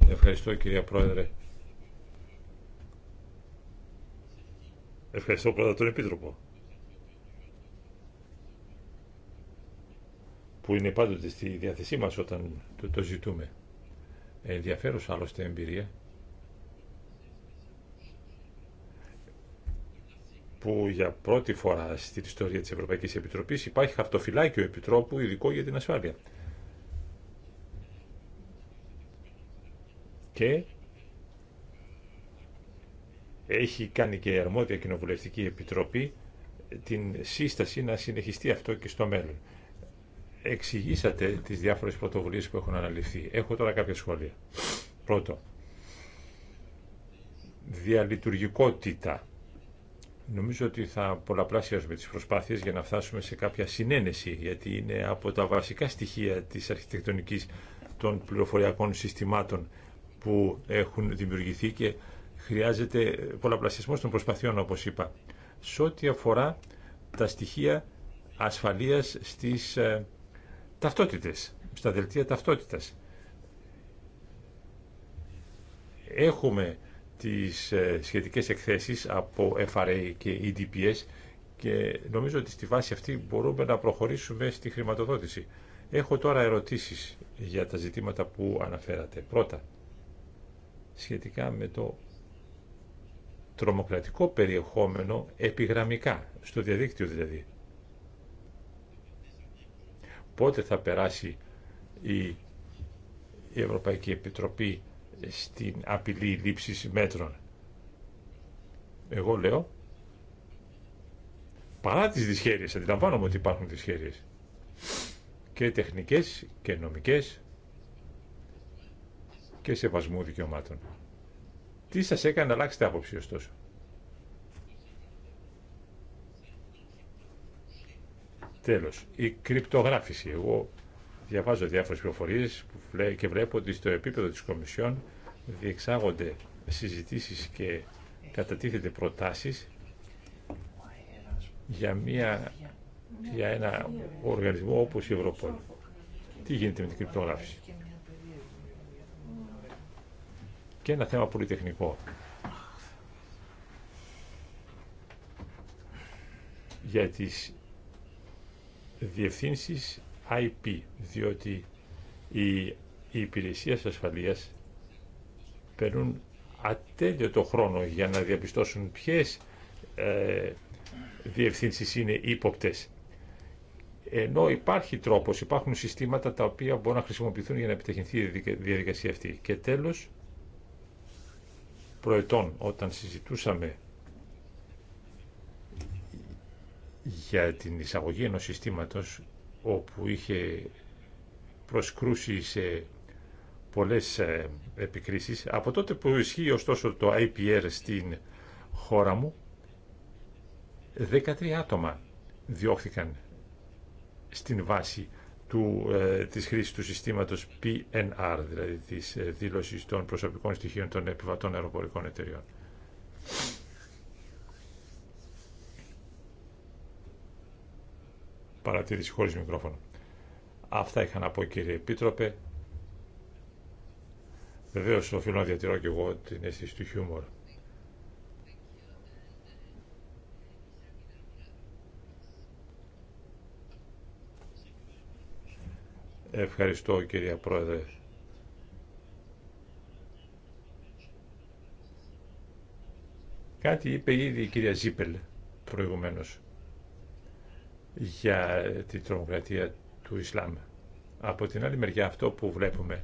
Ευχαριστώ κυρία Πρόεδρε. Ευχαριστώ πρώτα τον Επίτροπο. Που είναι πάντοτε στη διάθεσή μας όταν το, το ζητούμε. Ενδιαφέρουσα άλλωστε εμπειρία που για πρώτη φορά στην ιστορία της Ευρωπαϊκής Επιτροπής υπάρχει χαρτοφυλάκιο επιτρόπου ειδικό για την ασφάλεια. Και έχει κάνει και η αρμόδια κοινοβουλευτική επιτροπή την σύσταση να συνεχιστεί αυτό και στο μέλλον. Εξηγήσατε τις διάφορες πρωτοβουλίες που έχουν αναλυθεί. Έχω τώρα κάποια σχόλια. Πρώτο, διαλειτουργικότητα Νομίζω ότι θα πολλαπλάσιαζουμε τις προσπάθειες για να φτάσουμε σε κάποια συνένεση, γιατί είναι από τα βασικά στοιχεία της αρχιτεκτονικής των πληροφοριακών συστημάτων που έχουν δημιουργηθεί και χρειάζεται πολλαπλασιασμός των προσπαθειών, όπως είπα. Σε ό,τι αφορά τα στοιχεία ασφαλείας στις ε, ταυτότητες, στα δελτία ταυτότητας. Έχουμε τις ε, σχετικές εκθέσεις από FRA και EDPS και νομίζω ότι στη βάση αυτή μπορούμε να προχωρήσουμε στη χρηματοδότηση. Έχω τώρα ερωτήσεις για τα ζητήματα που αναφέρατε. Πρώτα, σχετικά με το τρομοκρατικό περιεχόμενο επιγραμμικά, στο διαδίκτυο δηλαδή. Πότε θα περάσει η Ευρωπαϊκή Επιτροπή στην απειλή λήψη μέτρων. Εγώ λέω, παρά τις δυσχέρειες, αντιλαμβάνομαι ότι υπάρχουν δυσχέρειες, και τεχνικές και νομικές και σεβασμού δικαιωμάτων. Τι σας έκανε να αλλάξετε άποψη ωστόσο. Τέλος, η κρυπτογράφηση. Εγώ διαβάζω διάφορες πληροφορίε και βλέπω ότι στο επίπεδο της Κομισιόν διεξάγονται συζητήσεις και κατατίθεται προτάσεις για, μια, για ένα οργανισμό όπως η Ευρωπόλ. Τι γίνεται με την κρυπτογράφηση. Και ένα θέμα πολυτεχνικό. Για τις διευθύνσεις IP, διότι η, η υπηρεσία ασφαλείας περνούν ατέλειωτο χρόνο για να διαπιστώσουν ποιες ε, διευθύνσεις είναι ύποπτες. Ενώ υπάρχει τρόπος, υπάρχουν συστήματα τα οποία μπορούν να χρησιμοποιηθούν για να επιτεχνηθεί η διαδικασία αυτή. Και τέλος, προετών, όταν συζητούσαμε για την εισαγωγή ενός συστήματος όπου είχε προσκρούσει σε πολλές ε, επικρίσεις. Από τότε που ισχύει ωστόσο το IPR στην χώρα μου, 13 άτομα διώχθηκαν στην βάση του, ε, της χρήσης του συστήματος PNR, δηλαδή της ε, δήλωσης των προσωπικών στοιχείων των επιβατών αεροπορικών εταιριών. Παρατήρηση χωρίς μικρόφωνο. Αυτά είχα να πω κύριε Επίτροπε. Βεβαίω οφείλω να διατηρώ και εγώ την αίσθηση του χιούμορ. Ευχαριστώ κυρία Πρόεδρε. Κάτι είπε ήδη η κυρία Ζίπελ προηγουμένως για την τρομοκρατία του Ισλάμ. Από την άλλη μεριά αυτό που βλέπουμε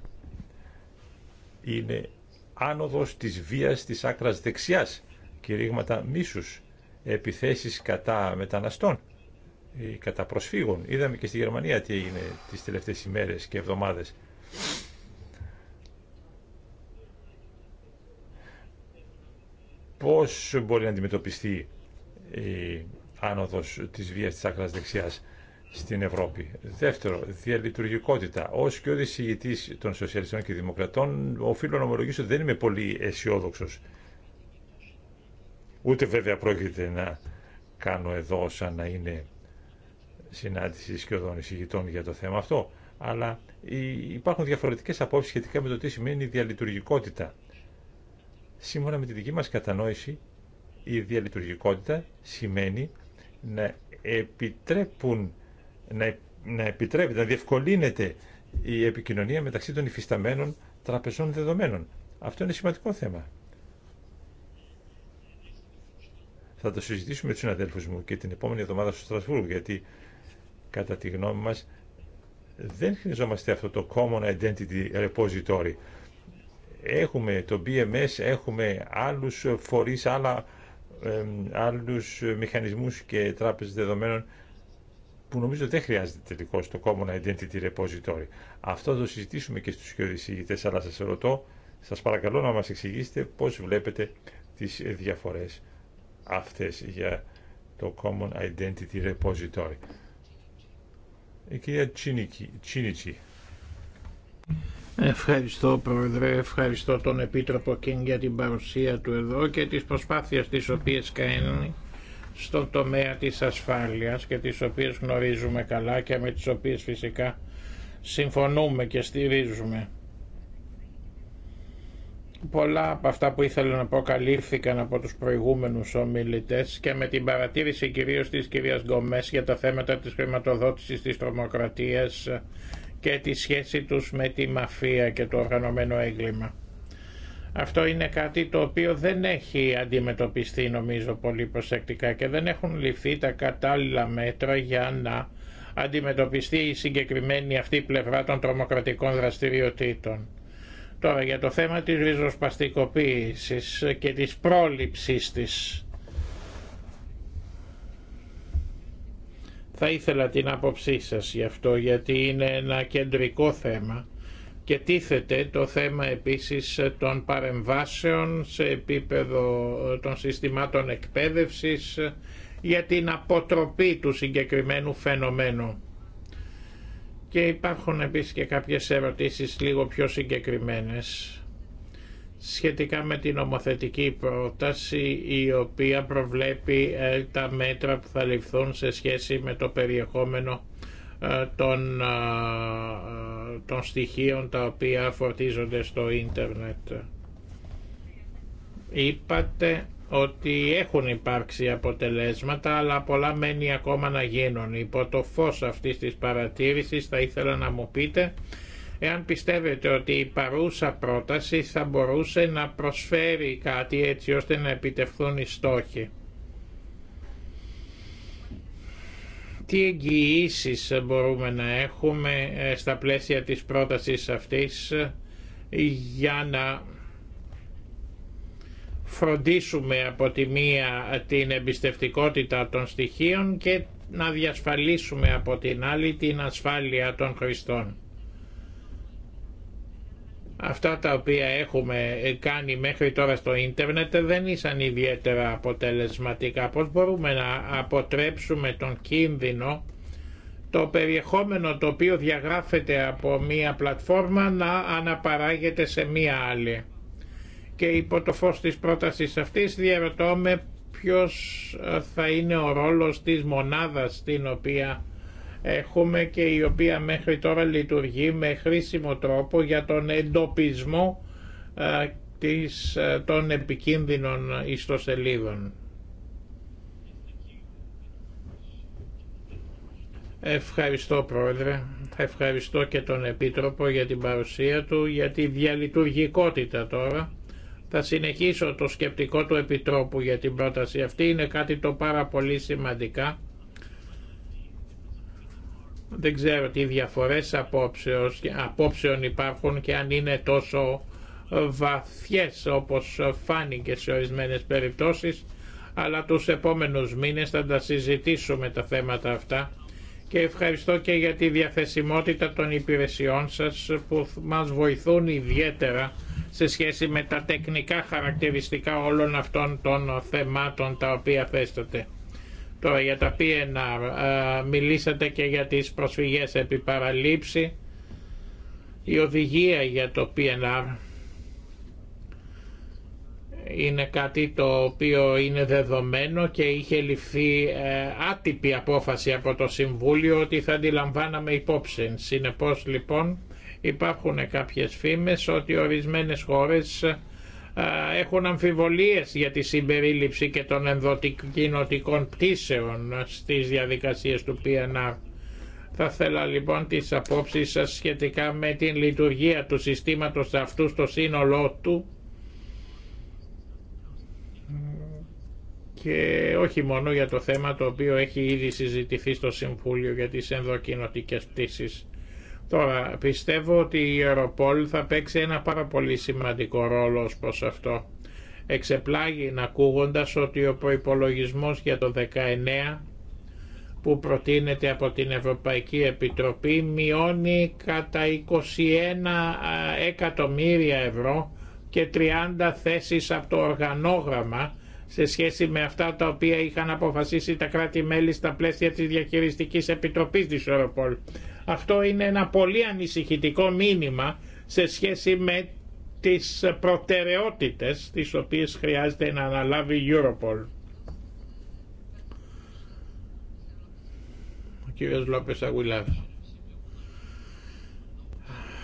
είναι άνοδος της βίας της άκρας δεξιάς, κηρύγματα μίσους, επιθέσεις κατά μεταναστών ή ε, κατά προσφύγων. Είδαμε και στη Γερμανία τι έγινε τις τελευταίες ημέρες και εβδομάδες. Πώς μπορεί να αντιμετωπιστεί η ε, άνοδος της βίας της άκρας δεξιάς στην Ευρώπη. Δεύτερο, διαλειτουργικότητα. Ω και ο των Σοσιαλιστών και Δημοκρατών, οφείλω να ομολογήσω ότι δεν είμαι πολύ αισιόδοξο. Ούτε βέβαια πρόκειται να κάνω εδώ σαν να είναι συνάντηση σκιωδών εισηγητών για το θέμα αυτό, αλλά υπάρχουν διαφορετικές απόψεις σχετικά με το τι σημαίνει διαλειτουργικότητα. Σύμφωνα με τη δική μα κατανόηση, η διαλειτουργικότητα σημαίνει να επιτρέπουν να επιτρέπεται, να διευκολύνεται η επικοινωνία μεταξύ των υφισταμένων τραπεζών δεδομένων. Αυτό είναι σημαντικό θέμα. Θα το συζητήσουμε με τους μου και την επόμενη εβδομάδα στο Στρασβούργο, γιατί κατά τη γνώμη μας δεν χρειαζόμαστε αυτό το Common Identity Repository. Έχουμε το BMS, έχουμε άλλους φορείς, άλλα, ε, άλλους και τράπεζες δεδομένων που νομίζω δεν χρειάζεται τελικώς το Common Identity Repository. Αυτό το συζητήσουμε και στους κοιοδησίγητες, αλλά σας ρωτώ, σας παρακαλώ να μας εξηγήσετε πώς βλέπετε τις διαφορές αυτές για το Common Identity Repository. Η ε, κυρία Τσίνιτσι. Ευχαριστώ Πρόεδρε, ευχαριστώ τον Επίτροπο Κιν για την παρουσία του εδώ και τις προσπάθειες τις οποίες κάνει στον τομέα της ασφάλειας και τις οποίες γνωρίζουμε καλά και με τις οποίες φυσικά συμφωνούμε και στηρίζουμε. Πολλά από αυτά που ήθελα να πω καλύφθηκαν από τους προηγούμενους ομιλητές και με την παρατήρηση κυρίως της κυρίας Γκομές για τα θέματα της χρηματοδότησης της τρομοκρατίας και τη σχέση τους με τη μαφία και το οργανωμένο έγκλημα. Αυτό είναι κάτι το οποίο δεν έχει αντιμετωπιστεί νομίζω πολύ προσεκτικά και δεν έχουν ληφθεί τα κατάλληλα μέτρα για να αντιμετωπιστεί η συγκεκριμένη αυτή πλευρά των τρομοκρατικών δραστηριοτήτων. Τώρα για το θέμα της ριζοσπαστικοποίησης και της πρόληψης της. Θα ήθελα την άποψή σας γι' αυτό γιατί είναι ένα κεντρικό θέμα και τίθεται το θέμα επίσης των παρεμβάσεων σε επίπεδο ε, των συστημάτων εκπαίδευσης για την αποτροπή του συγκεκριμένου φαινομένου. Και υπάρχουν επίσης και κάποιες ερωτήσεις λίγο πιο συγκεκριμένες σχετικά με την ομοθετική πρόταση η οποία προβλέπει ε, τα μέτρα που θα ληφθούν σε σχέση με το περιεχόμενο ε, των, ε, ε, των στοιχείων τα οποία φορτίζονται στο ίντερνετ. Είπατε ότι έχουν υπάρξει αποτελέσματα αλλά πολλά μένει ακόμα να γίνουν. Υπό το φως αυτής της παρατήρησης θα ήθελα να μου πείτε εάν πιστεύετε ότι η παρούσα πρόταση θα μπορούσε να προσφέρει κάτι έτσι ώστε να επιτευχθούν οι στόχοι. τι εγγυήσει μπορούμε να έχουμε ε, στα πλαίσια της πρότασης αυτής ε, για να φροντίσουμε από τη μία την εμπιστευτικότητα των στοιχείων και να διασφαλίσουμε από την άλλη την ασφάλεια των χρηστών αυτά τα οποία έχουμε κάνει μέχρι τώρα στο ίντερνετ δεν ήσαν ιδιαίτερα αποτελεσματικά. Πώς μπορούμε να αποτρέψουμε τον κίνδυνο το περιεχόμενο το οποίο διαγράφεται από μία πλατφόρμα να αναπαράγεται σε μία άλλη. Και υπό το φως της πρότασης αυτής διαρωτώ με ποιος θα είναι ο ρόλος της μονάδας στην οποία έχουμε και η οποία μέχρι τώρα λειτουργεί με χρήσιμο τρόπο για τον εντοπισμό της, των επικίνδυνων ιστοσελίδων. Ευχαριστώ Πρόεδρε, ευχαριστώ και τον Επίτροπο για την παρουσία του, για τη διαλειτουργικότητα τώρα. Θα συνεχίσω το σκεπτικό του Επιτρόπου για την πρόταση αυτή, είναι κάτι το πάρα πολύ σημαντικά δεν ξέρω τι διαφορές απόψεως, απόψεων υπάρχουν και αν είναι τόσο ε, βαθιές όπως φάνηκε σε ορισμένες περιπτώσεις αλλά τους επόμενους μήνες θα τα συζητήσουμε τα θέματα αυτά και ευχαριστώ και για τη διαθεσιμότητα των υπηρεσιών σας που μας βοηθούν ιδιαίτερα σε σχέση με τα τεχνικά χαρακτηριστικά όλων αυτών των θεμάτων τα οποία θέσατε. Τώρα για τα PNR, ε, μιλήσατε και για τις προσφυγές επί παραλήψη. Η οδηγία για το PNR είναι κάτι το οποίο είναι δεδομένο και είχε ληφθεί ε, άτυπη απόφαση από το Συμβούλιο ότι θα αντιλαμβάναμε υπόψη. Συνεπώς λοιπόν υπάρχουν κάποιες φήμες ότι ορισμένες χώρες έχουν αμφιβολίες για τη συμπερίληψη και των ενδοκινοτικών πτήσεων στις διαδικασίες του PNR. Θα θέλα λοιπόν τις απόψεις σας σχετικά με την λειτουργία του συστήματος αυτού στο σύνολό του και όχι μόνο για το θέμα το οποίο έχει ήδη συζητηθεί στο Συμβούλιο για τις ενδοκινοτικές πτήσεις. Τώρα πιστεύω ότι η Ιεροπόλη θα παίξει ένα πάρα πολύ σημαντικό ρόλο ως προς αυτό. Εξεπλάγει ακούγοντας ότι ο προϋπολογισμός για το 19 που προτείνεται από την Ευρωπαϊκή Επιτροπή μειώνει κατά 21 εκατομμύρια ευρώ και 30 θέσεις από το οργανόγραμμα σε σχέση με αυτά τα οποία είχαν αποφασίσει τα κράτη-μέλη στα πλαίσια της Διαχειριστικής Επιτροπής της Ευρωπόλης. Αυτό είναι ένα πολύ ανησυχητικό μήνυμα σε σχέση με τις προτεραιότητες τις οποίες χρειάζεται να αναλάβει η Europol. Ο Λόπες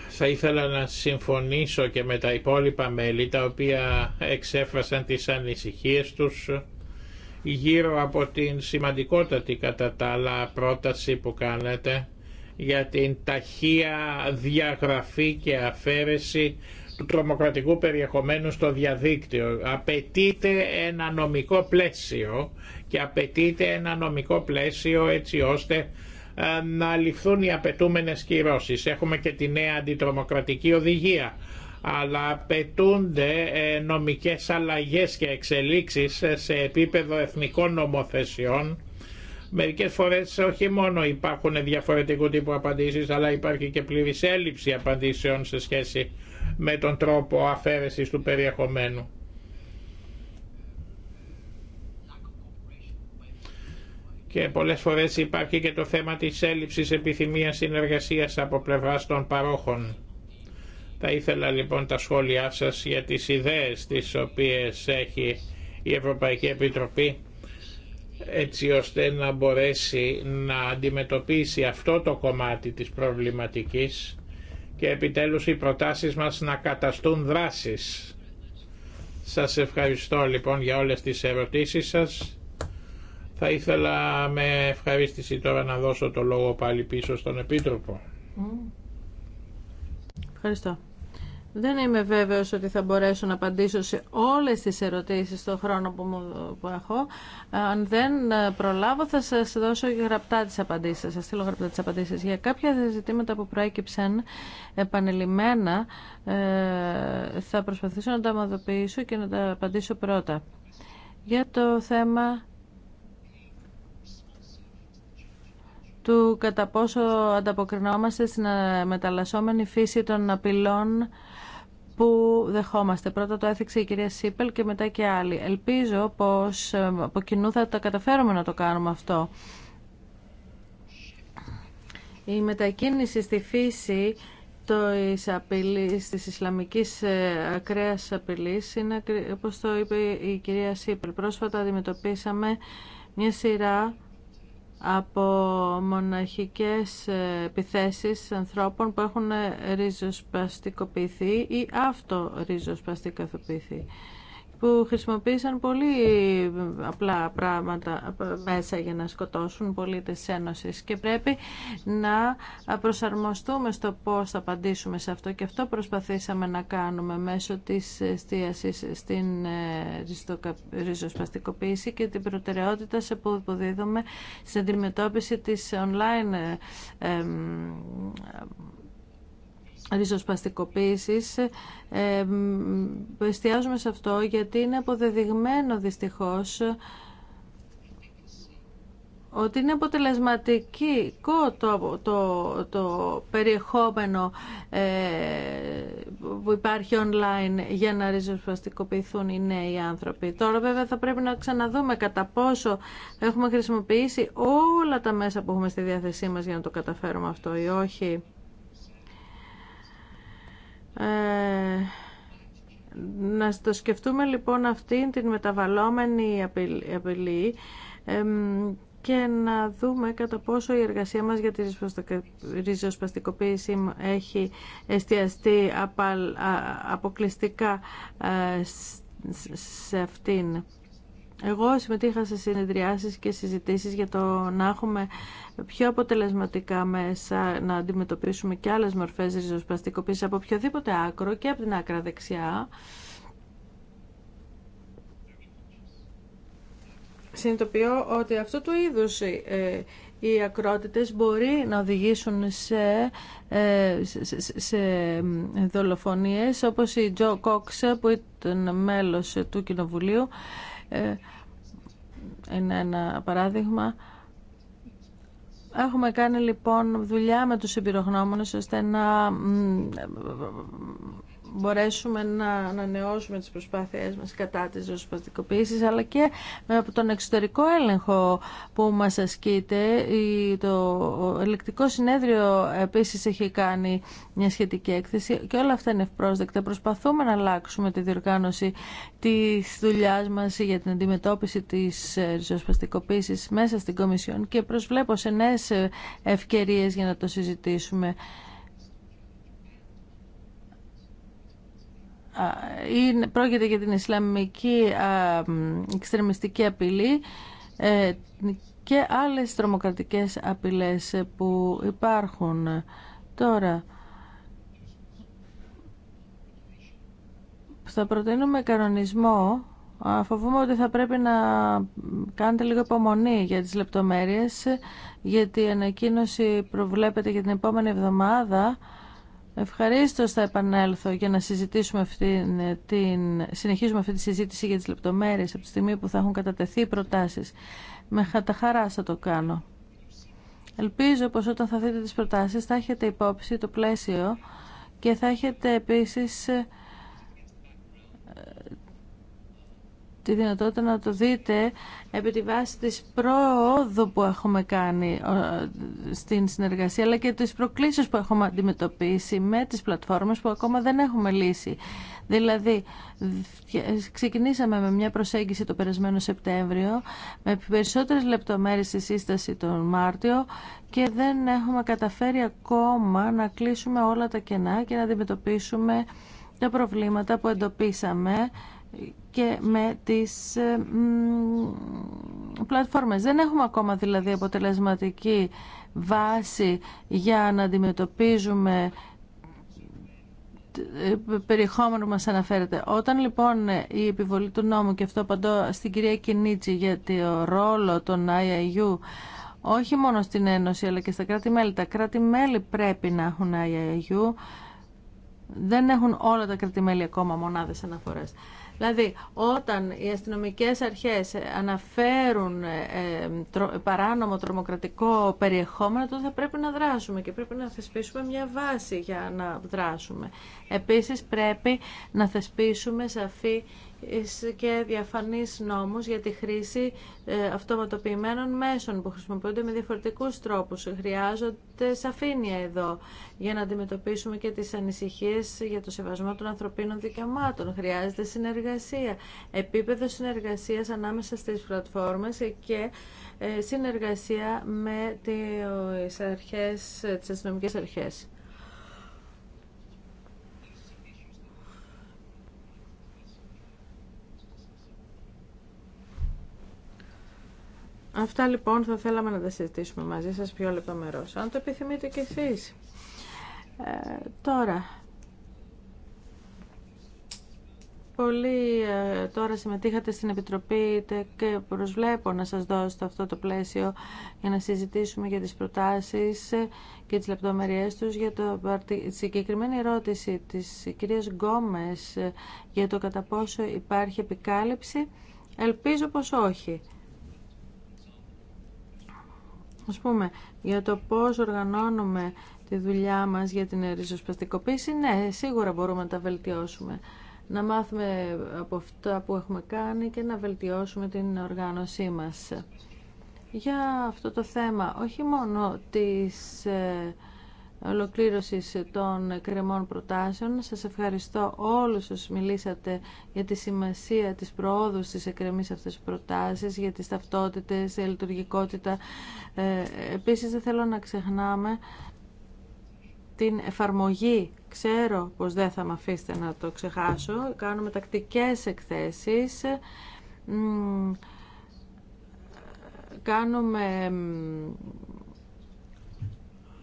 Θα ήθελα να συμφωνήσω και με τα υπόλοιπα μέλη τα οποία εξέφρασαν τις ανησυχίες τους γύρω από την σημαντικότατη κατά τα άλλα πρόταση που κάνετε για την ταχεία διαγραφή και αφαίρεση του τρομοκρατικού περιεχομένου στο διαδίκτυο. Απαιτείται ένα νομικό πλαίσιο και απαιτείται ένα νομικό πλαίσιο έτσι ώστε ε, να ληφθούν οι απαιτούμενες κυρώσεις. Έχουμε και τη νέα αντιτρομοκρατική οδηγία αλλά απαιτούνται ε, νομικές αλλαγές και εξελίξεις ε, σε επίπεδο εθνικών νομοθεσιών Μερικές φορές όχι μόνο υπάρχουν διαφορετικού τύπου απαντήσεις, αλλά υπάρχει και πλήρης έλλειψη απαντήσεων σε σχέση με τον τρόπο αφαίρεσης του περιεχομένου. Και πολλές φορές υπάρχει και το θέμα της έλλειψης επιθυμίας συνεργασίας από πλευράς των παρόχων. Θα ήθελα λοιπόν τα σχόλιά σας για τις ιδέες τις οποίες έχει η Ευρωπαϊκή Επιτροπή έτσι ώστε να μπορέσει να αντιμετωπίσει αυτό το κομμάτι της προβληματικής και επιτέλους οι προτάσεις μας να καταστούν δράσεις. Σας ευχαριστώ λοιπόν για όλες τις ερωτήσεις σας. Θα ήθελα με ευχαρίστηση τώρα να δώσω το λόγο πάλι πίσω στον Επίτροπο. Ευχαριστώ. Δεν είμαι βέβαιος ότι θα μπορέσω να απαντήσω σε όλες τις ερωτήσεις στον χρόνο που, μου, που έχω. Αν δεν προλάβω θα σας δώσω γραπτά τις απαντήσεις. Θα σας στείλω γραπτά τις απαντήσεις. Για κάποια ζητήματα που προέκυψαν επανελειμμένα ε, θα προσπαθήσω να τα ομαδοποιήσω και να τα απαντήσω πρώτα. Για το θέμα του κατά πόσο ανταποκρινόμαστε στην ε, μεταλλασσόμενη φύση των απειλών που δεχόμαστε. Πρώτα το έθιξε η κυρία Σίπελ και μετά και άλλοι. Ελπίζω πως ε, από κοινού θα τα καταφέρουμε να το κάνουμε αυτό. Η μετακίνηση στη φύση της απειλής, της Ισλαμικής ε, ακραίας απειλής είναι, όπως το είπε η κυρία Σίπελ, πρόσφατα αντιμετωπίσαμε μια σειρά από μοναχικές επιθέσεις ανθρώπων που έχουν ριζοσπαστικοποιηθεί ή αυτο ριζοσπαστικοποιηθεί που χρησιμοποίησαν πολύ απλά πράγματα ε, μέσα για να σκοτώσουν πολίτες της Ένωσης και πρέπει να προσαρμοστούμε στο πώς θα απαντήσουμε σε αυτό και αυτό προσπαθήσαμε να κάνουμε μέσω της εστίασης στην ε, ριζοσπαστικοποίηση και την προτεραιότητα σε που δίδουμε στην αντιμετώπιση της online ε, ριζοσπαστικοποίηση, ε, εστιάζουμε σε αυτό γιατί είναι αποδεδειγμένο δυστυχώς ότι είναι αποτελεσματικό το, το, το περιεχόμενο ε, που υπάρχει online για να ριζοσπαστικοποιηθούν οι νέοι άνθρωποι. Τώρα βέβαια θα πρέπει να ξαναδούμε κατά πόσο έχουμε χρησιμοποιήσει όλα τα μέσα που έχουμε στη διάθεσή μας για να το καταφέρουμε αυτό ή όχι. Ε, να το σκεφτούμε λοιπόν αυτήν την μεταβαλλόμενη απειλή και να δούμε κατά πόσο η εργασία μας για τη ριζοσπαστικοποίηση έχει εστιαστεί αποκλειστικά ε, σε αυτήν. Εγώ συμμετείχα σε συνεδριάσεις και συζητήσεις για το να έχουμε πιο αποτελεσματικά μέσα να αντιμετωπίσουμε και άλλες μορφές ριζοσπαστικοποίησης από οποιοδήποτε άκρο και από την άκρα δεξιά. Συνειδητοποιώ ότι αυτό του είδους ε, οι ακρότητες μπορεί να οδηγήσουν ε, σε, σε, σε δολοφονίες όπως η Τζο Κόξ που ήταν μέλος του Κοινοβουλίου ε, είναι ένα παράδειγμα. Έχουμε κάνει λοιπόν δουλειά με τους εμπειρογνώμονες ώστε να μπορέσουμε να ανανεώσουμε τις προσπάθειές μας κατά της ρωσπαστικοποίησης αλλά και με τον εξωτερικό έλεγχο που μας ασκείται το ελεκτικό συνέδριο επίσης έχει κάνει μια σχετική έκθεση και όλα αυτά είναι ευπρόσδεκτα προσπαθούμε να αλλάξουμε τη διοργάνωση τη δουλειά μας για την αντιμετώπιση της ριζοσπαστικοποίησης μέσα στην Κομισιόν και προσβλέπω σε νέες ευκαιρίες για να το συζητήσουμε πρόκειται για την Ισλαμική εξτρεμιστική απειλή ε, και άλλες τρομοκρατικές απειλές που υπάρχουν τώρα. Θα προτείνουμε κανονισμό. Φοβούμαι ότι θα πρέπει να κάνετε λίγο υπομονή για τις λεπτομέρειες, γιατί η ανακοίνωση προβλέπεται για την επόμενη εβδομάδα. Ευχαρίστω θα επανέλθω για να συζητήσουμε αυτή, ε, την, συνεχίσουμε αυτή τη συζήτηση για τις λεπτομέρειες από τη στιγμή που θα έχουν κατατεθεί οι προτάσεις. Με τα χαρά θα το κάνω. Ελπίζω πως όταν θα δείτε τις προτάσεις θα έχετε υπόψη το πλαίσιο και θα έχετε επίσης ε, τη δυνατότητα να το δείτε επί τη βάση της προόδου που έχουμε κάνει ε, στην συνεργασία αλλά και τις προκλήσεις που έχουμε αντιμετωπίσει με τις πλατφόρμες που ακόμα δεν έχουμε λύσει. Δηλαδή, ξεκινήσαμε με μια προσέγγιση το περασμένο Σεπτέμβριο, με περισσότερες λεπτομέρειες στη σύσταση τον Μάρτιο και δεν έχουμε καταφέρει ακόμα να κλείσουμε όλα τα κενά και να αντιμετωπίσουμε τα προβλήματα που εντοπίσαμε και με τις ε, πλατφόρμες. Δεν έχουμε ακόμα δηλαδή αποτελεσματική βάση για να αντιμετωπίζουμε ε, περιεχόμενο μας αναφέρεται. Όταν λοιπόν η επιβολή του νόμου και αυτό απαντώ στην κυρία Κινίτσι για το ρόλο των IIU όχι μόνο στην Ένωση αλλά και στα κράτη-μέλη. Τα κράτη-μέλη πρέπει να έχουν IIU. Δεν έχουν όλα τα κράτη-μέλη ακόμα μονάδες αναφορές. Δηλαδή, όταν οι αστυνομικές αρχές αναφέρουν ε, παράνομο τρομοκρατικό περιεχόμενο, τότε θα πρέπει να δράσουμε και πρέπει να θεσπίσουμε μια βάση για να δράσουμε. Επίσης, πρέπει να θεσπίσουμε σαφή και διαφανείς νόμους για τη χρήση ε, αυτοματοποιημένων μέσων που χρησιμοποιούνται με διαφορετικούς τρόπους. Χρειάζονται σαφήνεια εδώ για να αντιμετωπίσουμε και τις ανησυχίες για το σεβασμό των ανθρωπίνων δικαιωμάτων. Χρειάζεται συνεργασία, επίπεδο συνεργασίας ανάμεσα στις πλατφόρμες και ε, συνεργασία με τις, αρχές, ε, τις Αυτά λοιπόν θα θέλαμε να τα συζητήσουμε μαζί σας πιο λεπτομερώς, αν το επιθυμείτε κι εσείς. Ε, τώρα, πολύ ε, τώρα συμμετείχατε στην Επιτροπή και προσβλέπω να σας δώσω αυτό το πλαίσιο για να συζητήσουμε για τις προτάσεις και τις λεπτομέρειές τους για το, τη συγκεκριμένη ερώτηση της κυρίας Γκόμες για το κατά πόσο υπάρχει επικάλυψη. Ελπίζω πως όχι. Ας πούμε, για το πώς οργανώνουμε τη δουλειά μας για την ριζοσπαστικοποίηση, ναι, σίγουρα μπορούμε να τα βελτιώσουμε. Να μάθουμε από αυτά που έχουμε κάνει και να βελτιώσουμε την οργάνωσή μας. Για αυτό το θέμα, όχι μόνο της ε, ολοκλήρωσης των κρεμών προτάσεων. Σας ευχαριστώ όλους όσους μιλήσατε για τη σημασία της προόδου στις εκκρεμείς αυτές προτάσεις, για τις ταυτότητες, τη λειτουργικότητα. Ε, επίσης δεν θέλω να ξεχνάμε την εφαρμογή. Ξέρω πως δεν θα με αφήσετε να το ξεχάσω. Κάνουμε τακτικές εκθέσεις. Κάνουμε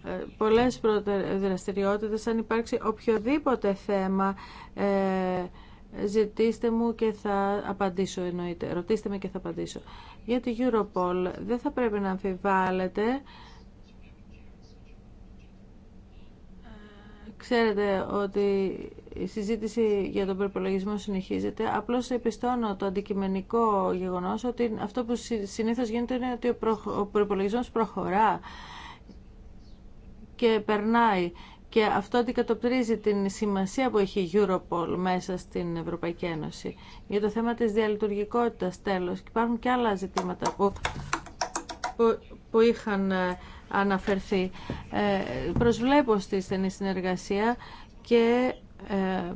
ε, πολλές δραστηριότητες. Αν υπάρξει οποιοδήποτε θέμα, ε, ζητήστε μου και θα απαντήσω εννοείται. Ρωτήστε με και θα απαντήσω. Για τη Europol δεν θα πρέπει να αμφιβάλλετε. Ξέρετε ότι η συζήτηση για τον προπολογισμό συνεχίζεται. Απλώς επιστώνω το αντικειμενικό γεγονός ότι αυτό που συνήθως γίνεται είναι ότι ο προπολογισμό προχωρά και περνάει. Και αυτό αντικατοπτρίζει την σημασία που έχει η Europol μέσα στην Ευρωπαϊκή Ένωση. Για το θέμα της διαλειτουργικότητας τέλος, υπάρχουν και άλλα ζητήματα που, που, είχαν ε, αναφερθεί. Ε, προσβλέπω στη στενή συνεργασία και ε,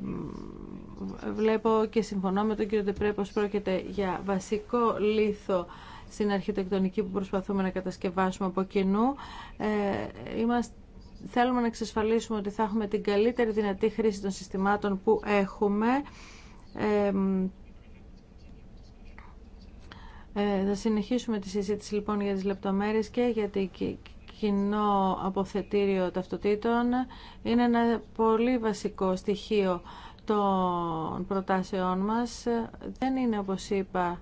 βλέπω και συμφωνώ με τον κύριο Τεπρέ πως πρόκειται για βασικό λίθο στην αρχιτεκτονική που προσπαθούμε να κατασκευάσουμε από κοινού. Ε, είμαστε θέλουμε να εξασφαλίσουμε ότι θα έχουμε την καλύτερη δυνατή χρήση των συστημάτων που έχουμε. Ε, θα συνεχίσουμε τη συζήτηση λοιπόν για τις λεπτομέρειες και για το κοινό αποθετήριο ταυτοτήτων. Είναι ένα πολύ βασικό στοιχείο των προτάσεών μας. Δεν είναι όπως είπα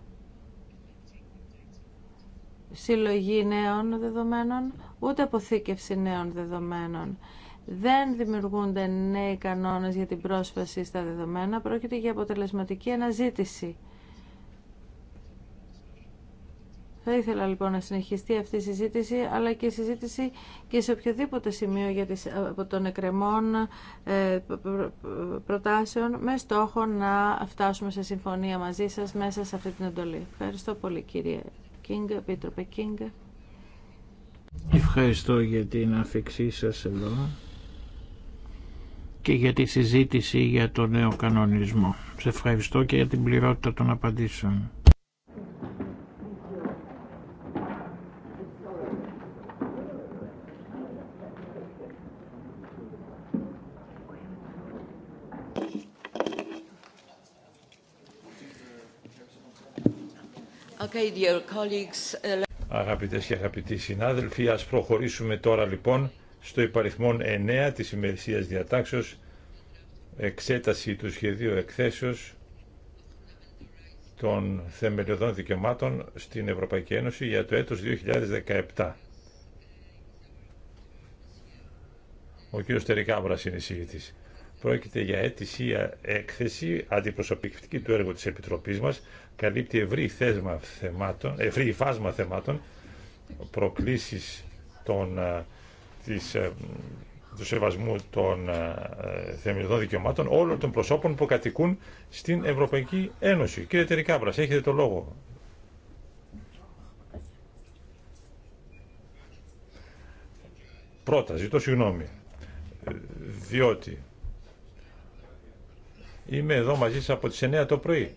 συλλογή νέων δεδομένων, ούτε αποθήκευση νέων δεδομένων. Δεν δημιουργούνται νέοι κανόνες για την πρόσβαση στα δεδομένα, πρόκειται για αποτελεσματική αναζήτηση. Θα ήθελα λοιπόν να συνεχιστεί αυτή η συζήτηση, αλλά και η συζήτηση και σε οποιοδήποτε σημείο για τις, από των εκκρεμών ε, προτάσεων, με στόχο να φτάσουμε σε συμφωνία μαζί σας μέσα σε αυτή την εντολή. Ευχαριστώ πολύ κύριε Κίνγκ, Επίτροπε Κίνγκ. Ευχαριστώ για την αφήξή σας εδώ και για τη συζήτηση για το νέο κανονισμό. Σε ευχαριστώ και για την πληρότητα των απαντήσεων. Okay, dear colleagues. Uh, Αγαπητές και αγαπητοί συνάδελφοι, ας προχωρήσουμε τώρα λοιπόν στο υπαριθμόν 9 της ημερησίας διατάξεως εξέταση του σχεδίου εκθέσεως των θεμελιωδών δικαιωμάτων στην Ευρωπαϊκή Ένωση για το έτος 2017. Ο κ. Τερικάμπρας είναι εισηγητής. Πρόκειται για ή έκθεση, αντιπροσωπευτική του έργου της Επιτροπής μας, καλύπτει ευρύ, θέσμα θεμάτων, ευρύ φάσμα θεμάτων, προκλήσεις των, της, του σεβασμού των ε, θεμελιωδών δικαιωμάτων όλων των προσώπων που κατοικούν στην Ευρωπαϊκή Ένωση. Κύριε Τερικάμπρας, έχετε το λόγο. Πρώτα, ζητώ συγγνώμη, διότι Είμαι εδώ μαζί σας από τις 9 το πρωί.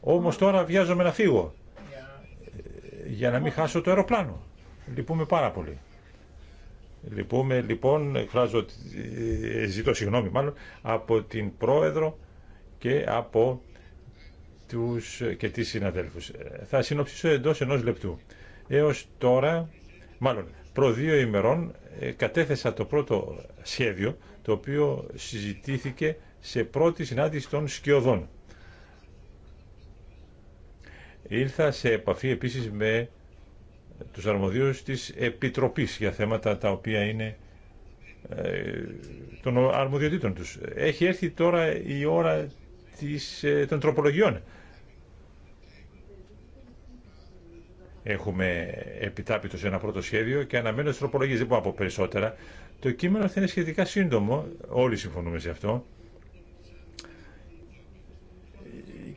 Όμως τώρα βιάζομαι να φύγω για να μην χάσω το αεροπλάνο. Λυπούμε πάρα πολύ. Λυπούμε λοιπόν, εκφράζω, ε, ζητώ συγγνώμη μάλλον, από την πρόεδρο και από τους και τις συναδέλφους. Ε, θα συνοψίσω εντός ενός λεπτού. Έως τώρα, μάλλον προ δύο ημερών, ε, κατέθεσα το πρώτο σχέδιο, το οποίο συζητήθηκε σε πρώτη συνάντηση των σκιωδών. Ήλθα σε επαφή επίσης με τους αρμοδίους της Επιτροπής για θέματα τα οποία είναι ε, των αρμοδιοτήτων τους. Έχει έρθει τώρα η ώρα της, ε, των τροπολογιών. Έχουμε επιτάπητο σε ένα πρώτο σχέδιο και αναμένω τις τροπολογίες, δεν μπορώ να περισσότερα. Το κείμενο θα είναι σχετικά σύντομο, όλοι συμφωνούμε σε αυτό.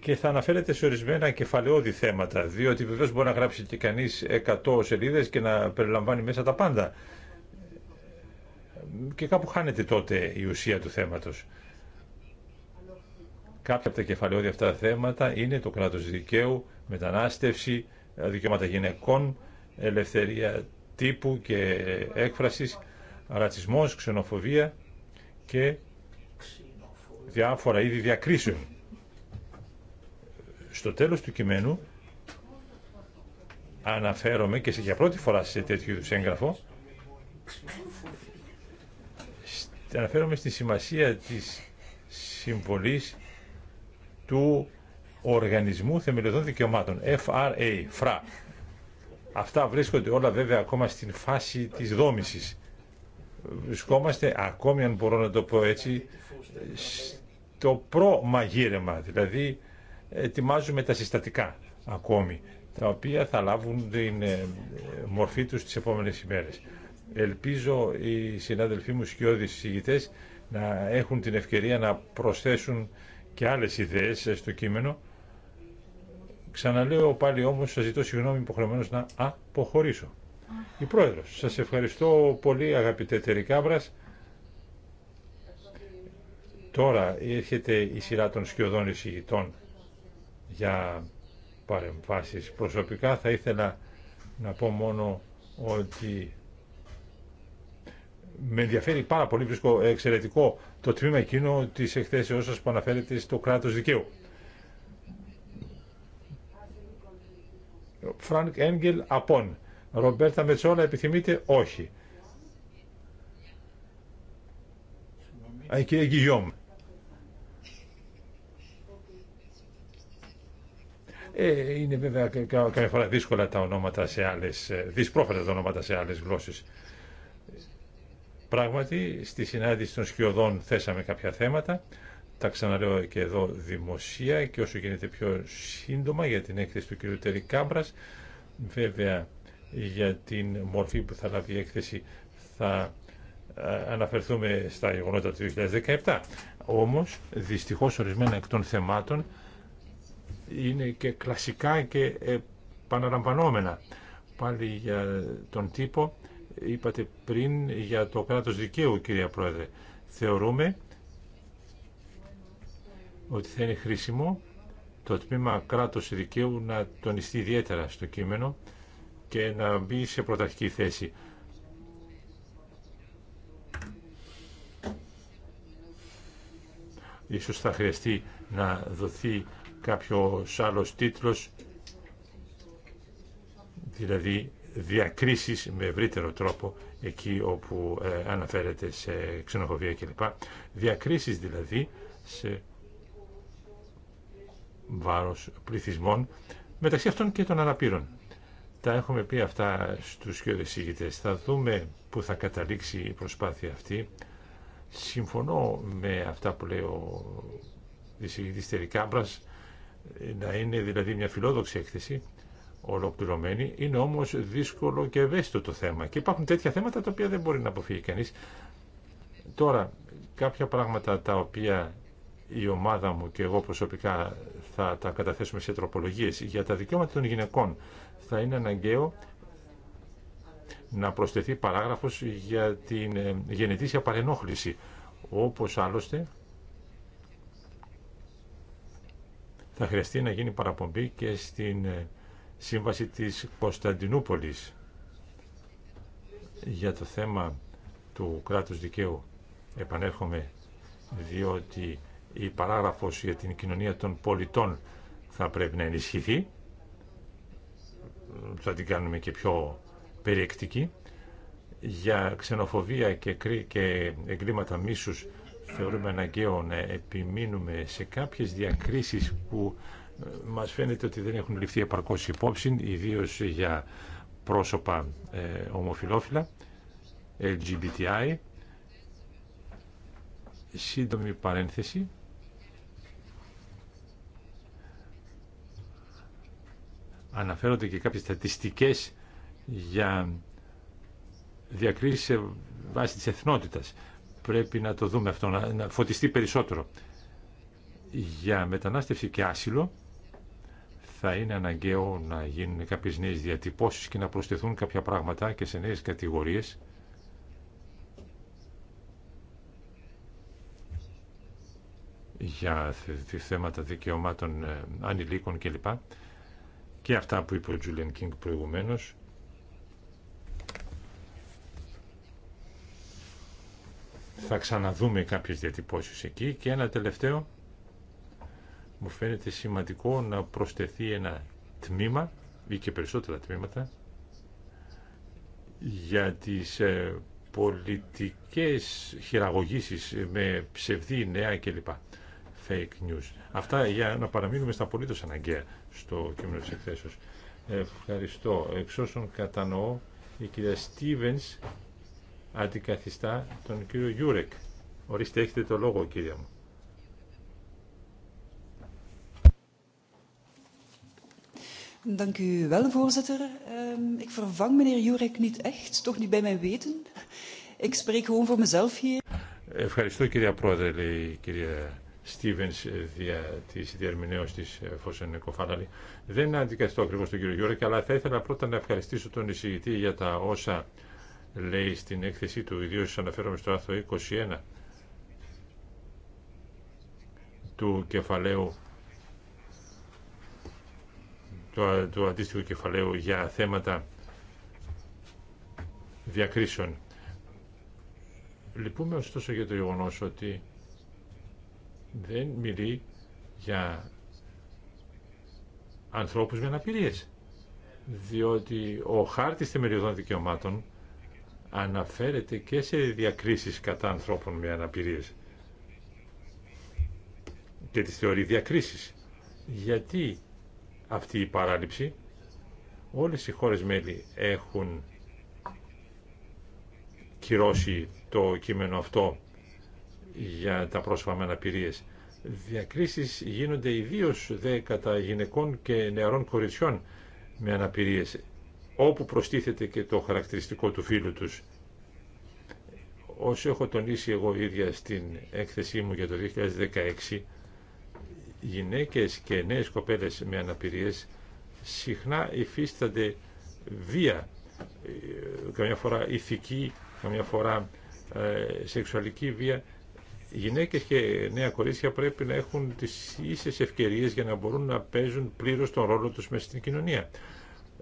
και θα αναφέρεται σε ορισμένα κεφαλαιόδη θέματα, διότι βεβαίω μπορεί να γράψει και κανείς 100 σελίδε και να περιλαμβάνει μέσα τα πάντα. Και κάπου χάνεται τότε η ουσία του θέματος. Κάποια από τα κεφαλαιόδη αυτά θέματα είναι το κράτο δικαίου, μετανάστευση, δικαιώματα γυναικών, ελευθερία τύπου και έκφρασης, ρατσισμός, ξενοφοβία και διάφορα είδη διακρίσεων. Στο τέλος του κειμένου αναφέρομαι και για πρώτη φορά σε τέτοιου είδους έγγραφο αναφέρομαι στη σημασία της συμβολής του Οργανισμού Θεμελιωδών Δικαιωμάτων, FRA, FRA. Αυτά βρίσκονται όλα βέβαια ακόμα στην φάση της δόμησης. Βρισκόμαστε, ακόμη αν μπορώ να το πω έτσι, στο προ-μαγείρεμα, δηλαδή ετοιμάζουμε τα συστατικά ακόμη, τα οποία θα λάβουν την ε, μορφή τους τις επόμενες ημέρες. Ελπίζω οι συνάδελφοί μου σκιώδεις συζητητές να έχουν την ευκαιρία να προσθέσουν και άλλες ιδέες στο κείμενο. Ξαναλέω πάλι όμως, σας ζητώ συγγνώμη υποχρεωμένος να αποχωρήσω. Η Πρόεδρος, σας ευχαριστώ πολύ αγαπητέ Τερικάμπρας. Τώρα έρχεται η σειρά των σκιωδών εισηγητών για παρεμφάσεις Προσωπικά θα ήθελα να πω μόνο ότι με ενδιαφέρει πάρα πολύ, βρίσκω εξαιρετικό το τμήμα εκείνο της εκθέσεώς σας που αναφέρεται στο κράτος δικαίου. Φρανκ Έγγελ απόν. Ρομπέρτα Μετσόλα επιθυμείτε όχι. Η Ε, είναι βέβαια καμιά φορά δύσκολα τα ονόματα σε άλλε, ε, δυσπρόφατα τα ονόματα σε άλλε γλώσσες. Πράγματι, στη συνάντηση των σκιωδών θέσαμε κάποια θέματα. Τα ξαναλέω και εδώ δημοσία και όσο γίνεται πιο σύντομα για την έκθεση του κ. Τερή Βέβαια, για την μορφή που θα λάβει η έκθεση θα ε, αναφερθούμε στα γεγονότα του 2017. Όμως, δυστυχώς, ορισμένα εκ των θεμάτων είναι και κλασικά και επαναλαμβανόμενα. Πάλι για τον τύπο, είπατε πριν για το κράτος δικαίου, κυρία Πρόεδρε. Θεωρούμε ότι θα είναι χρήσιμο το τμήμα κράτος δικαίου να τονιστεί ιδιαίτερα στο κείμενο και να μπει σε πρωταρχική θέση. Ίσως θα χρειαστεί να δοθεί κάποιος άλλος τίτλος, δηλαδή διακρίσεις με ευρύτερο τρόπο εκεί όπου ε, αναφέρεται σε ξενοφοβία κλπ. Διακρίσεις δηλαδή σε βάρος πληθυσμών μεταξύ αυτών και των αναπήρων. Τα έχουμε πει αυτά στους κοιοδεσίγητες. Θα δούμε που θα καταλήξει η προσπάθεια αυτή. Συμφωνώ με αυτά που λέει ο εισηγητής Τερικάμπρας να είναι δηλαδή μια φιλόδοξη έκθεση, ολοκληρωμένη, είναι όμως δύσκολο και ευαίσθητο το θέμα. Και υπάρχουν τέτοια θέματα τα οποία δεν μπορεί να αποφύγει κανείς. Τώρα, κάποια πράγματα τα οποία η ομάδα μου και εγώ προσωπικά θα τα καταθέσουμε σε τροπολογίες για τα δικαιώματα των γυναικών θα είναι αναγκαίο να προσθεθεί παράγραφος για την ε, γενετήσια παρενόχληση όπως άλλωστε θα χρειαστεί να γίνει παραπομπή και στην ε, σύμβαση της Κωνσταντινούπολης για το θέμα του κράτους δικαίου. Επανέρχομαι διότι η παράγραφος για την κοινωνία των πολιτών θα πρέπει να ενισχυθεί. Θα την κάνουμε και πιο περιεκτική. Για ξενοφοβία και εγκλήματα μίσους θεωρούμε αναγκαίο να επιμείνουμε σε κάποιες διακρίσεις που ε, μας φαίνεται ότι δεν έχουν ληφθεί επαρκώς υπόψη, ιδίως για πρόσωπα ε, ομοφιλόφιλα, LGBTI. Σύντομη παρένθεση. Αναφέρονται και κάποιες στατιστικές για διακρίσεις σε βάση της εθνότητας πρέπει να το δούμε αυτό, να φωτιστεί περισσότερο. Για μετανάστευση και άσυλο θα είναι αναγκαίο να γίνουν κάποιες νέες διατυπώσεις και να προσθεθούν κάποια πράγματα και σε νέες κατηγορίες. για θέματα δικαιωμάτων ε, ανηλίκων κλπ. Και αυτά που είπε ο Τζούλιαν Κίνγκ προηγουμένως Θα ξαναδούμε κάποιες διατυπώσεις εκεί και ένα τελευταίο μου φαίνεται σημαντικό να προσθεθεί ένα τμήμα ή και περισσότερα τμήματα για τις ε, πολιτικές χειραγωγήσεις με ψευδή νέα κλπ. Fake news. Αυτά για να παραμείνουμε στα απολύτως αναγκαία στο κείμενο της εκθέσεως. Ευχαριστώ. Εξ όσων κατανοώ, η κυρία Στίβενς αντικαθιστά τον κύριο Γιούρεκ. Ορίστε, έχετε το λόγο, κύριε μου. Dank u wel, voorzitter. Ehm, ik vervang meneer Jurek niet echt, toch niet bij mijn weten. Ik spreek gewoon voor mezelf hier. Ευχαριστώ κυρία Πρόεδρε, λέει η κυρία Στίβενς ε, δια της διερμηνέως της ε, Φωσεν Κοφάλαλη. Δεν αντικαθιστώ ακριβώς τον κύριο Γιούρεκ, αλλά θα ήθελα πρώτα να ευχαριστήσω τον εισηγητή για τα όσα λέει στην έκθεσή του, ιδίως αναφέρομαι στο άρθρο 21 του κεφαλαίου του, αντίστοιχου κεφαλαίου για θέματα διακρίσεων. Λυπούμε ωστόσο για το γεγονό ότι δεν μιλεί για ανθρώπους με αναπηρίες, διότι ο χάρτης θεμελιωδών δικαιωμάτων αναφέρεται και σε διακρίσεις κατά ανθρώπων με αναπηρίες και τις θεωρεί διακρίσεις. Γιατί αυτή η παράληψη όλες οι χώρες μέλη έχουν κυρώσει το κείμενο αυτό για τα πρόσφατα με αναπηρίες. Διακρίσεις γίνονται ιδίως δε κατά γυναικών και νεαρών κοριτσιών με αναπηρίες όπου προστίθεται και το χαρακτηριστικό του φίλου τους. Όσο έχω τονίσει εγώ ίδια στην έκθεσή μου για το 2016, γυναίκες και νέες κοπέλες με αναπηρίες συχνά υφίστανται βία, ε, καμιά φορά ηθική, καμιά φορά ε, σεξουαλική βία. Γυναίκες και νέα κορίτσια πρέπει να έχουν τις ίσες ευκαιρίες για να μπορούν να παίζουν πλήρως τον ρόλο τους μέσα στην κοινωνία.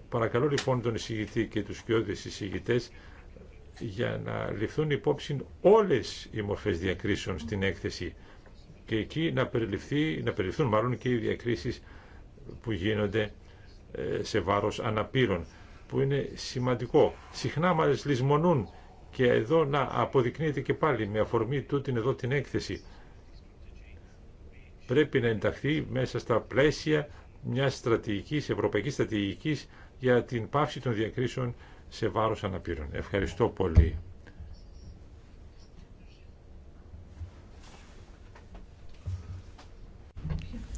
Παρακαλώ λοιπόν τον εισηγητή και τους κοιόδες εισηγητές για να ληφθούν υπόψη όλες οι μορφές διακρίσεων στην έκθεση και εκεί να, περιληφθεί, να περιληφθούν μάλλον και οι διακρίσεις που γίνονται ε, σε βάρος αναπήρων που είναι σημαντικό. Συχνά μας λησμονούν και εδώ να αποδεικνύεται και πάλι με αφορμή τούτην εδώ την έκθεση. Πρέπει να ενταχθεί μέσα στα πλαίσια μιας στρατηγικής, ευρωπαϊκής στρατηγικής για την πάυση των διακρίσεων σε βάρος αναπήρων. Ευχαριστώ πολύ.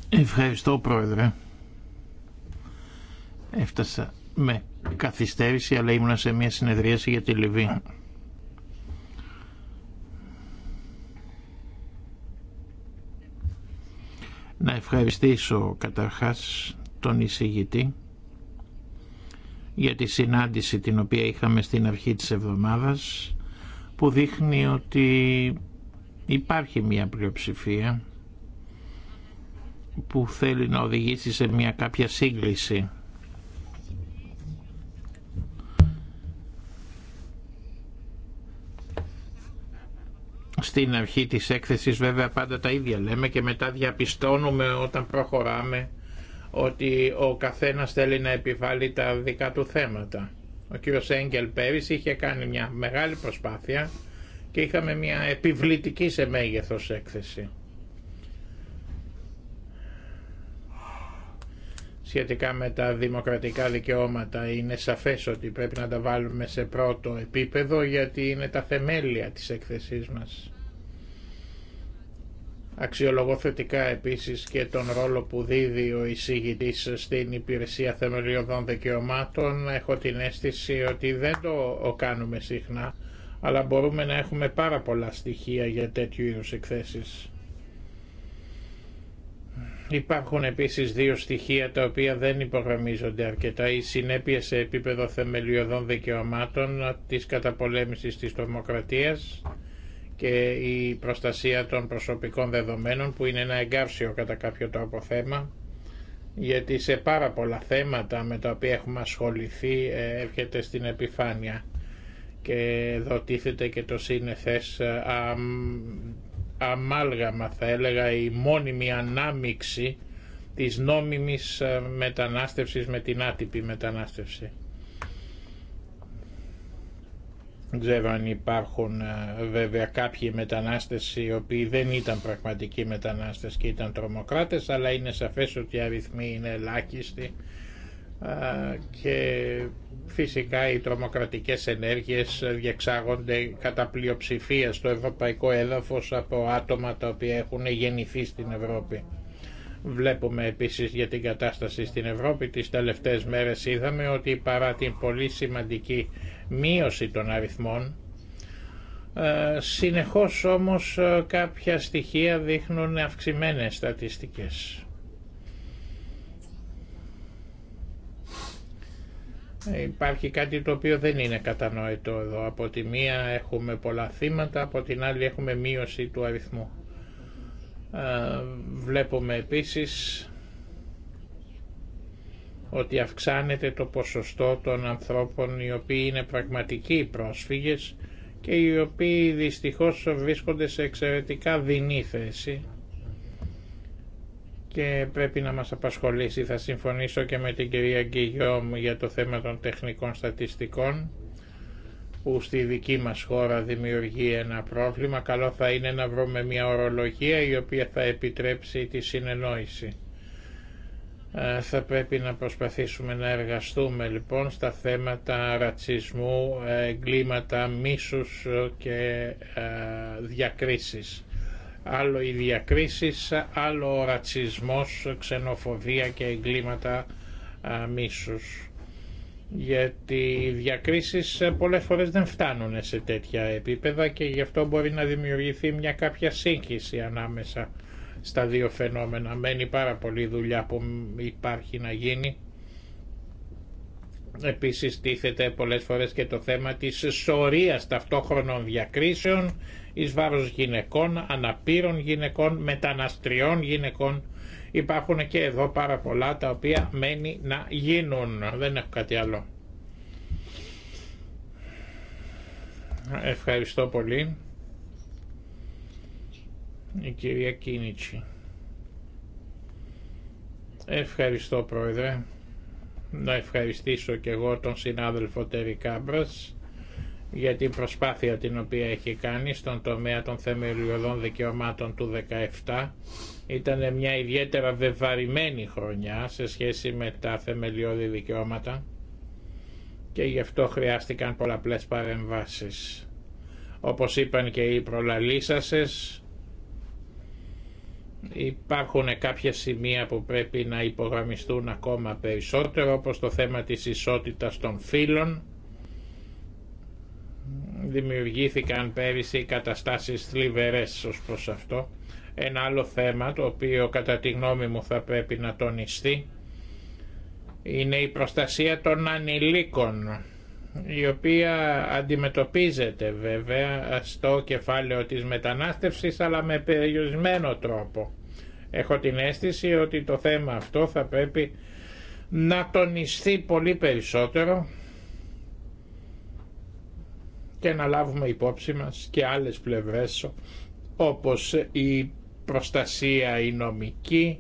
Ευχαριστώ Πρόεδρε. Έφτασα με καθυστέρηση αλλά ήμουν σε μια συνεδρίαση για τη Λιβύη. Να ευχαριστήσω καταρχάς τον εισηγητή για τη συνάντηση την οποία είχαμε στην αρχή της εβδομάδας που δείχνει ότι υπάρχει μια πλειοψηφία που θέλει να οδηγήσει σε μια κάποια σύγκληση. Στην αρχή της έκθεσης βέβαια πάντα τα ίδια λέμε και μετά διαπιστώνουμε όταν προχωράμε ότι ο καθένας θέλει να επιβάλλει τα δικά του θέματα. Ο κύριος Έγκελ πέρυσι είχε κάνει μια μεγάλη προσπάθεια και είχαμε μια επιβλητική σε μέγεθος έκθεση. Σχετικά με τα δημοκρατικά δικαιώματα είναι σαφές ότι πρέπει να τα βάλουμε σε πρώτο επίπεδο γιατί είναι τα θεμέλια της έκθεσής μας. Αξιολογώ θετικά επίσης και τον ρόλο που δίδει ο εισήγητης στην Υπηρεσία Θεμελιωδών Δικαιωμάτων. Έχω την αίσθηση ότι δεν το κάνουμε συχνά, αλλά μπορούμε να έχουμε πάρα πολλά στοιχεία για τέτοιου είδους εκθέσεις. Υπάρχουν επίσης δύο στοιχεία τα οποία δεν υπογραμμίζονται αρκετά. Η συνέπεια σε επίπεδο θεμελιωδών δικαιωμάτων της καταπολέμησης της τρομοκρατίας και η προστασία των προσωπικών δεδομένων που είναι ένα εγκάψιο κατά κάποιο τρόπο θέμα γιατί σε πάρα πολλά θέματα με τα οποία έχουμε ασχοληθεί ε, έρχεται στην επιφάνεια και δοτίθεται και το σύνεθες ε, αμάλγαμα θα έλεγα η μόνιμη ανάμιξη της νόμιμης ε, μετανάστευσης με την άτυπη μετανάστευση. Δεν ξέρω αν υπάρχουν ε, βέβαια κάποιοι μετανάστες οι οποίοι δεν ήταν πραγματικοί μετανάστες και ήταν τρομοκράτες, αλλά είναι σαφές ότι οι αριθμοί είναι ελάχιστοι ε, και φυσικά οι τρομοκρατικές ενέργειες διεξάγονται κατά πλειοψηφία στο ευρωπαϊκό έδαφος από άτομα τα οποία έχουν γεννηθεί στην Ευρώπη. Βλέπουμε επίσης για την κατάσταση στην Ευρώπη τις τελευταίες μέρες είδαμε ότι παρά την πολύ σημαντική μείωση των αριθμών. Ε, συνεχώς όμως ε, κάποια στοιχεία δείχνουν αυξημένες στατιστικές. Υπάρχει κάτι το οποίο δεν είναι κατανόητο εδώ. Από τη μία έχουμε πολλά θύματα, από την άλλη έχουμε μείωση του αριθμού. Ε, βλέπουμε επίσης ότι αυξάνεται το ποσοστό των ανθρώπων οι οποίοι είναι πραγματικοί πρόσφυγες και οι οποίοι δυστυχώς βρίσκονται σε εξαιρετικά δεινή θέση και πρέπει να μας απασχολήσει. Θα συμφωνήσω και με την κυρία Γκυγιόμ για το θέμα των τεχνικών στατιστικών που στη δική μας χώρα δημιουργεί ένα πρόβλημα. Καλό θα είναι να βρούμε μια ορολογία η οποία θα επιτρέψει τη συνεννόηση. Ε, θα πρέπει να προσπαθήσουμε να εργαστούμε λοιπόν στα θέματα ρατσισμού, ε, εγκλήματα μίσους ε, και διακρίσεις. Άλλο οι διακρίσεις, άλλο ο ρατσισμός, ξενοφοβία και εγκλήματα μίσους. Γιατί οι διακρίσεις πολλές φορές δεν φτάνουν σε τέτοια επίπεδα και γι' αυτό μπορεί να δημιουργηθεί μια κάποια σύγχυση ανάμεσα στα δύο φαινόμενα. Μένει πάρα πολλή δουλειά που υπάρχει να γίνει. Επίσης τίθεται πολλές φορές και το θέμα της σωρίας ταυτόχρονων διακρίσεων εις βάρος γυναικών, αναπήρων γυναικών, μεταναστριών γυναικών. Υπάρχουν και εδώ πάρα πολλά τα οποία μένει να γίνουν. Δεν έχω κάτι άλλο. Ευχαριστώ πολύ. Η κυρία Κίνιτσι. Ευχαριστώ Πρόεδρε. Να ευχαριστήσω και εγώ τον συνάδελφο Τέρι Κάμπρας για την προσπάθεια την οποία έχει κάνει στον τομέα των θεμελιωδών δικαιωμάτων του 17. Ήταν μια ιδιαίτερα βεβαρημένη χρονιά σε σχέση με τα θεμελιώδη δικαιώματα και γι' αυτό χρειάστηκαν πολλαπλές παρεμβάσεις. Όπως είπαν και οι προλαλήσασες, Υπάρχουν κάποια σημεία που πρέπει να υπογραμμιστούν ακόμα περισσότερο, όπως το θέμα της ισότητας των φύλων. Δημιουργήθηκαν πέρυσι καταστάσεις θλιβερές ως προς αυτό. Ένα άλλο θέμα, το οποίο κατά τη γνώμη μου θα πρέπει να τονιστεί, είναι η προστασία των ανηλίκων η οποία αντιμετωπίζεται βέβαια στο κεφάλαιο της μετανάστευσης αλλά με περιορισμένο τρόπο. Έχω την αίσθηση ότι το θέμα αυτό θα πρέπει να τονιστεί πολύ περισσότερο και να λάβουμε υπόψη μας και άλλες πλευρές όπως η προστασία η νομική,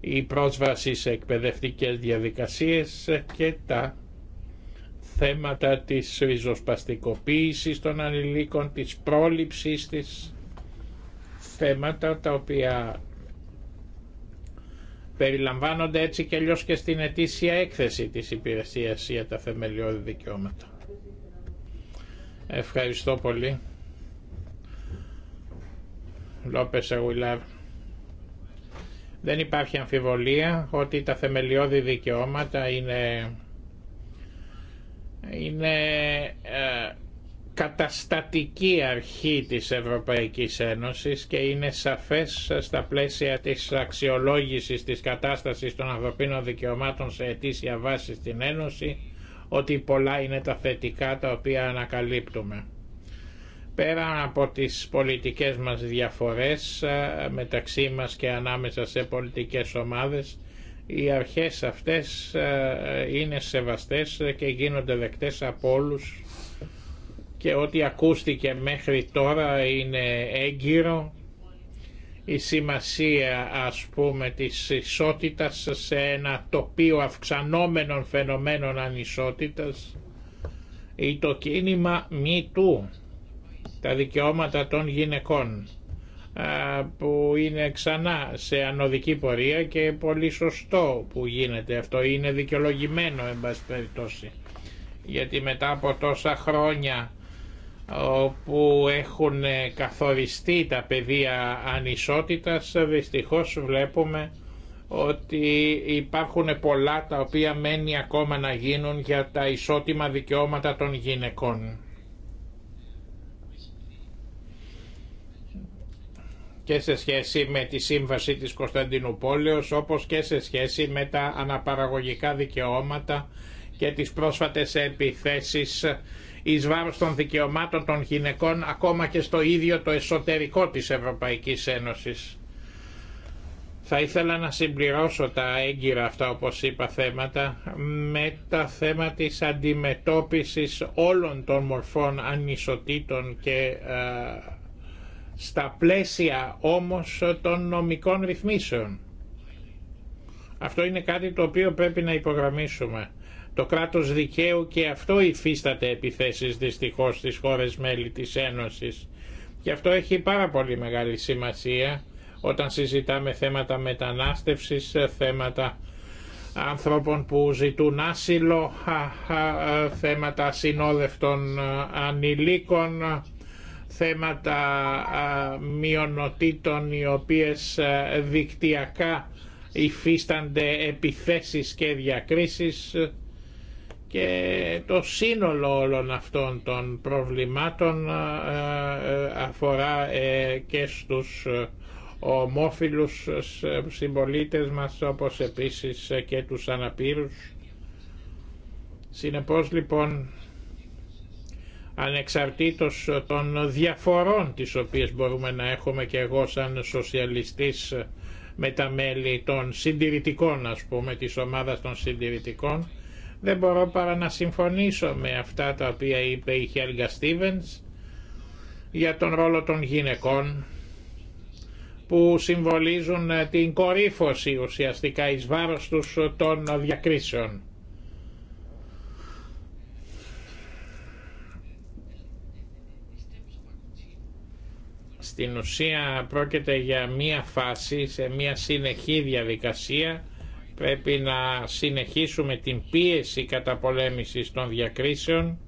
η πρόσβαση σε εκπαιδευτικές διαδικασίες και τα θέματα της ριζοσπαστικοποίησης των ανηλίκων, της πρόληψης της, θέματα τα οποία περιλαμβάνονται έτσι και αλλιώς και στην ετήσια έκθεση της υπηρεσίας για τα θεμελιώδη δικαιώματα. Ευχαριστώ πολύ. Λόπες Αγουιλάρ. Δεν υπάρχει αμφιβολία ότι τα θεμελιώδη δικαιώματα είναι είναι ε, καταστατική αρχή της Ευρωπαϊκής Ένωσης και είναι σαφές στα πλαίσια της αξιολόγησης της κατάστασης των ανθρωπίνων δικαιωμάτων σε αιτήσια βάση στην Ένωση ότι πολλά είναι τα θετικά τα οποία ανακαλύπτουμε. Πέρα από τις πολιτικές μας διαφορές ε, μεταξύ μας και ανάμεσα σε πολιτικές ομάδες οι αρχές αυτές ε, είναι σεβαστές και γίνονται δεκτές από όλους και ό,τι ακούστηκε μέχρι τώρα είναι έγκυρο η σημασία ας πούμε της ισότητας σε ένα τοπίο αυξανόμενων φαινομένων ανισότητας ή το κίνημα μη του τα δικαιώματα των γυναικών που είναι ξανά σε ανωδική πορεία και πολύ σωστό που γίνεται αυτό. Είναι δικαιολογημένο εν πάση περιπτώσει. Γιατί μετά από τόσα χρόνια όπου έχουν καθοριστεί τα πεδία ανισότητας δυστυχώς βλέπουμε ότι υπάρχουν πολλά τα οποία μένει ακόμα να γίνουν για τα ισότιμα δικαιώματα των γυναικών. και σε σχέση με τη σύμβαση της Κωνσταντινούπολεως όπως και σε σχέση με τα αναπαραγωγικά δικαιώματα και τις πρόσφατες επιθέσεις εις βάρος των δικαιωμάτων των γυναικών ακόμα και στο ίδιο το εσωτερικό της Ευρωπαϊκής Ένωσης. Θα ήθελα να συμπληρώσω τα έγκυρα αυτά όπως είπα θέματα με τα θέμα της αντιμετώπισης όλων των μορφών ανισοτήτων και ε, στα πλαίσια όμως των νομικών ρυθμίσεων. Αυτό είναι κάτι το οποίο πρέπει να υπογραμμίσουμε. Το κράτος δικαίου και αυτό υφίσταται επιθέσεις δυστυχώς στις χώρες μέλη της Ένωσης και αυτό έχει πάρα πολύ μεγάλη σημασία όταν συζητάμε θέματα μετανάστευσης, θέματα ανθρώπων που ζητούν άσυλο, θέματα συνόδευτων ανηλίκων, θέματα μειονοτήτων οι οποίες δικτυακά υφίστανται επιθέσεις και διακρίσεις και το σύνολο όλων αυτών των προβλημάτων αφορά ε, και στους ομόφιλους συμπολίτες μας όπως επίσης και τους αναπήρους. Συνεπώς λοιπόν ανεξαρτήτως των διαφορών τις οποίες μπορούμε να έχουμε και εγώ σαν σοσιαλιστής με τα μέλη των συντηρητικών ας πούμε, της ομάδας των συντηρητικών δεν μπορώ παρά να συμφωνήσω με αυτά τα οποία είπε η Χέλγα Στίβενς για τον ρόλο των γυναικών που συμβολίζουν την κορύφωση ουσιαστικά εις βάρος τους των διακρίσεων. Στην ουσία πρόκειται για μία φάση, σε μία συνεχή διαδικασία. Πρέπει να συνεχίσουμε την πίεση πολέμησης των διακρίσεων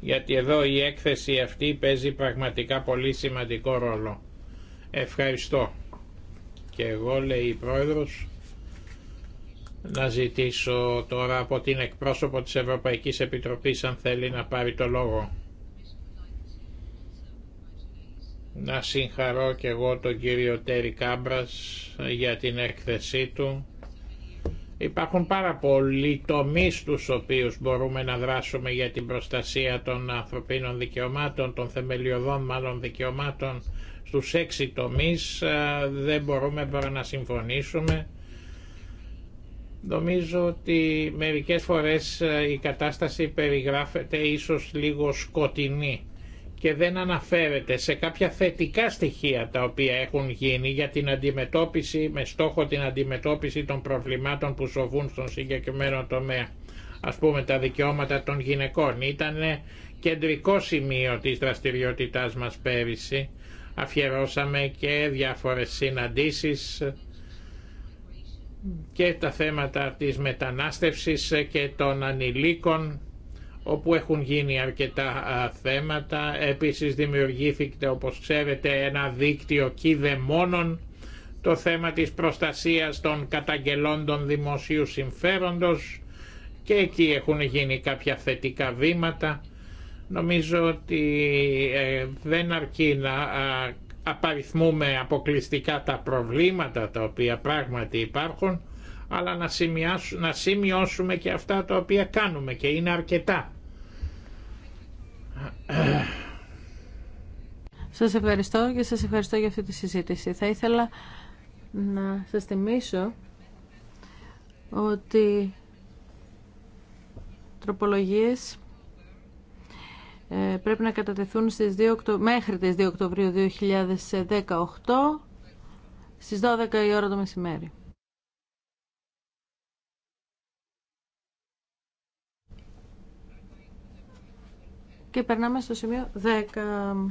γιατί εδώ η έκθεση αυτή παίζει πραγματικά πολύ σημαντικό ρόλο. Ευχαριστώ. Και εγώ λέει η Πρόεδρος να ζητήσω τώρα από την εκπρόσωπο της Ευρωπαϊκής Επιτροπής αν θέλει να πάρει το λόγο. Να συγχαρώ και εγώ τον κύριο Τέρη Κάμπρας για την έκθεσή του. Υπάρχουν πάρα πολλοί τομεί τους οποίους μπορούμε να δράσουμε για την προστασία των ανθρωπίνων δικαιωμάτων, των θεμελιωδών μάλλον δικαιωμάτων. Στους έξι τομείς ε, δεν μπορούμε παρά να συμφωνήσουμε. Νομίζω ότι μερικές φορές ε, η κατάσταση περιγράφεται ίσως λίγο σκοτεινή και δεν αναφέρεται σε κάποια θετικά στοιχεία τα οποία έχουν γίνει για την αντιμετώπιση, με στόχο την αντιμετώπιση των προβλημάτων που σοβούν στον συγκεκριμένο τομέα. Ας πούμε τα δικαιώματα των γυναικών ήταν κεντρικό σημείο της δραστηριότητάς μας πέρυσι. Αφιερώσαμε και διάφορες συναντήσεις και τα θέματα της μετανάστευσης και των ανηλίκων όπου έχουν γίνει αρκετά θέματα. Επίσης δημιουργήθηκε, όπως ξέρετε, ένα δίκτυο μόνον το θέμα της προστασίας των καταγγελών των δημοσίου συμφέροντος και εκεί έχουν γίνει κάποια θετικά βήματα. Νομίζω ότι ε, δεν αρκεί να απαριθμούμε αποκλειστικά τα προβλήματα τα οποία πράγματι υπάρχουν, αλλά να, να σημειώσουμε και αυτά τα οποία κάνουμε και είναι αρκετά. Σας ευχαριστώ και σας ευχαριστώ για αυτή τη συζήτηση. Θα ήθελα να σας θυμίσω ότι τροπολογίες ε, πρέπει να κατατεθούν στις 2 μέχρι τις 2 Οκτωβρίου 2018 στις 12 η ώρα το μεσημέρι. Και περνάμε στο σημείο 10.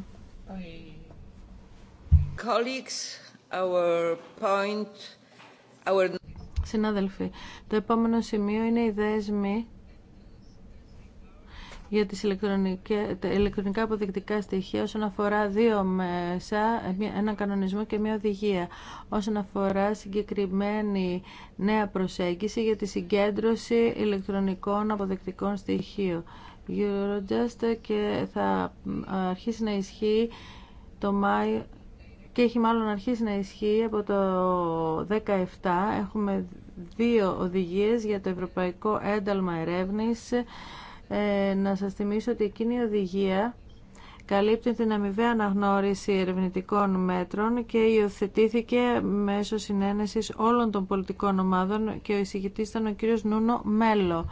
Colleagues, Συνάδελφοι, το επόμενο σημείο είναι οι δέσμοι για τις ηλεκτρονικά αποδεικτικά στοιχεία όσον αφορά δύο μέσα, έναν κανονισμό και μια οδηγία. Όσον αφορά συγκεκριμένη νέα προσέγγιση για τη συγκέντρωση ηλεκτρονικών αποδεικτικών στοιχείων. Eurojust και θα αρχίσει να ισχύει το Μάιο και έχει μάλλον αρχίσει να ισχύει από το 2017. Έχουμε δύο οδηγίες για το Ευρωπαϊκό Ένταλμα Ερεύνης. Ε, να σας θυμίσω ότι εκείνη η οδηγία καλύπτει την αμοιβαία αναγνώριση ερευνητικών μέτρων και υιοθετήθηκε μέσω συνένεσης όλων των πολιτικών ομάδων και ο εισηγητής ήταν ο κύριος Νούνο Μέλο.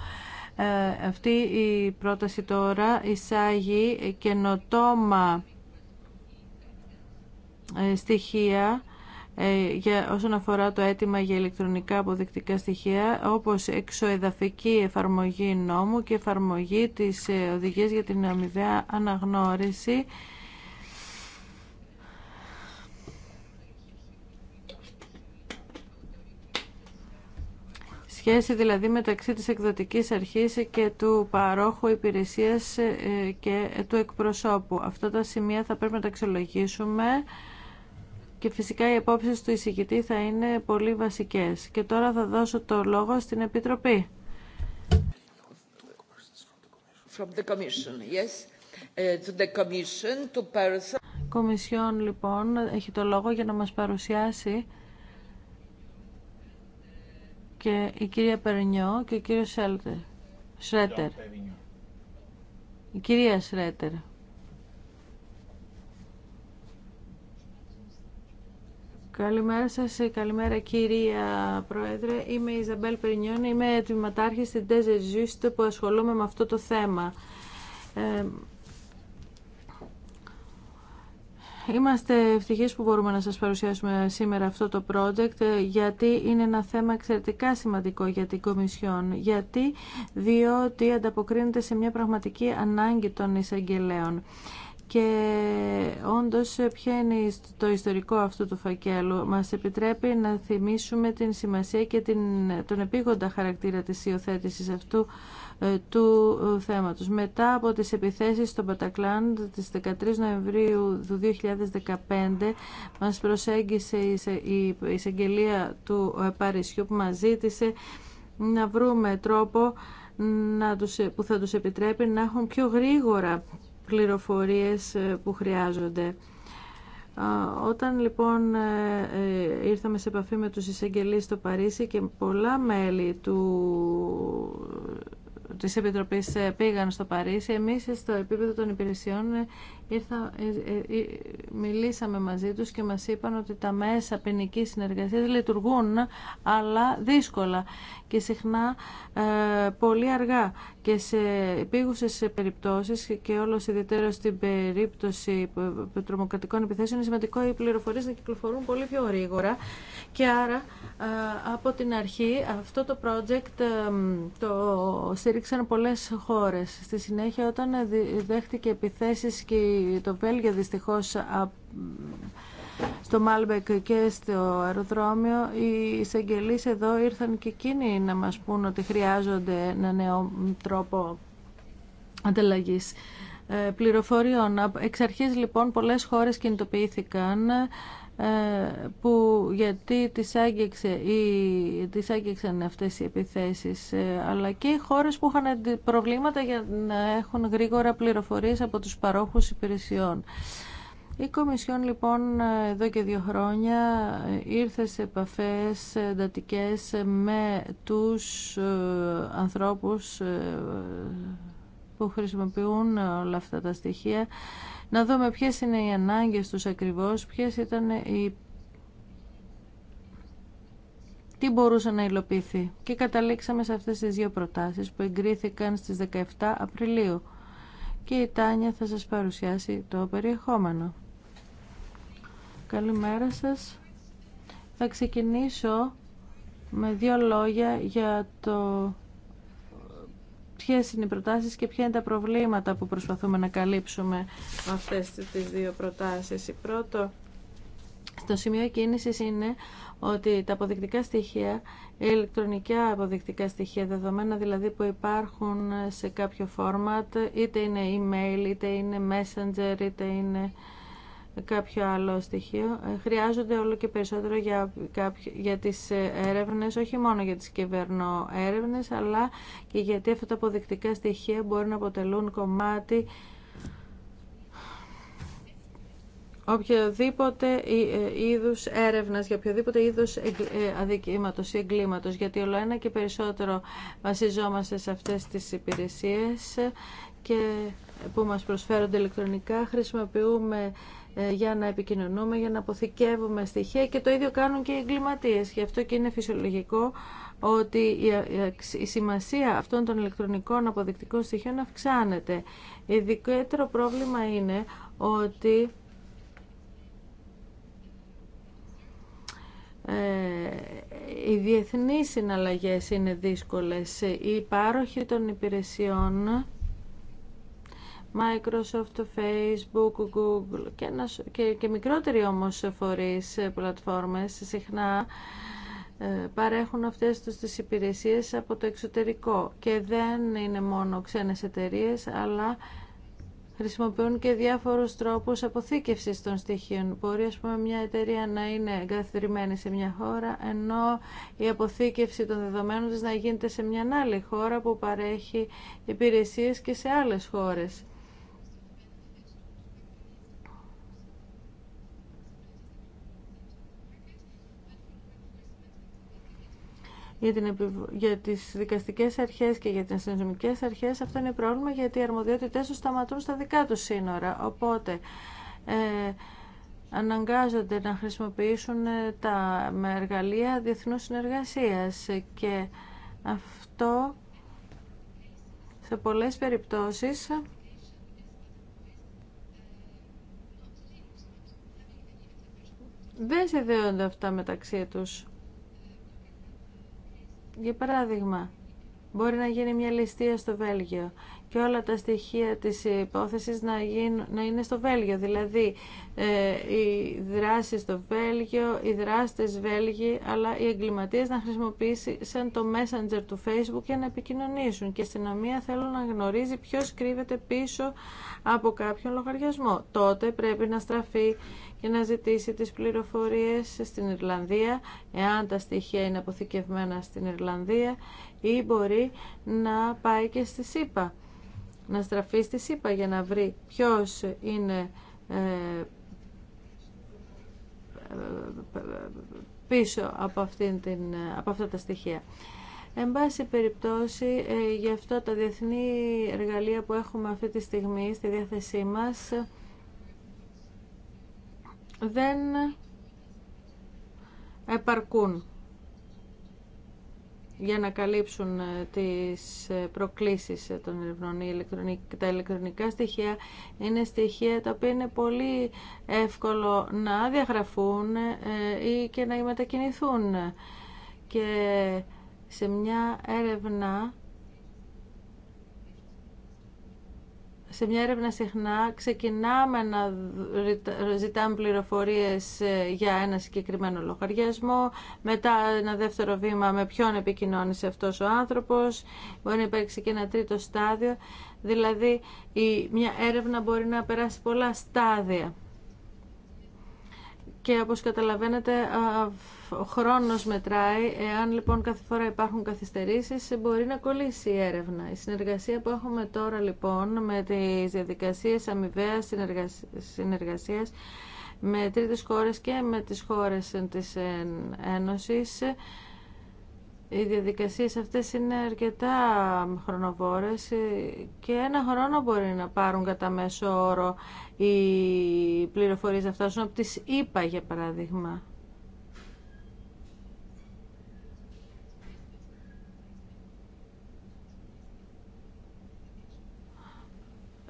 Ε, αυτή η πρόταση τώρα εισάγει καινοτόμα ε, στοιχεία ε, για όσον αφορά το αίτημα για ηλεκτρονικά αποδεικτικά στοιχεία όπως εξοεδαφική εφαρμογή νόμου και εφαρμογή της οδηγίας για την αμοιβαία αναγνώριση σχέση δηλαδή μεταξύ της εκδοτικής αρχής και του παρόχου υπηρεσίας ε, και του εκπροσώπου. Αυτά τα σημεία θα πρέπει να τα αξιολογήσουμε και φυσικά οι απόψει του εισηγητή θα είναι πολύ βασικές. Και τώρα θα δώσω το λόγο στην Επιτροπή. From the commission, yes. Ε, to the commission, to Κομισιόν λοιπόν έχει το λόγο για να μας παρουσιάσει και η κυρία Περνιό και ο κύριος Σρέτερ. Η κυρία Σρέτερ. Καλημέρα σας, ε, καλημέρα κυρία Πρόεδρε. Είμαι η Ιζαμπέλ Περνιόν, είμαι τμηματάρχη στην Τέζε Ζούστο που ασχολούμαι με αυτό το θέμα. Ε, Είμαστε ευτυχείς που μπορούμε να σας παρουσιάσουμε σήμερα αυτό το project γιατί είναι ένα θέμα εξαιρετικά σημαντικό για την Κομισιόν. Γιατί, διότι ανταποκρίνεται σε μια πραγματική ανάγκη των εισαγγελέων. Και όντως ποιο είναι το ιστορικό αυτού του φακέλου. Μας επιτρέπει να θυμίσουμε την σημασία και την, τον επίγοντα χαρακτήρα της υιοθέτηση αυτού του ε, θέματος. Μετά από τις επιθέσεις στο Πατακλάν της 13 Νοεμβρίου του 2015 μας προσέγγισε η εισαγγελία του ε, Παρισιού που μας ζήτησε να βρούμε τρόπο να τους, που θα τους επιτρέπει να έχουν πιο γρήγορα πληροφορίες ε, που χρειάζονται. Όταν λοιπόν ήρθαμε σε επαφή με τους εισαγγελείς στο Παρίσι και πολλά μέλη του της Επιτροπής ε, πήγαν στο Παρίσι. Εμείς ε, στο επίπεδο των υπηρεσιών ε, ε, ε, ε, μιλήσαμε μαζί τους και μας είπαν ότι τα μέσα ποινική συνεργασίας λειτουργούν αλλά δύσκολα και συχνά πολύ αργά και σε επίγουσες περιπτώσεις και όλος ιδιαίτερο στην περίπτωση τρομοκρατικών επιθέσεων είναι σημαντικό οι πληροφορίες να κυκλοφορούν πολύ πιο γρήγορα και άρα από την αρχή αυτό το project το στήριξαν πολλές χώρες. Στη συνέχεια όταν δέχτηκε επιθέσεις και το Βέλγιο δυστυχώς στο Μάλμπεκ και στο αεροδρόμιο οι εισαγγελείς εδώ ήρθαν και εκείνοι να μας πούν ότι χρειάζονται ένα νέο τρόπο ανταλλαγής ε, πληροφοριών. Εξ αρχής λοιπόν πολλές χώρες κινητοποιήθηκαν που γιατί τις, άγγιξε, ή, τις άγγιξαν αυτές οι επιθέσεις ε, αλλά και οι χώρες που είχαν προβλήματα για να έχουν γρήγορα πληροφορίες από τους παρόχους υπηρεσιών. Η Κομισιόν λοιπόν εδώ και δύο χρόνια ήρθε σε επαφές εντατικέ με τους ε, ανθρώπους ε, που χρησιμοποιούν όλα αυτά τα στοιχεία να δούμε ποιες είναι οι ανάγκες τους ακριβώς, ποιες ήταν οι τι μπορούσε να υλοποιηθεί. Και καταλήξαμε σε αυτές τις δύο προτάσεις που εγκρίθηκαν στις 17 Απριλίου και η Τάνια θα σας παρουσιάσει το περιεχόμενο. Καλημέρα σας. Θα ξεκινήσω με δύο λόγια για το ποιες είναι οι προτάσεις και ποια είναι τα προβλήματα που προσπαθούμε να καλύψουμε με αυτές τις δύο προτάσεις. Η πρώτο στο σημείο κίνηση είναι ότι τα αποδεικτικά στοιχεία, ηλεκτρονικά αποδεικτικά στοιχεία, δεδομένα δηλαδή που υπάρχουν σε κάποιο format, είτε είναι email, είτε είναι messenger, είτε είναι κάποιο άλλο στοιχείο. Ε, χρειάζονται όλο και περισσότερο για, για τις ε, έρευνες, όχι μόνο για τις κυβερνοέρευνες, αλλά και γιατί αυτά τα αποδεικτικά στοιχεία μπορεί να αποτελούν κομμάτι οποιοδήποτε ε, είδους έρευνας, για οποιοδήποτε είδους αδικήματος ή εγκλήματος, γιατί όλο ένα και περισσότερο βασιζόμαστε σε αυτές τις υπηρεσίες και που μας προσφέρονται ηλεκτρονικά, χρησιμοποιούμε ε, για να επικοινωνούμε, για να αποθηκεύουμε στοιχεία και το ίδιο κάνουν και οι εγκληματίες. Γι' αυτό και είναι φυσιολογικό ότι η σημασία αυτών των ηλεκτρονικών αποδεικτικών στοιχείων αυξάνεται. Ειδικότερο πρόβλημα είναι ότι ε, οι διεθνείς συναλλαγές είναι δύσκολες. Οι πάροχοι των υπηρεσιών Microsoft, Facebook, Google και, και, και μικρότεροι όμως φορείς, ε, πλατφόρμες συχνά ε, παρέχουν αυτές τους τις υπηρεσίες από το εξωτερικό και δεν είναι μόνο ξένες εταιρείες αλλά χρησιμοποιούν και διάφορους τρόπους αποθήκευσης των στοιχείων. Μπορεί ας πούμε μια εταιρεία να είναι εγκαθιδρυμένη σε μια χώρα ενώ η αποθήκευση των δεδομένων της να γίνεται σε μια άλλη χώρα που παρέχει υπηρεσίες και σε άλλες χώρες. για, την, για τις δικαστικές αρχές και για τις αστυνομικές αρχές αυτό είναι πρόβλημα γιατί οι αρμοδιότητές τους σταματούν στα δικά τους σύνορα. Οπότε ε, αναγκάζονται να χρησιμοποιήσουν ε, τα με εργαλεία διεθνούς συνεργασίας και αυτό σε πολλές περιπτώσεις δεν συνδέονται αυτά μεταξύ τους. Για παράδειγμα, μπορεί να γίνει μια ληστεία στο Βέλγιο και όλα τα στοιχεία της υπόθεσης να, γίνουν, είναι στο Βέλγιο. Δηλαδή, ε, οι δράσεις στο Βέλγιο, οι δράστες Βέλγοι, αλλά οι εγκληματίες να χρησιμοποιήσουν το Messenger του Facebook για να επικοινωνήσουν. Και η αστυνομία θέλω να γνωρίζει ποιος κρύβεται πίσω από κάποιον λογαριασμό. Τότε πρέπει να στραφεί για να ζητήσει τις πληροφορίες στην Ιρλανδία, εάν τα στοιχεία είναι αποθηκευμένα στην Ιρλανδία ή μπορεί να πάει και στη ΣΥΠΑ, να στραφεί στη ΣΥΠΑ για να βρει ποιος είναι ε, πίσω από, αυτήν την, από αυτά τα στοιχεία. Εν πάση περιπτώσει, ε, γι' αυτό τα διεθνή εργαλεία που έχουμε αυτή τη στιγμή στη διάθεσή μας δεν επαρκούν για να καλύψουν ε, τις ε, προκλήσεις ε, των ερευνών. Τα ηλεκτρονικά στοιχεία είναι στοιχεία τα οποία είναι πολύ εύκολο να διαγραφούν ή και να μετακινηθούν. Και σε μια έρευνα σε μια έρευνα συχνά ξεκινάμε να ζητάμε πληροφορίες ε, για ένα συγκεκριμένο λογαριασμό, μετά ένα δεύτερο βήμα με ποιον επικοινώνησε αυτός ο άνθρωπος, μπορεί να υπάρξει και ένα τρίτο στάδιο, δηλαδή η, μια έρευνα μπορεί να περάσει πολλά στάδια. Και όπως καταλαβαίνετε ο χρόνος μετράει. Εάν λοιπόν κάθε φορά υπάρχουν καθυστερήσεις, μπορεί να κολλήσει η έρευνα. Η συνεργασία που έχουμε τώρα λοιπόν με τις διαδικασίες αμοιβαία συνεργασίας με τρίτες χώρες και με τις χώρες της Ένωσης, οι διαδικασίες αυτές είναι αρκετά χρονοβόρες και ένα χρόνο μπορεί να πάρουν κατά μέσο όρο οι πληροφορίες να φτάσουν από τις για παράδειγμα.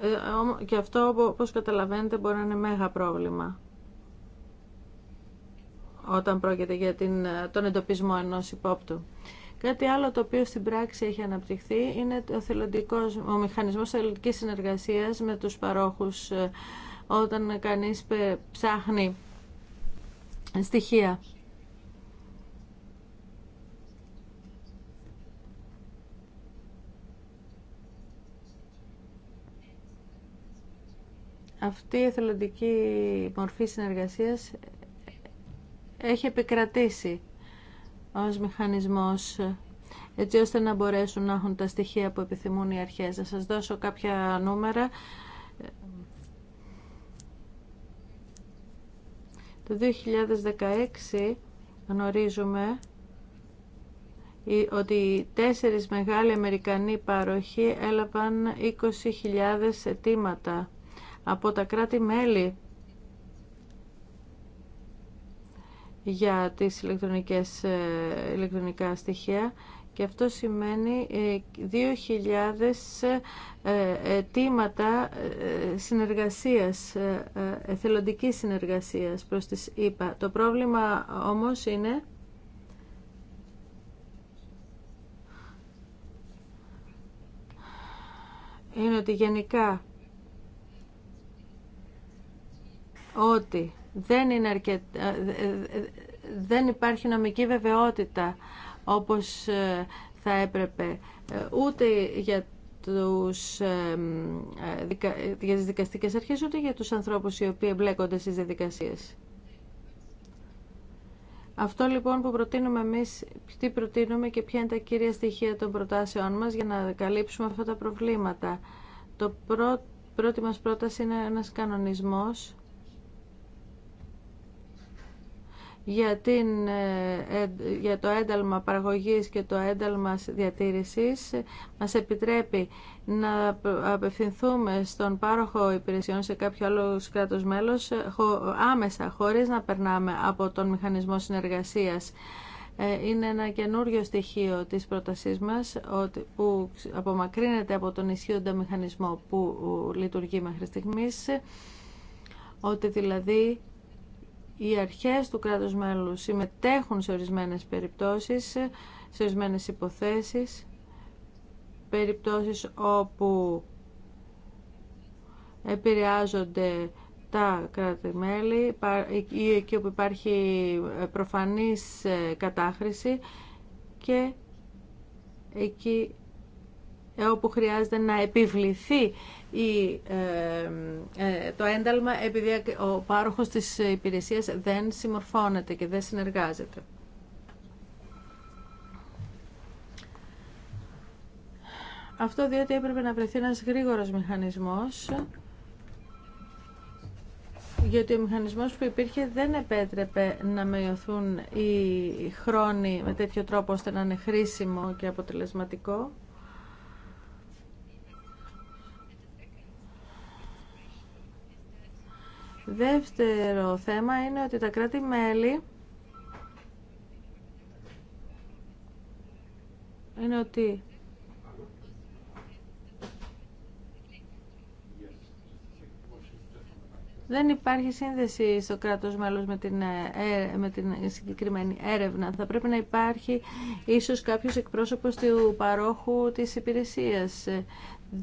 Ε, και αυτό, όπως καταλαβαίνετε, μπορεί να είναι μέγα πρόβλημα όταν πρόκειται για την, ε, τον εντοπισμό ενός υπόπτου. Κάτι άλλο το οποίο στην πράξη έχει αναπτυχθεί είναι ο, θελοντικός, ο μηχανισμός θελοντικής συνεργασίας με τους παρόχους ε, όταν κανείς ψάχνει στοιχεία Αυτή η εθελοντική μορφή συνεργασίας έχει επικρατήσει ως μηχανισμός έτσι ώστε να μπορέσουν να έχουν τα στοιχεία που επιθυμούν οι αρχές. Να σας δώσω κάποια νούμερα. Το 2016 γνωρίζουμε ότι τέσσερις μεγάλοι Αμερικανοί παροχοί έλαβαν 20.000 αιτήματα από τα κράτη-μέλη για τις ηλεκτρονικές, ε, ηλεκτρονικά στοιχεία και αυτό σημαίνει 2.000 ε, ε, αιτήματα συνεργασίας, εθελοντικής συνεργασίας προς τις ΕΠΑ. Το πρόβλημα όμως είναι είναι ότι γενικά ότι δεν, είναι ε, ε, ε, δεν υπάρχει νομική βεβαιότητα όπως θα έπρεπε ούτε για τους, για τις δικαστικές αρχές ούτε για τους ανθρώπους οι οποίοι εμπλέκονται στις διαδικασίες. Αυτό λοιπόν που προτείνουμε εμείς, τι προτείνουμε και ποια είναι τα κύρια στοιχεία των προτάσεών μας για να καλύψουμε αυτά τα προβλήματα. Το πρώτη μας πρόταση είναι ένας κανονισμός για, την, ε, για το ένταλμα παραγωγής και το ένταλμα διατήρησης μας επιτρέπει να απευθυνθούμε στον πάροχο υπηρεσιών σε κάποιο άλλο κράτος μέλος ε, άμεσα χωρίς να περνάμε από τον μηχανισμό συνεργασίας ε, είναι ένα καινούριο στοιχείο της πρότασής μας που απομακρύνεται από τον ισχύοντα μηχανισμό που λειτουργεί μέχρι στιγμής ότι δηλαδή οι αρχές του κράτους μέλους συμμετέχουν σε ορισμένες περιπτώσεις, σε ορισμένες υποθέσεις, περιπτώσεις όπου επηρεάζονται τα κράτη-μέλη ή εκεί όπου υπάρχει προφανής ε, κατάχρηση και εκεί ε, όπου χρειάζεται να επιβληθεί η, ε, ε, το ένταλμα επειδή ο πάροχος της υπηρεσίας δεν συμμορφώνεται και δεν συνεργάζεται. Αυτό διότι έπρεπε να βρεθεί ένας γρήγορος μηχανισμός γιατί ο μηχανισμός που υπήρχε δεν επέτρεπε να μειωθούν οι χρόνοι με τέτοιο τρόπο ώστε να είναι χρήσιμο και αποτελεσματικό. Δεύτερο θέμα είναι ότι τα κράτη-μέλη είναι ότι Δεν υπάρχει σύνδεση στο κράτος μέλος με την, ε, με την συγκεκριμένη έρευνα. Θα πρέπει να υπάρχει ίσως κάποιος εκπρόσωπος του παρόχου της υπηρεσίας.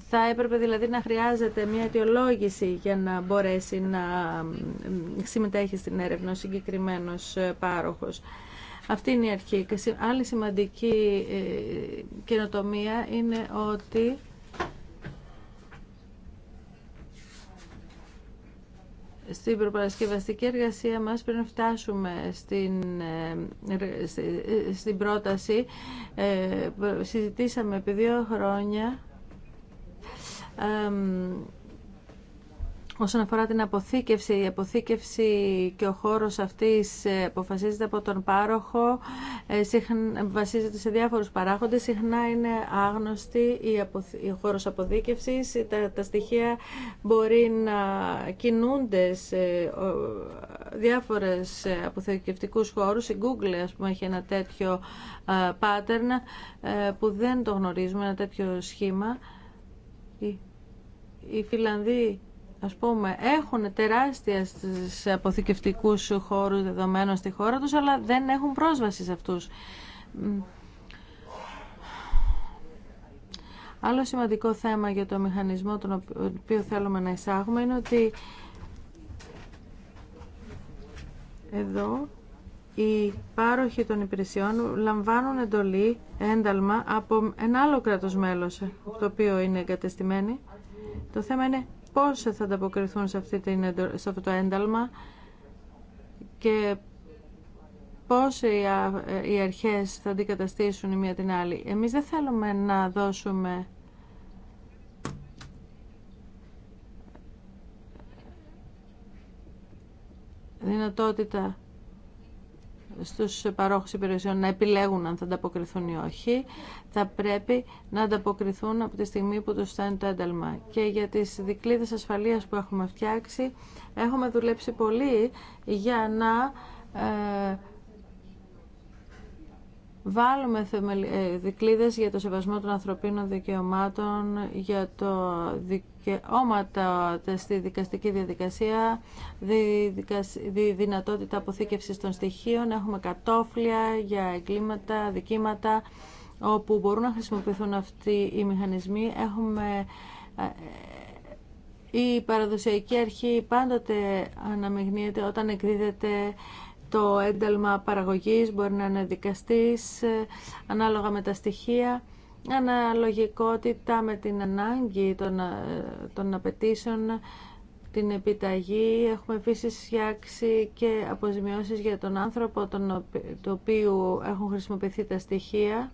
Θα έπρεπε δηλαδή να χρειάζεται μια αιτιολόγηση για να μπορέσει να συμμετέχει στην έρευνα ο συγκεκριμένο ε, πάροχος. Αυτή είναι η αρχή. Άλλη σημαντική ε, καινοτομία είναι ότι στην προπαρασκευαστική εργασία μας πριν φτάσουμε στην, ε, στην πρόταση συζητήσαμε επί δύο χρόνια Όσον αφορά την αποθήκευση, η αποθήκευση και ο χώρος αυτής ε, αποφασίζεται από τον πάροχο, ε, βασίζεται σε διάφορους παράγοντες. Συχνά είναι άγνωστη η ο χώρος αποθήκευσης, τα, τα στοιχεία μπορεί να κινούνται σε διάφορες ε, αποθηκευτικούς χώρους. Η Google, ας πούμε, έχει ένα τέτοιο pattern που δεν το γνωρίζουμε, ένα τέτοιο σχήμα οι Φιλανδοί ας πούμε, έχουν τεράστια στις αποθηκευτικούς χώρους δεδομένων στη χώρα τους, αλλά δεν έχουν πρόσβαση σε αυτούς. Άλλο σημαντικό θέμα για το μηχανισμό τον οποίο θέλουμε να εισάγουμε είναι ότι εδώ οι πάροχοι των υπηρεσιών λαμβάνουν εντολή, ένταλμα από ένα άλλο κράτος μέλος, το οποίο είναι εγκατεστημένοι το θέμα είναι πώς θα ανταποκριθούν σε, αυτή την, σε αυτό το ένταλμα και πώς οι αρχές θα αντικαταστήσουν η μία την άλλη. Εμείς δεν θέλουμε να δώσουμε δυνατότητα στους παρόχους υπηρεσιών να επιλέγουν αν θα ανταποκριθούν ή όχι, θα πρέπει να ανταποκριθούν από τη στιγμή που τους φτάνει το ένταλμα. Και για τις δικλείδες ασφαλείας που έχουμε φτιάξει, έχουμε δουλέψει πολύ για να ε, βάλουμε ε, δικλίδες για το σεβασμό των ανθρωπίνων δικαιωμάτων, για το δικαιώματα στη δικαστική διαδικασία, τη δυνατότητα αποθήκευσης των στοιχείων, έχουμε κατόφλια για εγκλήματα, δικήματα, όπου μπορούν να χρησιμοποιηθούν αυτοί οι μηχανισμοί. Έχουμε ε, ε, η παραδοσιακή αρχή πάντοτε αναμειγνύεται όταν εκδίδεται το ένταλμα παραγωγής, μπορεί να είναι δικαστής, ε, ανάλογα με τα στοιχεία, αναλογικότητα με την ανάγκη των, ε, των απαιτήσεων, την επιταγή. Έχουμε επίσης φτιάξει και αποζημιώσεις για τον άνθρωπο τον, οποίου έχουν χρησιμοποιηθεί τα στοιχεία.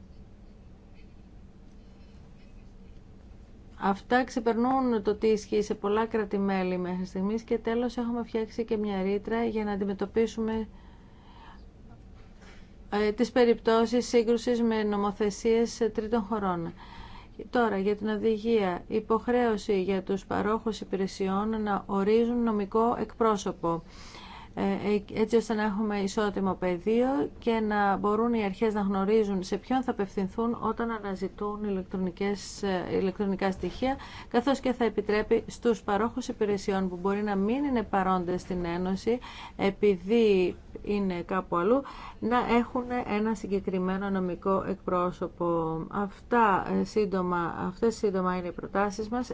Αυτά ξεπερνούν το τι ισχύει σε πολλα κρατημέλη κράτη-μέλη μέχρι στιγμής και τέλος έχουμε φτιάξει και μια ρήτρα για να αντιμετωπίσουμε ε, τις περιπτώσεις σύγκρουσης με νομοθεσίες τρίτων χωρών. Τώρα, για την οδηγία, υποχρέωση για τους παρόχους υπηρεσιών να ορίζουν νομικό εκπρόσωπο. Ε, ε, έτσι ώστε να έχουμε ισότιμο πεδίο και να μπορούν οι αρχές να γνωρίζουν σε ποιον θα απευθυνθούν όταν αναζητούν ηλεκτρονικές, ε, ηλεκτρονικά στοιχεία, καθώς και θα επιτρέπει στους παρόχους υπηρεσιών που μπορεί να μην είναι παρόντες στην Ένωση επειδή είναι κάπου αλλού, να έχουν ένα συγκεκριμένο νομικό εκπρόσωπο. Αυτά σύντομα, αυτές σύντομα είναι οι προτάσεις μας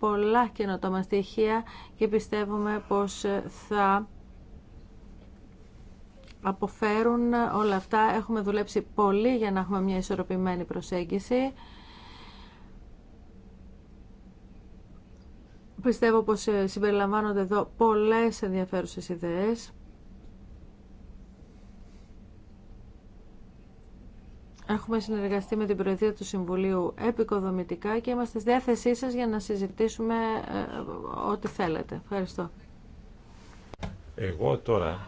πολλά καινοτόμα στοιχεία και πιστεύουμε πως θα αποφέρουν όλα αυτά. Έχουμε δουλέψει πολύ για να έχουμε μια ισορροπημένη προσέγγιση. Πιστεύω πως ε, συμπεριλαμβάνονται εδώ πολλές ενδιαφέρουσες ιδέες. Έχουμε συνεργαστεί με την Προεδρία του Συμβουλίου επικοδομητικά και είμαστε στη διάθεσή σας για να συζητήσουμε ε, ό,τι θέλετε. Ευχαριστώ. Εγώ τώρα,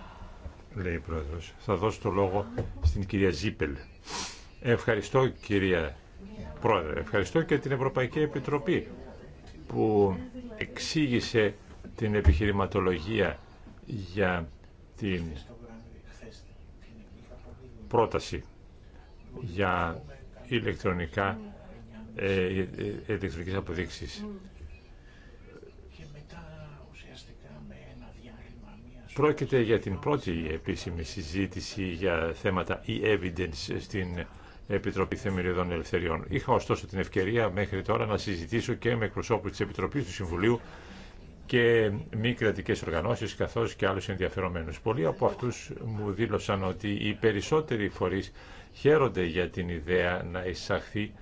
λέει η Πρόεδρος, θα δώσω το λόγο στην κυρία Ζίπελ. Ευχαριστώ κυρία Πρόεδρε, ευχαριστώ και την Ευρωπαϊκή Επιτροπή που εξήγησε την επιχειρηματολογία για την πρόταση για ηλεκτρονικά ε, ε, ηλεκτρονικές αποδείξεις. Πρόκειται για την πρώτη επίσημη συζήτηση για θέματα e-evidence στην Επιτροπή Θεμελιωδών Ελευθεριών. Είχα ωστόσο την ευκαιρία μέχρι τώρα να συζητήσω και με εκπροσώπου της Επιτροπής του Συμβουλίου και μη κρατικέ οργανώσει καθώ και άλλου ενδιαφερομένου. Πολλοί από αυτού μου δήλωσαν ότι οι περισσότεροι φορεί χαίρονται για την ιδέα να εισαχθεί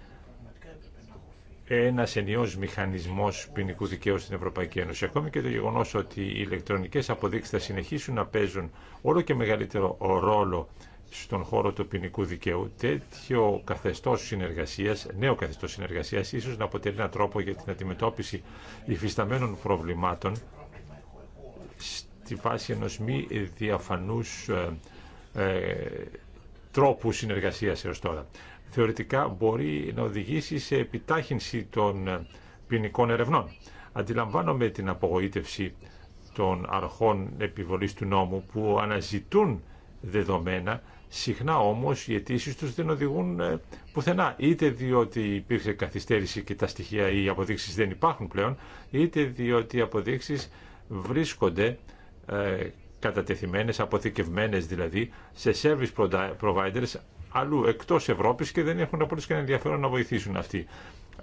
ένα ενιαίο μηχανισμό ποινικού δικαίου στην Ευρωπαϊκή Ένωση. Ακόμη και το γεγονό ότι οι ηλεκτρονικέ αποδείξει θα συνεχίσουν να παίζουν όλο και μεγαλύτερο ρόλο στον χώρο του ποινικού δικαίου, τέτοιο καθεστώ συνεργασία, νέο καθεστώ συνεργασία, ίσω να αποτελεί έναν τρόπο για την αντιμετώπιση υφισταμένων προβλημάτων στη βάση ενό μη διαφανού ε, ε, τρόπου συνεργασίας έως τώρα. Θεωρητικά μπορεί να οδηγήσει σε επιτάχυνση των ποινικών ερευνών. Αντιλαμβάνομαι την απογοήτευση των αρχών επιβολής του νόμου που αναζητούν δεδομένα, συχνά όμως οι αιτήσει τους δεν οδηγούν ε, πουθενά, είτε διότι υπήρξε καθυστέρηση και τα στοιχεία ή οι αποδείξεις δεν υπάρχουν πλέον, είτε διότι οι αποδείξεις βρίσκονται ε, κατατεθειμένες, αποθηκευμένες δηλαδή, σε service providers αλλού εκτός Ευρώπης και δεν έχουν απολύτως κανένα ενδιαφέρον να βοηθήσουν αυτοί.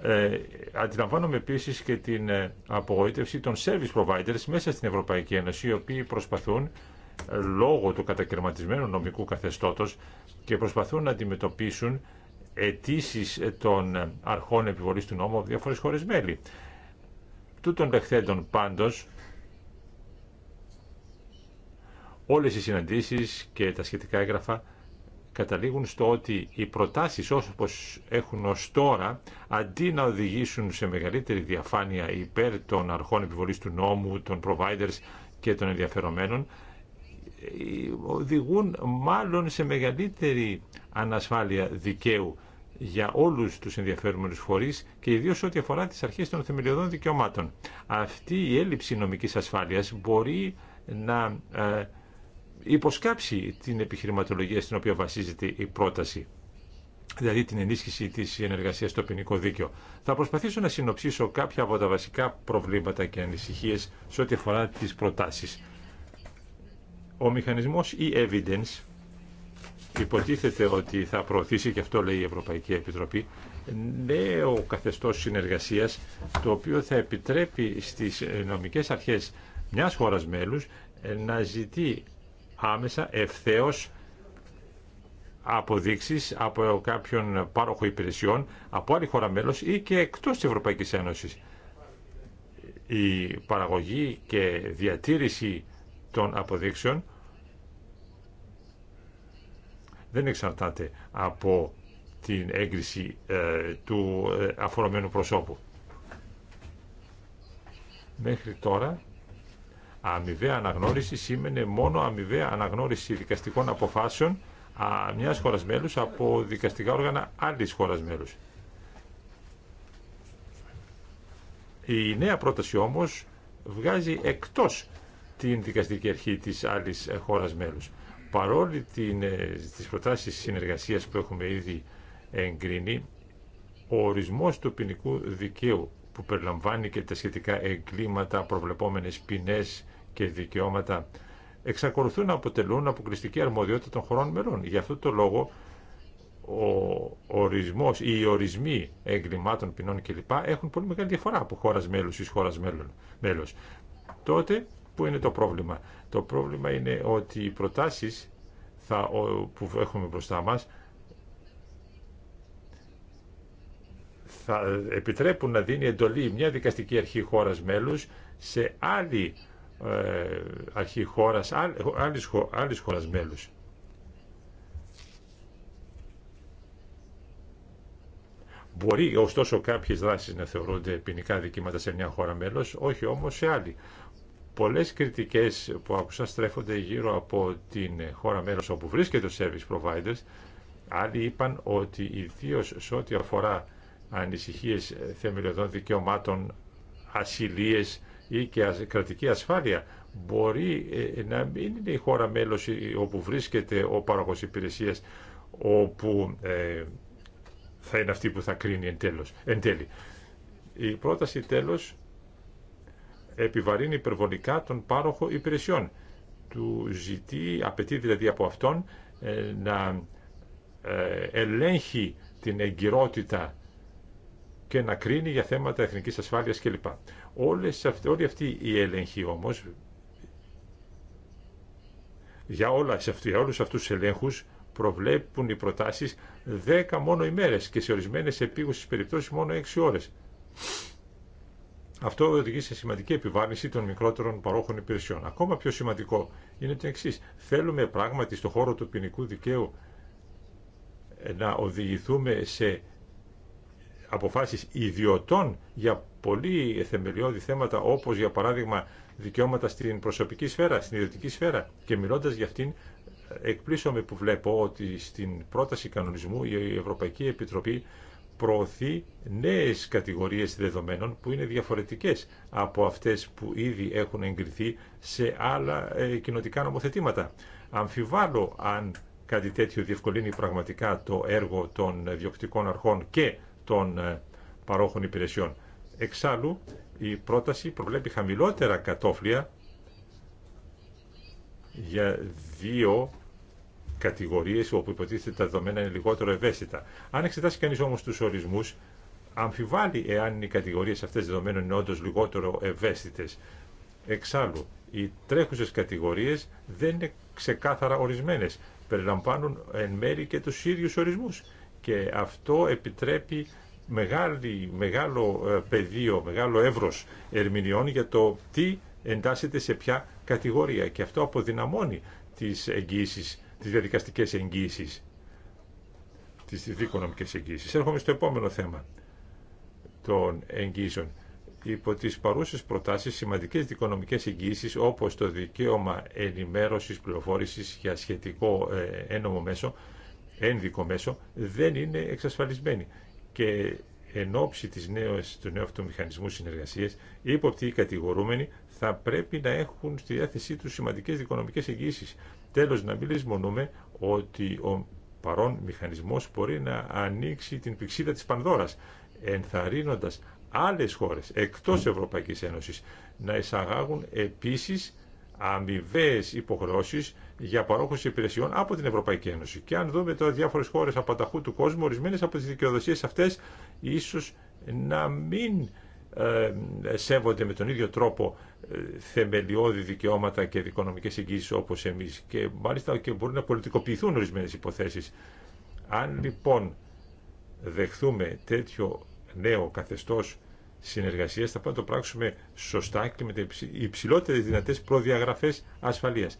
Ε, αντιλαμβάνομαι επίσης και την ε, απογοήτευση των service providers μέσα στην Ευρωπαϊκή Ένωση, οι οποίοι προσπαθούν ε, λόγω του κατακαιρματισμένου νομικού καθεστώτος και προσπαθούν να αντιμετωπίσουν αιτήσει ε, των αρχών επιβολής του νόμου από διάφορες χώρες μέλη. Τούτων λεχθέντων πάντως, Όλες οι συναντήσεις και τα σχετικά έγγραφα καταλήγουν στο ότι οι προτάσεις όπως έχουν ως τώρα, αντί να οδηγήσουν σε μεγαλύτερη διαφάνεια υπέρ των αρχών επιβολής του νόμου, των providers και των ενδιαφερομένων, ε, οδηγούν μάλλον σε μεγαλύτερη ανασφάλεια δικαίου για όλους τους ενδιαφέρουμενους φορείς και ιδίως ό,τι αφορά τις αρχές των θεμελιωδών δικαιωμάτων. Αυτή η έλλειψη νομικής ασφάλειας μπορεί να ε, υποσκάψει την επιχειρηματολογία στην οποία βασίζεται η πρόταση δηλαδή την ενίσχυση τη συνεργασία στο ποινικό δίκαιο. Θα προσπαθήσω να συνοψίσω κάποια από τα βασικά προβλήματα και ανησυχίε σε ό,τι αφορά τι προτάσει. Ο μηχανισμό e-evidence υποτίθεται ότι θα προωθήσει, και αυτό λέει η Ευρωπαϊκή Επιτροπή, νέο καθεστώ συνεργασία το οποίο θα επιτρέπει στι νομικέ αρχέ μια χώρα μέλου να ζητεί άμεσα ευθέως αποδείξεις από κάποιον πάροχο υπηρεσιών από άλλη χώρα μέλος ή και εκτός της Ευρωπαϊκής Ένωσης. Η παραγωγή και διατήρηση των αποδείξεων δεν εξαρτάται από την έγκριση ε, του ε, αφορομένου προσώπου. Μέχρι τώρα αμοιβαία αναγνώριση σήμαινε μόνο αμοιβαία αναγνώριση δικαστικών αποφάσεων μια χώρα μέλου από δικαστικά όργανα άλλη χώρα μέλου. Η νέα πρόταση όμως βγάζει εκτός την δικαστική αρχή της άλλης ε, χώρα μέλου. Παρόλη την, ε, προτάσει συνεργασία συνεργασίας που έχουμε ήδη εγκρίνει, ο ορισμός του ποινικού δικαίου που περιλαμβάνει και τα σχετικά εγκλήματα, προβλεπόμενες ποινές και δικαιώματα, εξακολουθούν να αποτελούν αποκλειστική αρμοδιότητα των χωρών μελών. Γι' αυτό το λόγο ο ορισμός ή οι ορισμοί εγκλημάτων, ποινών κλπ. έχουν πολύ μεγάλη διαφορά από χώρας μέλους ή χώρας μέλος. Τότε που είναι το πρόβλημα. Το πρόβλημα είναι ότι οι προτάσεις θα, που έχουμε μπροστά μας θα επιτρέπουν να δίνει εντολή μια δικαστική αρχή χώρας μέλους σε άλλη ε, αρχή χώρας, άλλης, άλλης χώρας μέλους. Μπορεί ωστόσο κάποιε δράσει να θεωρούνται ποινικά δικήματα σε μια χώρα μέλο, όχι όμω σε άλλη. Πολλέ κριτικέ που άκουσα στρέφονται γύρω από την χώρα μέλο όπου βρίσκεται ο service providers. Άλλοι είπαν ότι ιδίω σε ό,τι αφορά ανησυχίες ε, θεμελιωδών δικαιωμάτων, ασυλίες ή και κρατική ασφάλεια. Μπορεί ε, ε, να μην είναι η χώρα μέλος όπου βρίσκεται ο πάροχο υπηρεσίας, όπου θα είναι αυτή που θα κρίνει εν, τέλος, εν τέλει. Η πρόταση τέλος επιβαρύνει υπερβολικά τον πάροχο υπηρεσιών. Του ζητεί, απαιτεί δηλαδή από αυτόν να ελέγχει την εγκυρότητα και να κρίνει για θέματα εθνικής ασφάλειας κλπ. Όλες, όλοι αυτοί οι έλεγχοι όμως, για, όλα, για όλους αυτούς τους ελέγχους, προβλέπουν οι προτάσεις 10 μόνο ημέρες και σε ορισμένες επίγουσες περιπτώσεις μόνο 6 ώρες. Αυτό οδηγεί σε σημαντική επιβάρυνση των μικρότερων παρόχων υπηρεσιών. Ακόμα πιο σημαντικό είναι το εξή. Θέλουμε πράγματι στον χώρο του ποινικού δικαίου να οδηγηθούμε σε αποφάσεις ιδιωτών για πολύ θεμελιώδη θέματα όπως για παράδειγμα δικαιώματα στην προσωπική σφαίρα, στην ιδιωτική σφαίρα και μιλώντας για αυτήν εκπλήσωμαι που βλέπω ότι στην πρόταση κανονισμού η Ευρωπαϊκή Επιτροπή προωθεί νέες κατηγορίες δεδομένων που είναι διαφορετικές από αυτές που ήδη έχουν εγκριθεί σε άλλα ε, κοινοτικά νομοθετήματα. Αμφιβάλλω αν κάτι τέτοιο διευκολύνει πραγματικά το έργο των διοκτικών αρχών και των ε, παρόχων υπηρεσιών. Εξάλλου, η πρόταση προβλέπει χαμηλότερα κατόφλια για δύο κατηγορίες όπου υποτίθεται τα δεδομένα είναι λιγότερο ευαίσθητα. Αν εξετάσει κανείς όμως τους ορισμούς, αμφιβάλλει εάν οι κατηγορίες αυτές δεδομένων είναι όντως λιγότερο ευαίσθητες. Εξάλλου, οι τρέχουσες κατηγορίες δεν είναι ξεκάθαρα ορισμένες. Περιλαμβάνουν εν μέρη και τους ίδιους ορισμούς και αυτό επιτρέπει μεγάλη, μεγάλο ε, πεδίο, μεγάλο εύρος ερμηνεών για το τι εντάσσεται σε ποια κατηγορία και αυτό αποδυναμώνει τις εγγύησεις, τις διαδικαστικές εγγύησεις, τις δικονομικές εγγύησεις. Έρχομαι στο επόμενο θέμα των εγγύσεων. Υπό τις παρούσες προτάσεις, σημαντικές δικονομικές εγγύησεις όπως το δικαίωμα ενημέρωσης πληροφόρησης για σχετικό ε, ένομο μέσο ένδικο μέσο δεν είναι εξασφαλισμένη. Και εν ώψη της νέας, του νέου αυτού μηχανισμού οι υποπτοί κατηγορούμενοι θα πρέπει να έχουν στη διάθεσή τους σημαντικές δικονομικές εγγύσεις. Τέλος, να μην λησμονούμε ότι ο παρόν μηχανισμός μπορεί να ανοίξει την πηξίδα της Πανδώρας, ενθαρρύνοντας άλλες χώρες εκτός Ευρωπαϊκής Ένωσης να εισαγάγουν επίσης αμοιβαίε υποχρεώσει για παρόχους υπηρεσιών από την Ευρωπαϊκή Ένωση. Και αν δούμε τώρα διάφορε χώρε απανταχού του κόσμου, ορισμένε από τι δικαιοδοσίε αυτέ ίσω να μην ε, σέβονται με τον ίδιο τρόπο ε, θεμελιώδη δικαιώματα και δικονομικέ εγγύσεις όπως εμείς και μάλιστα και μπορεί να πολιτικοποιηθούν ορισμένε υποθέσει. Αν λοιπόν δεχθούμε τέτοιο νέο καθεστώς θα πρέπει να το πράξουμε σωστά και με τις υψηλότερες δυνατές προδιαγραφές ασφαλείας.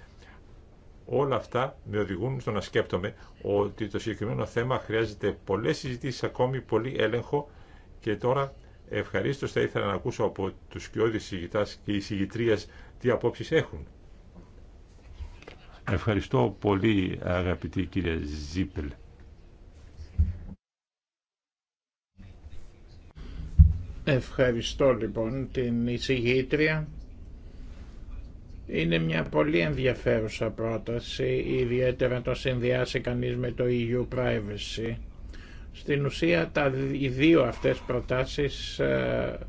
Όλα αυτά με οδηγούν στο να σκέπτομαι ότι το συγκεκριμένο θέμα χρειάζεται πολλές συζητήσεις, ακόμη πολύ έλεγχο και τώρα ευχαριστώ θα ήθελα να ακούσω από τους κοιόδη συγητάς και συγητρία τι απόψεις έχουν. Ευχαριστώ πολύ αγαπητή κυρία Ζίπελ. Ευχαριστώ λοιπόν την εισηγήτρια. Είναι μια πολύ ενδιαφέρουσα πρόταση, ιδιαίτερα το συνδυάσει κανείς με το EU Privacy. Στην ουσία τα, οι δύο αυτές προτάσεις ε,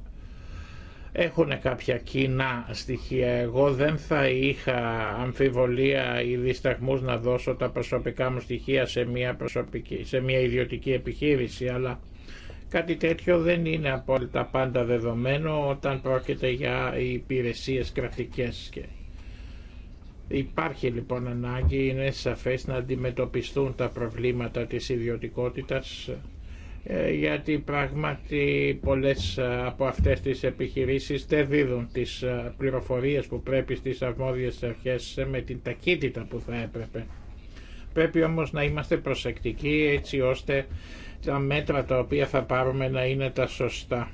έχουν κάποια κοινά στοιχεία. Εγώ δεν θα είχα αμφιβολία ή δισταγμούς να δώσω τα προσωπικά μου στοιχεία σε μια, προσωπική, σε μια ιδιωτική επιχείρηση, αλλά Κάτι τέτοιο δεν είναι απόλυτα πάντα δεδομένο όταν πρόκειται για υπηρεσίες κρατικές. Υπάρχει λοιπόν ανάγκη, είναι σαφές να αντιμετωπιστούν τα προβλήματα της ιδιωτικότητας ε, γιατί πράγματι πολλές ε, από αυτές τις επιχειρήσεις δεν δίδουν τις ε, πληροφορίες που πρέπει στις αρμόδιες αρχές με την ταχύτητα που θα έπρεπε. Πρέπει όμως να είμαστε προσεκτικοί έτσι ώστε τα μέτρα τα οποία θα πάρουμε να είναι τα σωστά.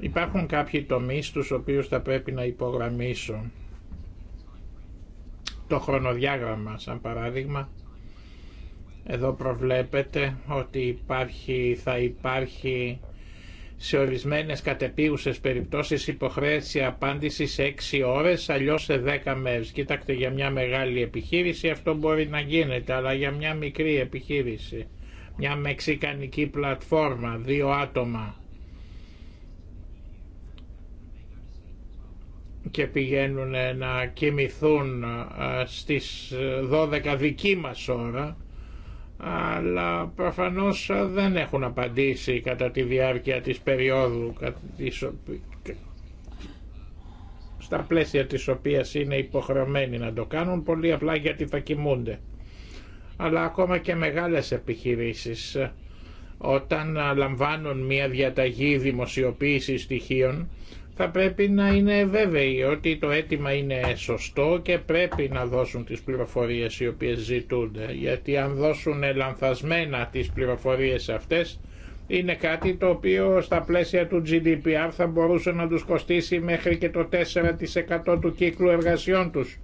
Υπάρχουν κάποιοι τομείς τους οποίους θα πρέπει να υπογραμμίσω. Το χρονοδιάγραμμα, σαν παράδειγμα, εδώ προβλέπετε ότι υπάρχει, θα υπάρχει σε ορισμένες κατεπίουσες περιπτώσεις υποχρέωση απάντηση σε 6 ώρες, αλλιώς σε 10 μέρες. Κοιτάξτε, για μια μεγάλη επιχείρηση αυτό μπορεί να γίνεται, αλλά για μια μικρή επιχείρηση μια μεξικανική πλατφόρμα, δύο άτομα και πηγαίνουν ε, να κοιμηθούν ε, στις 12 ε, δική μας ώρα αλλά προφανώς δεν έχουν απαντήσει κατά τη διάρκεια της περίοδου στα πλαίσια της οποίας είναι υποχρεωμένοι να το κάνουν πολύ απλά γιατί θα κοιμούνται αλλά ακόμα και μεγάλες επιχειρήσεις ε, όταν ε, λαμβάνουν μια διαταγή δημοσιοποίηση στοιχείων θα πρέπει να είναι βέβαιοι ότι το αίτημα είναι σωστό και πρέπει να δώσουν τις πληροφορίες οι οποίες ζητούνται γιατί αν δώσουν λανθασμένα τις πληροφορίες αυτές είναι κάτι το οποίο στα πλαίσια του GDPR θα μπορούσε να τους κοστίσει μέχρι και το 4% του κύκλου εργασιών τους.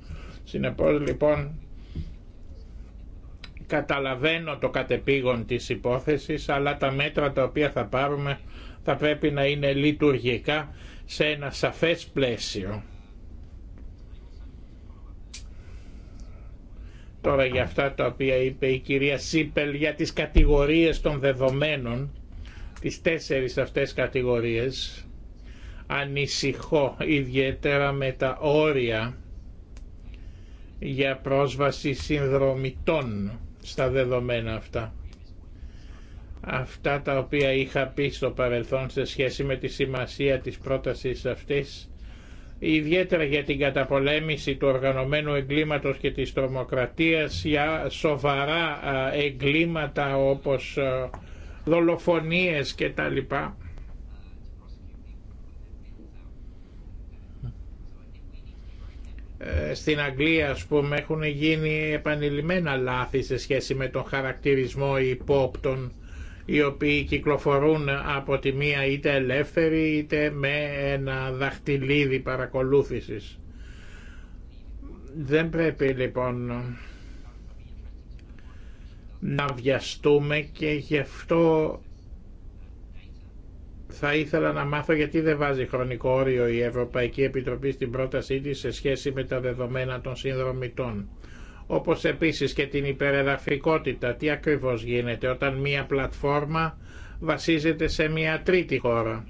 Συνεπώς λοιπόν Καταλαβαίνω το κατεπήγον της υπόθεσης, αλλά τα μέτρα τα οποία θα πάρουμε θα πρέπει να είναι λειτουργικά σε ένα σαφές πλαίσιο. Τώρα για αυτά τα οποία είπε η κυρία Σίπελ για τις κατηγορίες των δεδομένων, τις τέσσερις αυτές κατηγορίες, ανησυχώ ιδιαίτερα με τα όρια για πρόσβαση συνδρομητών στα δεδομένα αυτά. Αυτά τα οποία είχα πει στο παρελθόν σε σχέση με τη σημασία της πρότασης αυτής, ιδιαίτερα για την καταπολέμηση του οργανωμένου εγκλήματος και της τρομοκρατίας, για σοβαρά εγκλήματα όπως δολοφονίες κτλ. Ε, στην Αγγλία ας πούμε έχουν γίνει επανειλημμένα λάθη σε σχέση με τον χαρακτηρισμό υπόπτων οι οποίοι κυκλοφορούν από τη μία είτε ελεύθεροι είτε με ένα δαχτυλίδι παρακολούθησης. Δεν πρέπει λοιπόν να βιαστούμε και γι' αυτό θα ήθελα να μάθω γιατί δεν βάζει χρονικό όριο η Ευρωπαϊκή Επιτροπή στην πρότασή της σε σχέση με τα δεδομένα των συνδρομητών. Όπως επίσης και την υπερεδαφικότητα, τι ακριβώς γίνεται όταν μία πλατφόρμα βασίζεται σε μία τρίτη χώρα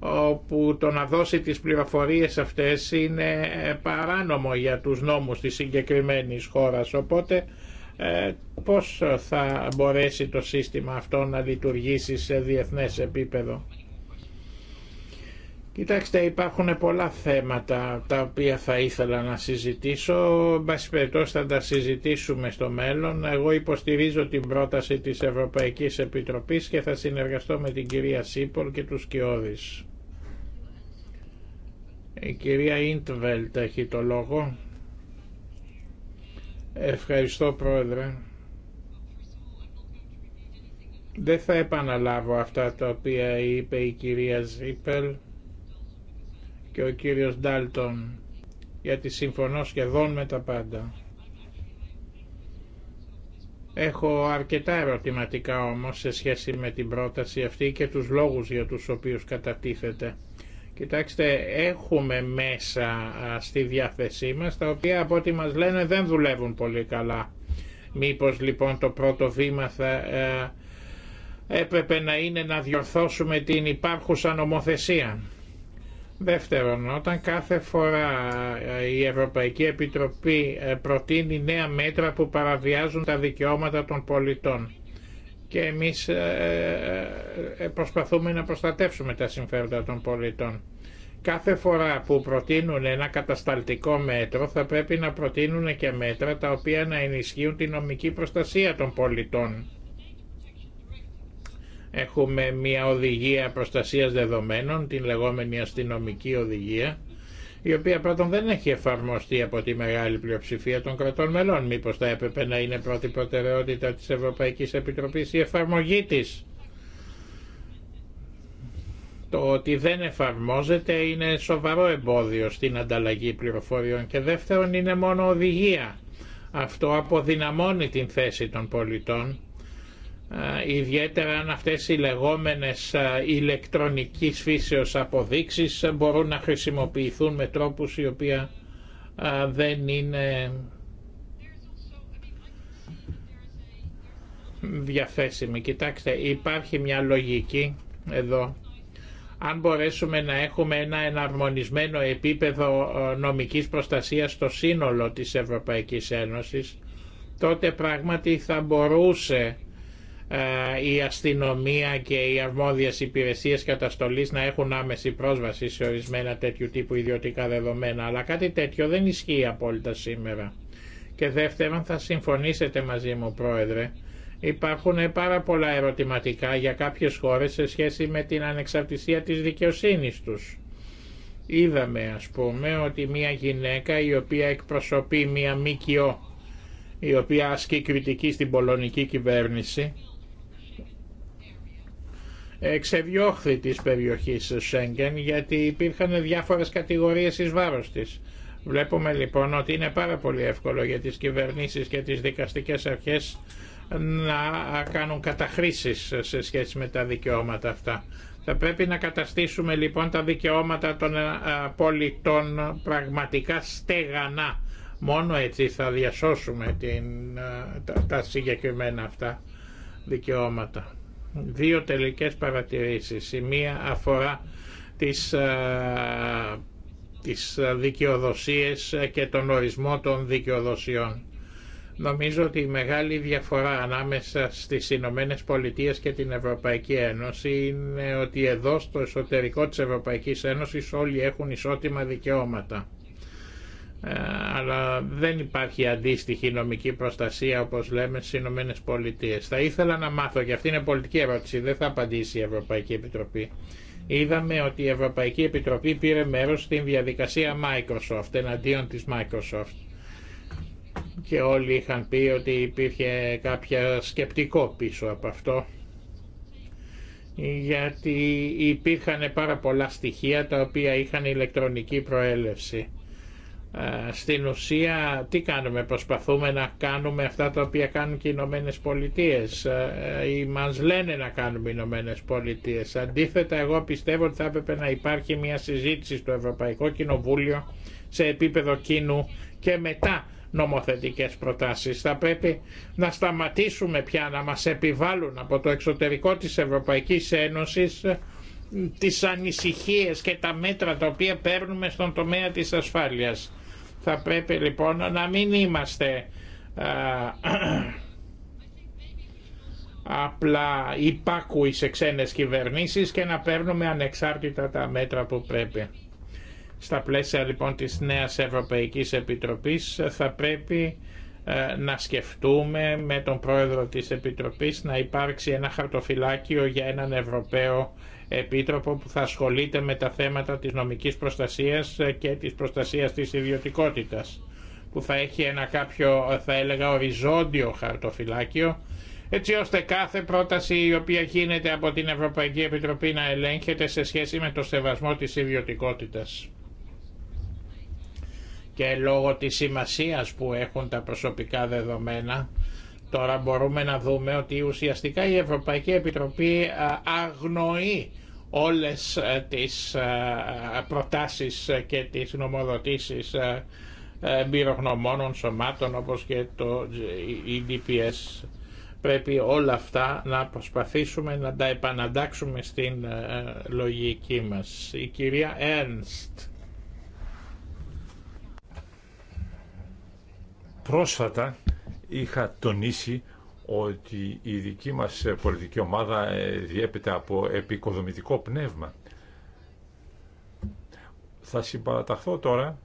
όπου το να δώσει τις πληροφορίες αυτές είναι παράνομο για τους νόμους της συγκεκριμένης χώρας. Οπότε ε, πώς θα μπορέσει το σύστημα αυτό να λειτουργήσει σε διεθνές επίπεδο. Κοιτάξτε, υπάρχουν πολλά θέματα τα οποία θα ήθελα να συζητήσω. Μπας περιπτώσει θα τα συζητήσουμε στο μέλλον. Εγώ υποστηρίζω την πρόταση της Ευρωπαϊκής Επιτροπής και θα συνεργαστώ με την κυρία Σίπολ και τους Κιώδης. Η κυρία Ιντβελτ έχει το λόγο. Ευχαριστώ Πρόεδρε. Δεν θα επαναλάβω αυτά τα οποία είπε η κυρία Ζίπελ και ο κύριος Ντάλτον, γιατί συμφωνώ σχεδόν με τα πάντα. Έχω αρκετά ερωτηματικά όμως σε σχέση με την πρόταση αυτή και τους λόγους για τους οποίους κατατίθεται. Κοιτάξτε, έχουμε μέσα στη διάθεσή μας, τα οποία από ό,τι μας λένε δεν δουλεύουν πολύ καλά. Μήπως λοιπόν το πρώτο βήμα θα ε, έπρεπε να είναι να διορθώσουμε την υπάρχουσα νομοθεσία. Δεύτερον, όταν κάθε φορά ε, η Ευρωπαϊκή Επιτροπή ε, προτείνει νέα μέτρα που παραβιάζουν τα δικαιώματα των πολιτών, και εμείς ε, ε, ε, προσπαθούμε να προστατεύσουμε τα συμφέροντα των πολιτών. Κάθε φορά που προτείνουν ένα κατασταλτικό μέτρο θα πρέπει να προτείνουν και μέτρα τα οποία να ενισχύουν την νομική προστασία των πολιτών. Έχουμε μια οδηγία προστασίας δεδομένων, την λεγόμενη αστυνομική οδηγία, η οποία πρώτον δεν έχει εφαρμοστεί από τη μεγάλη πλειοψηφία των κρατών μελών. Μήπως θα έπρεπε να είναι πρώτη προτεραιότητα της Ευρωπαϊκής Επιτροπής η εφαρμογή της. Το ότι δεν εφαρμόζεται είναι σοβαρό εμπόδιο στην ανταλλαγή πληροφοριών και δεύτερον είναι μόνο οδηγία. Αυτό αποδυναμώνει την θέση των πολιτών ιδιαίτερα αν αυτές οι λεγόμενες ηλεκτρονικής φύσεως αποδείξεις μπορούν να χρησιμοποιηθούν με τρόπους οι οποία δεν είναι διαθέσιμοι. Κοιτάξτε, υπάρχει μια λογική εδώ. Αν μπορέσουμε να έχουμε ένα εναρμονισμένο επίπεδο νομικής προστασίας στο σύνολο της Ευρωπαϊκής Ένωσης, τότε πράγματι θα μπορούσε ε, η αστυνομία και οι αρμόδιες υπηρεσίες καταστολής να έχουν άμεση πρόσβαση σε ορισμένα τέτοιου τύπου ιδιωτικά δεδομένα, αλλά κάτι τέτοιο δεν ισχύει απόλυτα σήμερα. Και δεύτερον, θα συμφωνήσετε μαζί μου, Πρόεδρε, υπάρχουν πάρα πολλά ερωτηματικά για κάποιες χώρες σε σχέση με την ανεξαρτησία της δικαιοσύνης τους. Είδαμε, ας πούμε, ότι μια γυναίκα η οποία εκπροσωπεί μια ΜΚΟ, η οποία ασκεί κριτική στην πολωνική κυβέρνηση, εξεδιώχθη της περιοχής Σέγγεν γιατί υπήρχαν διάφορες κατηγορίες εις βάρος της. Βλέπουμε λοιπόν ότι είναι πάρα πολύ εύκολο για τις κυβερνήσεις και τις δικαστικές αρχές να κάνουν καταχρήσεις σε σχέση με τα δικαιώματα αυτά. Θα πρέπει να καταστήσουμε λοιπόν τα δικαιώματα των ε, πολιτών πραγματικά στεγανά. Μόνο έτσι θα διασώσουμε την, ε, τα, τα συγκεκριμένα αυτά δικαιώματα δύο τελικές παρατηρήσεις. Η μία αφορά τις, ε, τις δικαιοδοσίες και τον ορισμό των δικαιοδοσιών. Νομίζω ότι η μεγάλη διαφορά ανάμεσα στις Ηνωμένε Πολιτείε και την Ευρωπαϊκή Ένωση είναι ότι εδώ στο εσωτερικό της Ευρωπαϊκής Ένωσης όλοι έχουν ισότιμα δικαιώματα. Ε, αλλά δεν υπάρχει αντίστοιχη νομική προστασία όπως λέμε στι Ηνωμένε Πολιτείε. Θα ήθελα να μάθω, και αυτή είναι πολιτική ερώτηση, δεν θα απαντήσει η Ευρωπαϊκή Επιτροπή. Είδαμε ότι η Ευρωπαϊκή Επιτροπή πήρε μέρος στην διαδικασία Microsoft, εναντίον της Microsoft. Και όλοι είχαν πει ότι υπήρχε κάποια σκεπτικό πίσω από αυτό γιατί υπήρχαν πάρα πολλά στοιχεία τα οποία είχαν ηλεκτρονική προέλευση ε, στην ουσία τι κάνουμε, προσπαθούμε να κάνουμε αυτά τα οποία κάνουν και οι Ηνωμένε Πολιτείε ε, ε, ή μα λένε να κάνουμε οι Ηνωμένε Πολιτείε. Αντίθετα, εγώ πιστεύω ότι θα έπρεπε να υπάρχει μια συζήτηση στο Ευρωπαϊκό Κοινοβούλιο σε επίπεδο κίνου και μετά νομοθετικές προτάσεις. Θα πρέπει να σταματήσουμε πια να μας επιβάλλουν από το εξωτερικό της Ευρωπαϊκής Ένωσης τις ανησυχίες και τα μέτρα τα οποία παίρνουμε στον τομέα της ασφάλειας. Θα πρέπει λοιπόν να μην είμαστε απλά υπάκουοι σε ξένες κυβερνήσεις και να παίρνουμε ανεξάρτητα τα μέτρα που πρέπει. Στα πλαίσια λοιπόν της νέας Ευρωπαϊκής Επιτροπής θα πρέπει ε, να σκεφτούμε με τον πρόεδρο της Επιτροπής να υπάρξει ένα χαρτοφυλάκιο για έναν Ευρωπαίο επίτροπο που θα ασχολείται με τα θέματα της νομικής προστασίας και της προστασίας της ιδιωτικότητας που θα έχει ένα κάποιο θα έλεγα οριζόντιο χαρτοφυλάκιο έτσι ώστε κάθε πρόταση η οποία γίνεται από την Ευρωπαϊκή Επιτροπή να ελέγχεται σε σχέση με το σεβασμό της ιδιωτικότητας. Και λόγω της σημασίας που έχουν τα προσωπικά δεδομένα Τώρα μπορούμε να δούμε ότι ουσιαστικά η Ευρωπαϊκή Επιτροπή ε, αγνοεί όλες ε, τις ε, προτάσεις και τις νομοδοτήσεις εμπειρογνωμόνων σωμάτων όπως και το EDPS. Πρέπει όλα αυτά να προσπαθήσουμε να τα επαναντάξουμε στην λογική μας. Η κυρία Ένστ. Πρόσφατα είχα τονίσει ότι η δική μας πολιτική ομάδα ε, διέπεται από επικοδομητικό πνεύμα. Θα συμπαραταχθώ τώρα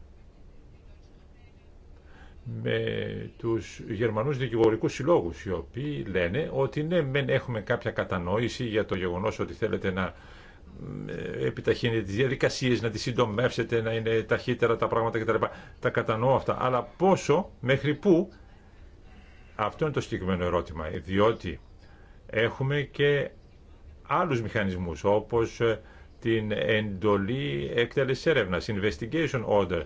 με τους Γερμανούς δικηγορικούς συλλόγους οι οποίοι λένε ότι ναι έχουμε κάποια κατανόηση για το γεγονός ότι θέλετε να ε, επιταχύνετε τις διαδικασίες, να τις συντομεύσετε, να είναι ταχύτερα τα πράγματα κτλ. Τα κατανοώ αυτά. Αλλά πόσο, μέχρι πού αυτό είναι το συγκεκριμένο ερώτημα, διότι έχουμε και άλλους μηχανισμούς, όπως ε, την εντολή εκτέλεση έρευνα, investigation order.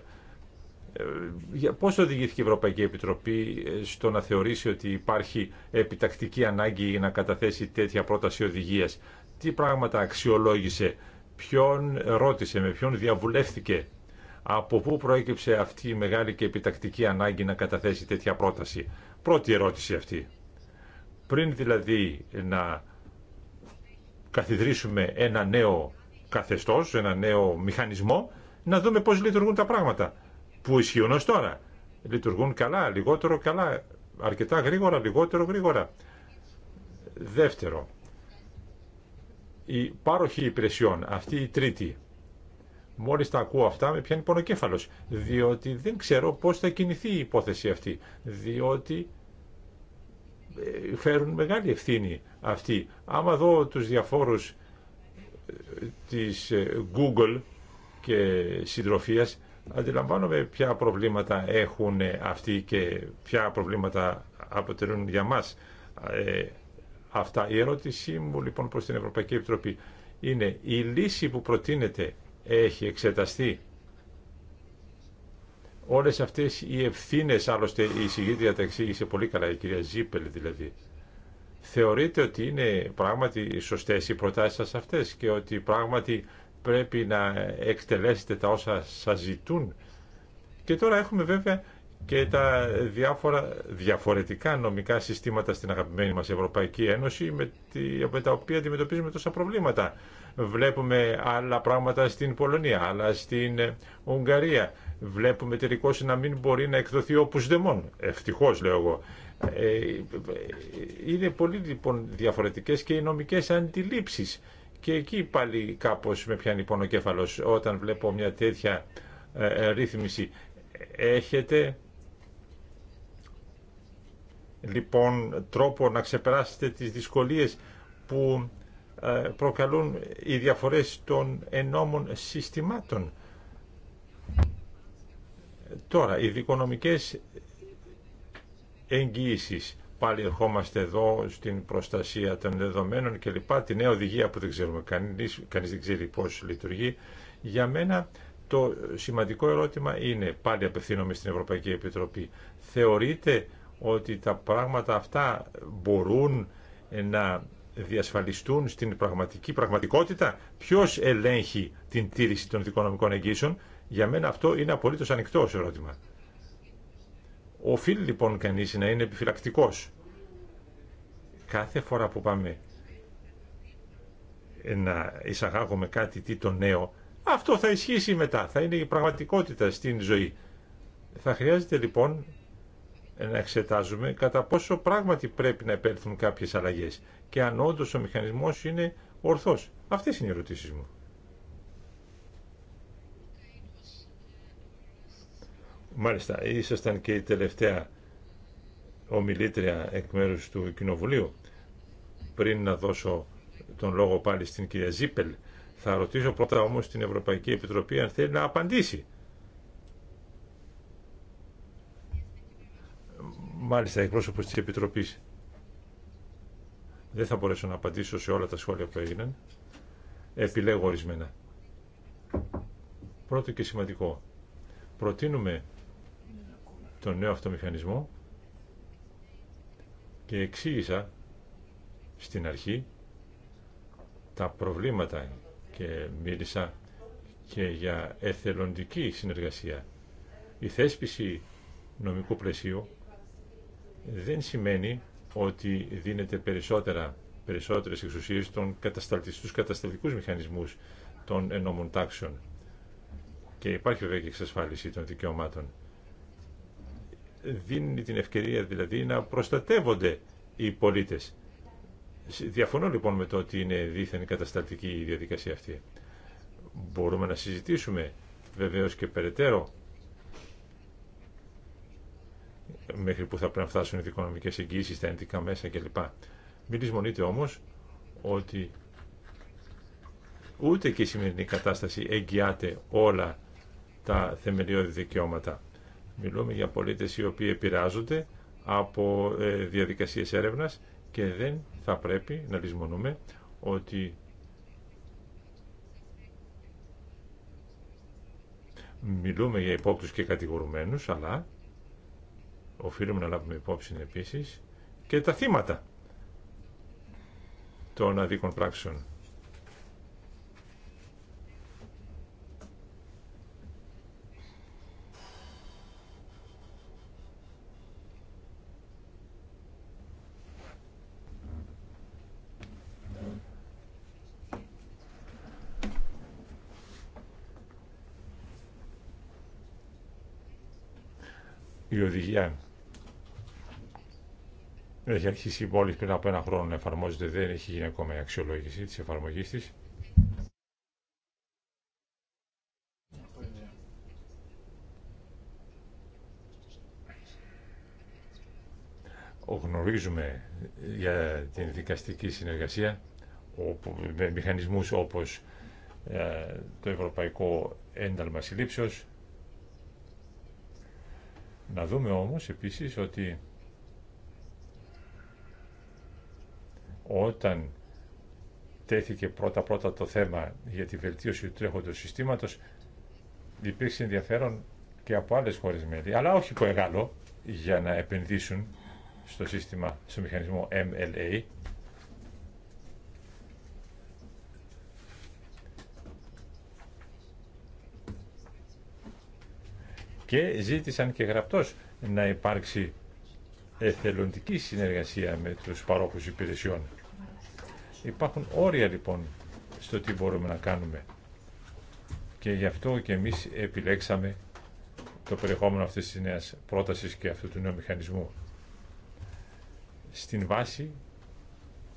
Ε, πώς οδηγήθηκε η Ευρωπαϊκή Επιτροπή ε, στο να θεωρήσει ότι υπάρχει επιτακτική ανάγκη να καταθέσει τέτοια πρόταση οδηγίας. Τι πράγματα αξιολόγησε, ποιον ρώτησε, με ποιον διαβουλεύθηκε, από πού προέκυψε αυτή η μεγάλη και επιτακτική ανάγκη να καταθέσει τέτοια πρόταση. Πρώτη ερώτηση αυτή. Πριν δηλαδή να καθιδρύσουμε ένα νέο καθεστώς, ένα νέο μηχανισμό, να δούμε πώς λειτουργούν τα πράγματα που ισχύουν ως τώρα. Λειτουργούν καλά, λιγότερο καλά, αρκετά γρήγορα, λιγότερο γρήγορα. Δεύτερο, η πάροχη υπηρεσιών, αυτή η τρίτη, Μόλι τα ακούω αυτά με πιάνει πονοκέφαλος, διότι δεν ξέρω πώς θα κινηθεί η υπόθεση αυτή, διότι ε, φέρουν μεγάλη ευθύνη αυτοί. Άμα δω τους διαφόρους ε, της ε, Google και συντροφίας, αντιλαμβάνομαι ποια προβλήματα έχουν αυτοί και ποια προβλήματα αποτελούν για μας αυτά. Η ερώτησή μου λοιπόν προς την Ευρωπαϊκή Επιτροπή είναι η λύση που προτείνεται έχει εξεταστεί. Όλες αυτές οι ευθύνες, άλλωστε η συγγήτρια τα εξήγησε πολύ καλά, η κυρία Ζίπελ δηλαδή. Θεωρείτε ότι είναι πράγματι σωστές οι προτάσεις σας αυτές και ότι πράγματι πρέπει να εκτελέσετε τα όσα σας ζητούν. Και τώρα έχουμε βέβαια και τα διάφορα διαφορετικά νομικά συστήματα στην αγαπημένη μας Ευρωπαϊκή Ένωση με, τη, με τα οποία αντιμετωπίζουμε τόσα προβλήματα. Βλέπουμε άλλα πράγματα στην Πολωνία, άλλα στην Ουγγαρία. Βλέπουμε τελικώ να μην μπορεί να εκδοθεί όπως δεμόν. ευτυχώ λέω εγώ. Ε, είναι πολύ λοιπόν διαφορετικές και οι νομικές αντιλήψεις. Και εκεί πάλι κάπως με πιάνει κέφαλος. όταν βλέπω μια τέτοια ε, ε, ρύθμιση. Έχετε λοιπόν τρόπο να ξεπεράσετε τις δυσκολίες που ε, προκαλούν οι διαφορές των ενόμων συστημάτων. Τώρα, οι δικονομικές εγγύησεις. Πάλι ερχόμαστε εδώ στην προστασία των δεδομένων και λοιπά, τη νέα οδηγία που δεν ξέρουμε κανείς, κανείς δεν ξέρει πώς λειτουργεί. Για μένα το σημαντικό ερώτημα είναι, πάλι απευθύνομαι στην Ευρωπαϊκή Επιτροπή, θεωρείτε ότι τα πράγματα αυτά μπορούν να διασφαλιστούν στην πραγματική πραγματικότητα. Ποιο ελέγχει την τήρηση των δικονομικών εγγύσεων. Για μένα αυτό είναι απολύτως ανοιχτό ερώτημα. Οφείλει λοιπόν κανεί να είναι επιφυλακτικό. Κάθε φορά που πάμε να εισαγάγουμε κάτι τι το νέο, αυτό θα ισχύσει μετά, θα είναι η πραγματικότητα στην ζωή. Θα χρειάζεται λοιπόν να εξετάζουμε κατά πόσο πράγματι πρέπει να επέλθουν κάποιες αλλαγές και αν όντω ο μηχανισμός είναι ορθός. Αυτές είναι οι ερωτήσεις μου. Μάλιστα, ήσασταν και η τελευταία ομιλήτρια εκ μέρους του Κοινοβουλίου. Πριν να δώσω τον λόγο πάλι στην κυρία Ζίπελ, θα ρωτήσω πρώτα όμως την Ευρωπαϊκή Επιτροπή αν θέλει να απαντήσει Μάλιστα, εκπρόσωπος της Επιτροπής. Δεν θα μπορέσω να απαντήσω σε όλα τα σχόλια που έγιναν. Επιλέγω ορισμένα. Πρώτο και σημαντικό. Προτείνουμε τον νέο αυτομηχανισμό και εξήγησα στην αρχή τα προβλήματα και μίλησα και για εθελοντική συνεργασία. Η θέσπιση νομικού πλαισίου δεν σημαίνει ότι δίνεται περισσότερα, περισσότερες εξουσίες στον κατασταλτικούς, κατασταλτικούς μηχανισμούς των ενόμων τάξεων. Και υπάρχει βέβαια και εξασφάλιση των δικαιωμάτων. Δίνει την ευκαιρία δηλαδή να προστατεύονται οι πολίτες. Διαφωνώ λοιπόν με το ότι είναι δίθεν κατασταλτική η διαδικασία αυτή. Μπορούμε να συζητήσουμε βεβαίως και περαιτέρω μέχρι που θα πρέπει να φτάσουν οι δικονομικές εγγύησεις, τα ενδικά μέσα κλπ. Μην λησμονείτε όμως ότι ούτε και η σημερινή κατάσταση εγγυάται όλα τα θεμελιώδη δικαιώματα. Μιλούμε για πολίτες οι οποίοι επηρεάζονται από ε, διαδικασίες έρευνας και δεν θα πρέπει να λησμονούμε ότι μιλούμε για υπόπτους και κατηγορουμένους, αλλά Οφείλουμε να λάβουμε υπόψη επίσης και τα θύματα των αδίκων πράξεων. Η οδηγία έχει αρχίσει πόλη πριν από ένα χρόνο να εφαρμόζεται, δεν έχει γίνει ακόμα η αξιολόγηση της εφαρμογής της. Γνωρίζουμε για την δικαστική συνεργασία με μηχανισμούς όπως ε, το Ευρωπαϊκό Ένταλμα Συλλήψεως. Να δούμε όμως επίσης ότι Όταν τέθηκε πρώτα-πρώτα το θέμα για τη βελτίωση του τρέχοντος συστήματος, υπήρξε ενδιαφέρον και από άλλες χώρες μέλη, αλλά όχι από Εγάλο, για να επενδύσουν στο σύστημα, στο μηχανισμό MLA. Και ζήτησαν και γραπτός να υπάρξει εθελοντική συνεργασία με τους παρόχους υπηρεσιών. Υπάρχουν όρια λοιπόν στο τι μπορούμε να κάνουμε. Και γι' αυτό και εμείς επιλέξαμε το περιεχόμενο αυτής της νέας πρότασης και αυτού του νέου μηχανισμού. Στην βάση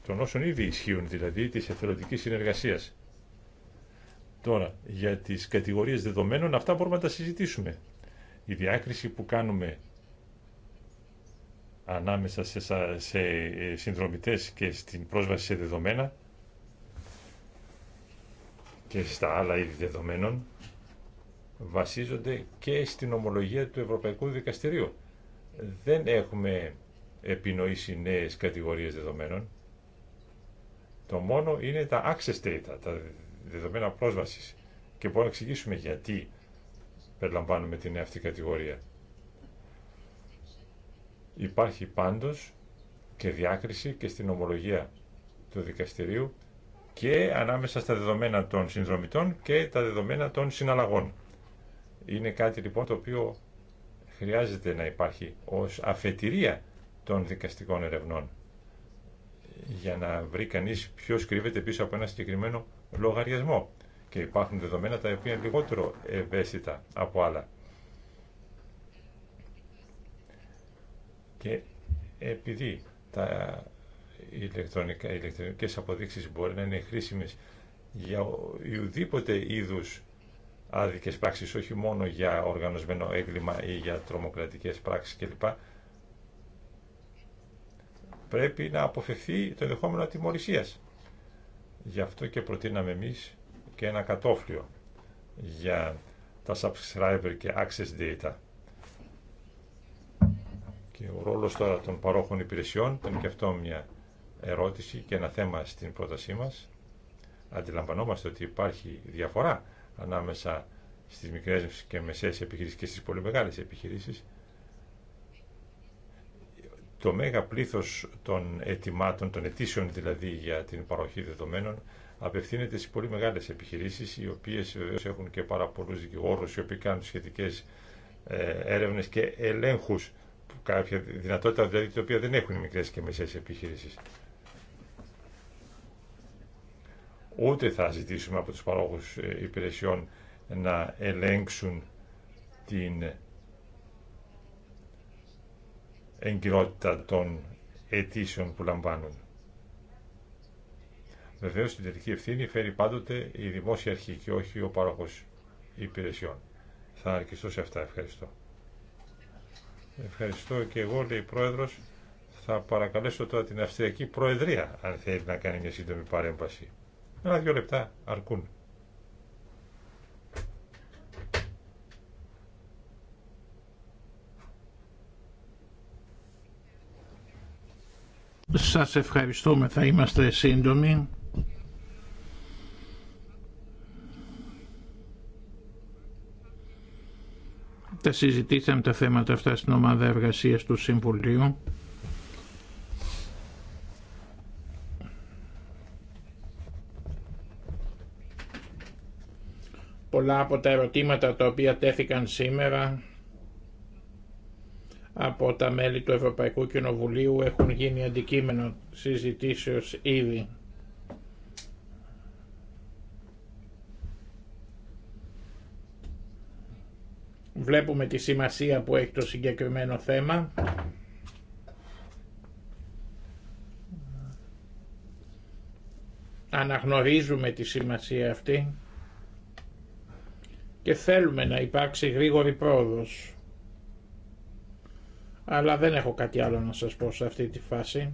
των όσων ήδη ισχύουν, δηλαδή της εθελοντικής συνεργασίας. Τώρα, για τις κατηγορίες δεδομένων, αυτά μπορούμε να τα συζητήσουμε. Η διάκριση που κάνουμε ανάμεσα σε, σε ε, συνδρομητές και στην πρόσβαση σε δεδομένα και στα άλλα είδη δεδομένων βασίζονται και στην ομολογία του Ευρωπαϊκού Δικαστηρίου. Δεν έχουμε επινοήσει νέες κατηγορίες δεδομένων. Το μόνο είναι τα access data, τα δεδομένα πρόσβασης. Και μπορούμε να εξηγήσουμε γιατί περιλαμβάνουμε την αυτή κατηγορία. Υπάρχει πάντως και διάκριση και στην ομολογία του δικαστηρίου και ανάμεσα στα δεδομένα των συνδρομητών και τα δεδομένα των συναλλαγών. Είναι κάτι λοιπόν το οποίο χρειάζεται να υπάρχει ως αφετηρία των δικαστικών ερευνών για να βρει κανείς ποιος κρύβεται πίσω από ένα συγκεκριμένο λογαριασμό και υπάρχουν δεδομένα τα οποία είναι λιγότερο ευαίσθητα από άλλα. Και επειδή τα ηλεκτρονικά, ηλεκτρονικές αποδείξεις μπορεί να είναι χρήσιμες για ουδήποτε είδους άδικες πράξεις, όχι μόνο για οργανωσμένο έγκλημα ή για τρομοκρατικές πράξεις κλπ. Πρέπει να αποφευθεί το ενδεχόμενο ατιμορρησίας. Γι' αυτό και προτείναμε εμείς και ένα κατόφλιο για τα subscriber και access data. Και ο ρόλος τώρα των παρόχων υπηρεσιών ήταν και αυτό μια ερώτηση και ένα θέμα στην πρότασή μας. Αντιλαμβανόμαστε ότι υπάρχει διαφορά ανάμεσα στις μικρές και μεσαίες επιχειρήσεις και στις πολύ μεγάλες επιχειρήσεις. Το μέγα πλήθος των ετοιμάτων, των αιτήσεων δηλαδή για την παροχή δεδομένων, απευθύνεται στι πολύ μεγάλες επιχειρήσεις, οι οποίες βεβαίω έχουν και πάρα πολλούς δικηγόρους, οι οποίοι κάνουν σχετικές ε, έρευνες και ελέγχους κάποια δυνατότητα δηλαδή την οποία δεν έχουν οι μικρές και μεσαίες επιχειρήσεις. Ούτε θα ζητήσουμε από τους παρόχους ε, υπηρεσιών να ελέγξουν την εγκυρότητα των αιτήσεων που λαμβάνουν. Βεβαίω την τελική ευθύνη φέρει πάντοτε η δημόσια αρχή και όχι ο παρόχος υπηρεσιών. Θα αρκεστώ σε αυτά. Ευχαριστώ. Ευχαριστώ και εγώ, λέει η Πρόεδρος. Θα παρακαλέσω τώρα την Αυστριακή Προεδρία, αν θέλει να κάνει μια σύντομη παρέμβαση. Ένα δύο λεπτά αρκούν. Σας ευχαριστούμε, θα είμαστε σύντομοι. Τα συζητήσαμε τα θέματα αυτά στην ομάδα εργασίας του Συμβουλίου. Πολλά από τα ερωτήματα τα οποία τέθηκαν σήμερα από τα μέλη του Ευρωπαϊκού Κοινοβουλίου έχουν γίνει αντικείμενο συζητήσεως ήδη. Βλέπουμε τη σημασία που έχει το συγκεκριμένο θέμα. Αναγνωρίζουμε τη σημασία αυτή και θέλουμε να υπάρξει γρήγορη πρόοδος. Αλλά δεν έχω κάτι άλλο να σας πω σε αυτή τη φάση.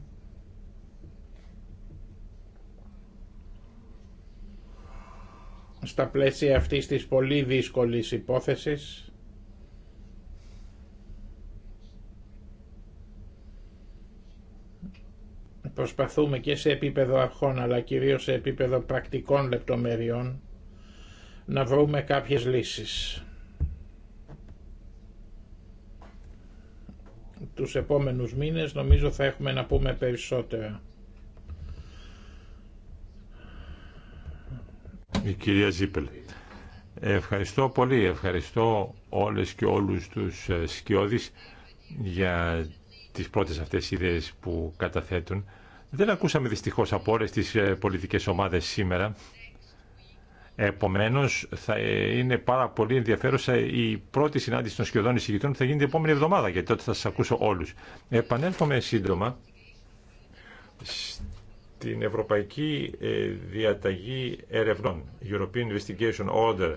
Στα πλαίσια αυτής της πολύ δύσκολης υπόθεσης προσπαθούμε και σε επίπεδο αρχών αλλά κυρίως σε επίπεδο πρακτικών λεπτομεριών να βρούμε κάποιες λύσεις. Τους επόμενους μήνες νομίζω θα έχουμε να πούμε περισσότερα. Η κυρία Ζήπελ. Ευχαριστώ πολύ. Ευχαριστώ όλες και όλους τους ε, σκιώδεις για τις πρώτες αυτές ιδέες που καταθέτουν δεν ακούσαμε δυστυχώς από όλες τις ε, πολιτικές ομάδες σήμερα. Επομένως, θα ε, είναι πάρα πολύ ενδιαφέρουσα η πρώτη συνάντηση των σχεδόν εισηγητών που θα γίνει την επόμενη εβδομάδα, γιατί τότε θα σας ακούσω όλους. Επανέλθουμε σύντομα στην Ευρωπαϊκή ε, Διαταγή Ερευνών, European Investigation Order.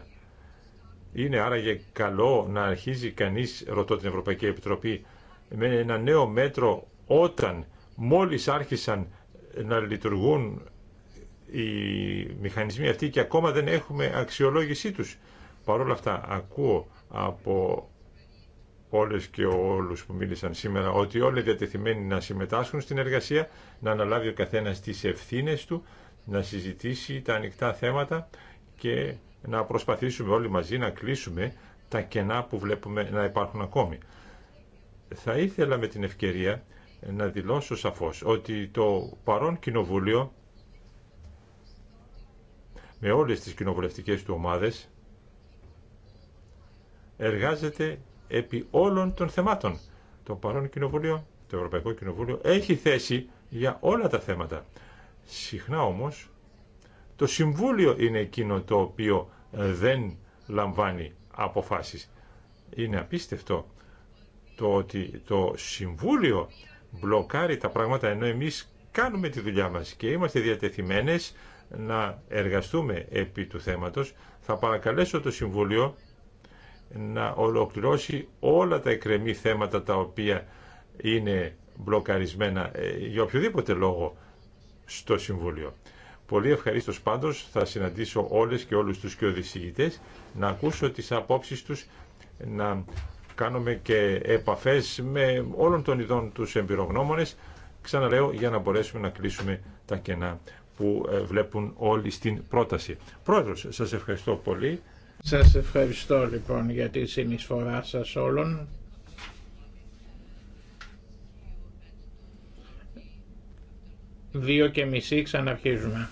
Είναι άραγε καλό να αρχίζει κανείς, ρωτώ την Ευρωπαϊκή Επιτροπή, με ένα νέο μέτρο όταν μόλις άρχισαν να λειτουργούν οι μηχανισμοί αυτοί και ακόμα δεν έχουμε αξιολόγησή τους. Παρ' όλα αυτά ακούω από όλες και όλους που μίλησαν σήμερα ότι όλοι διατεθειμένοι να συμμετάσχουν στην εργασία, να αναλάβει ο καθένας τις ευθύνες του, να συζητήσει τα ανοιχτά θέματα και να προσπαθήσουμε όλοι μαζί να κλείσουμε τα κενά που βλέπουμε να υπάρχουν ακόμη. Θα ήθελα με την ευκαιρία να δηλώσω σαφώς ότι το παρόν κοινοβούλιο με όλες τις κοινοβουλευτικές του ομάδες εργάζεται επί όλων των θεμάτων. Το παρόν κοινοβούλιο, το Ευρωπαϊκό Κοινοβούλιο έχει θέση για όλα τα θέματα. Συχνά όμως το Συμβούλιο είναι εκείνο το οποίο δεν λαμβάνει αποφάσεις. Είναι απίστευτο το ότι το Συμβούλιο μπλοκάρει τα πράγματα ενώ εμείς κάνουμε τη δουλειά μας και είμαστε διατεθειμένες να εργαστούμε επί του θέματος. Θα παρακαλέσω το Συμβούλιο να ολοκληρώσει όλα τα εκκρεμή θέματα τα οποία είναι μπλοκαρισμένα ε, για οποιοδήποτε λόγο στο Συμβούλιο. Πολύ ευχαρίστω πάντως θα συναντήσω όλες και όλους τους και να ακούσω τις απόψεις τους, να κάνουμε και επαφές με όλων των ειδών τους εμπειρογνώμονες, ξαναλέω, για να μπορέσουμε να κλείσουμε τα κενά που ε, βλέπουν όλοι στην πρόταση. Πρόεδρος, σας ευχαριστώ πολύ. Σας ευχαριστώ λοιπόν για τη συνεισφορά σας όλων. Δύο και μισή ξαναρχίζουμε.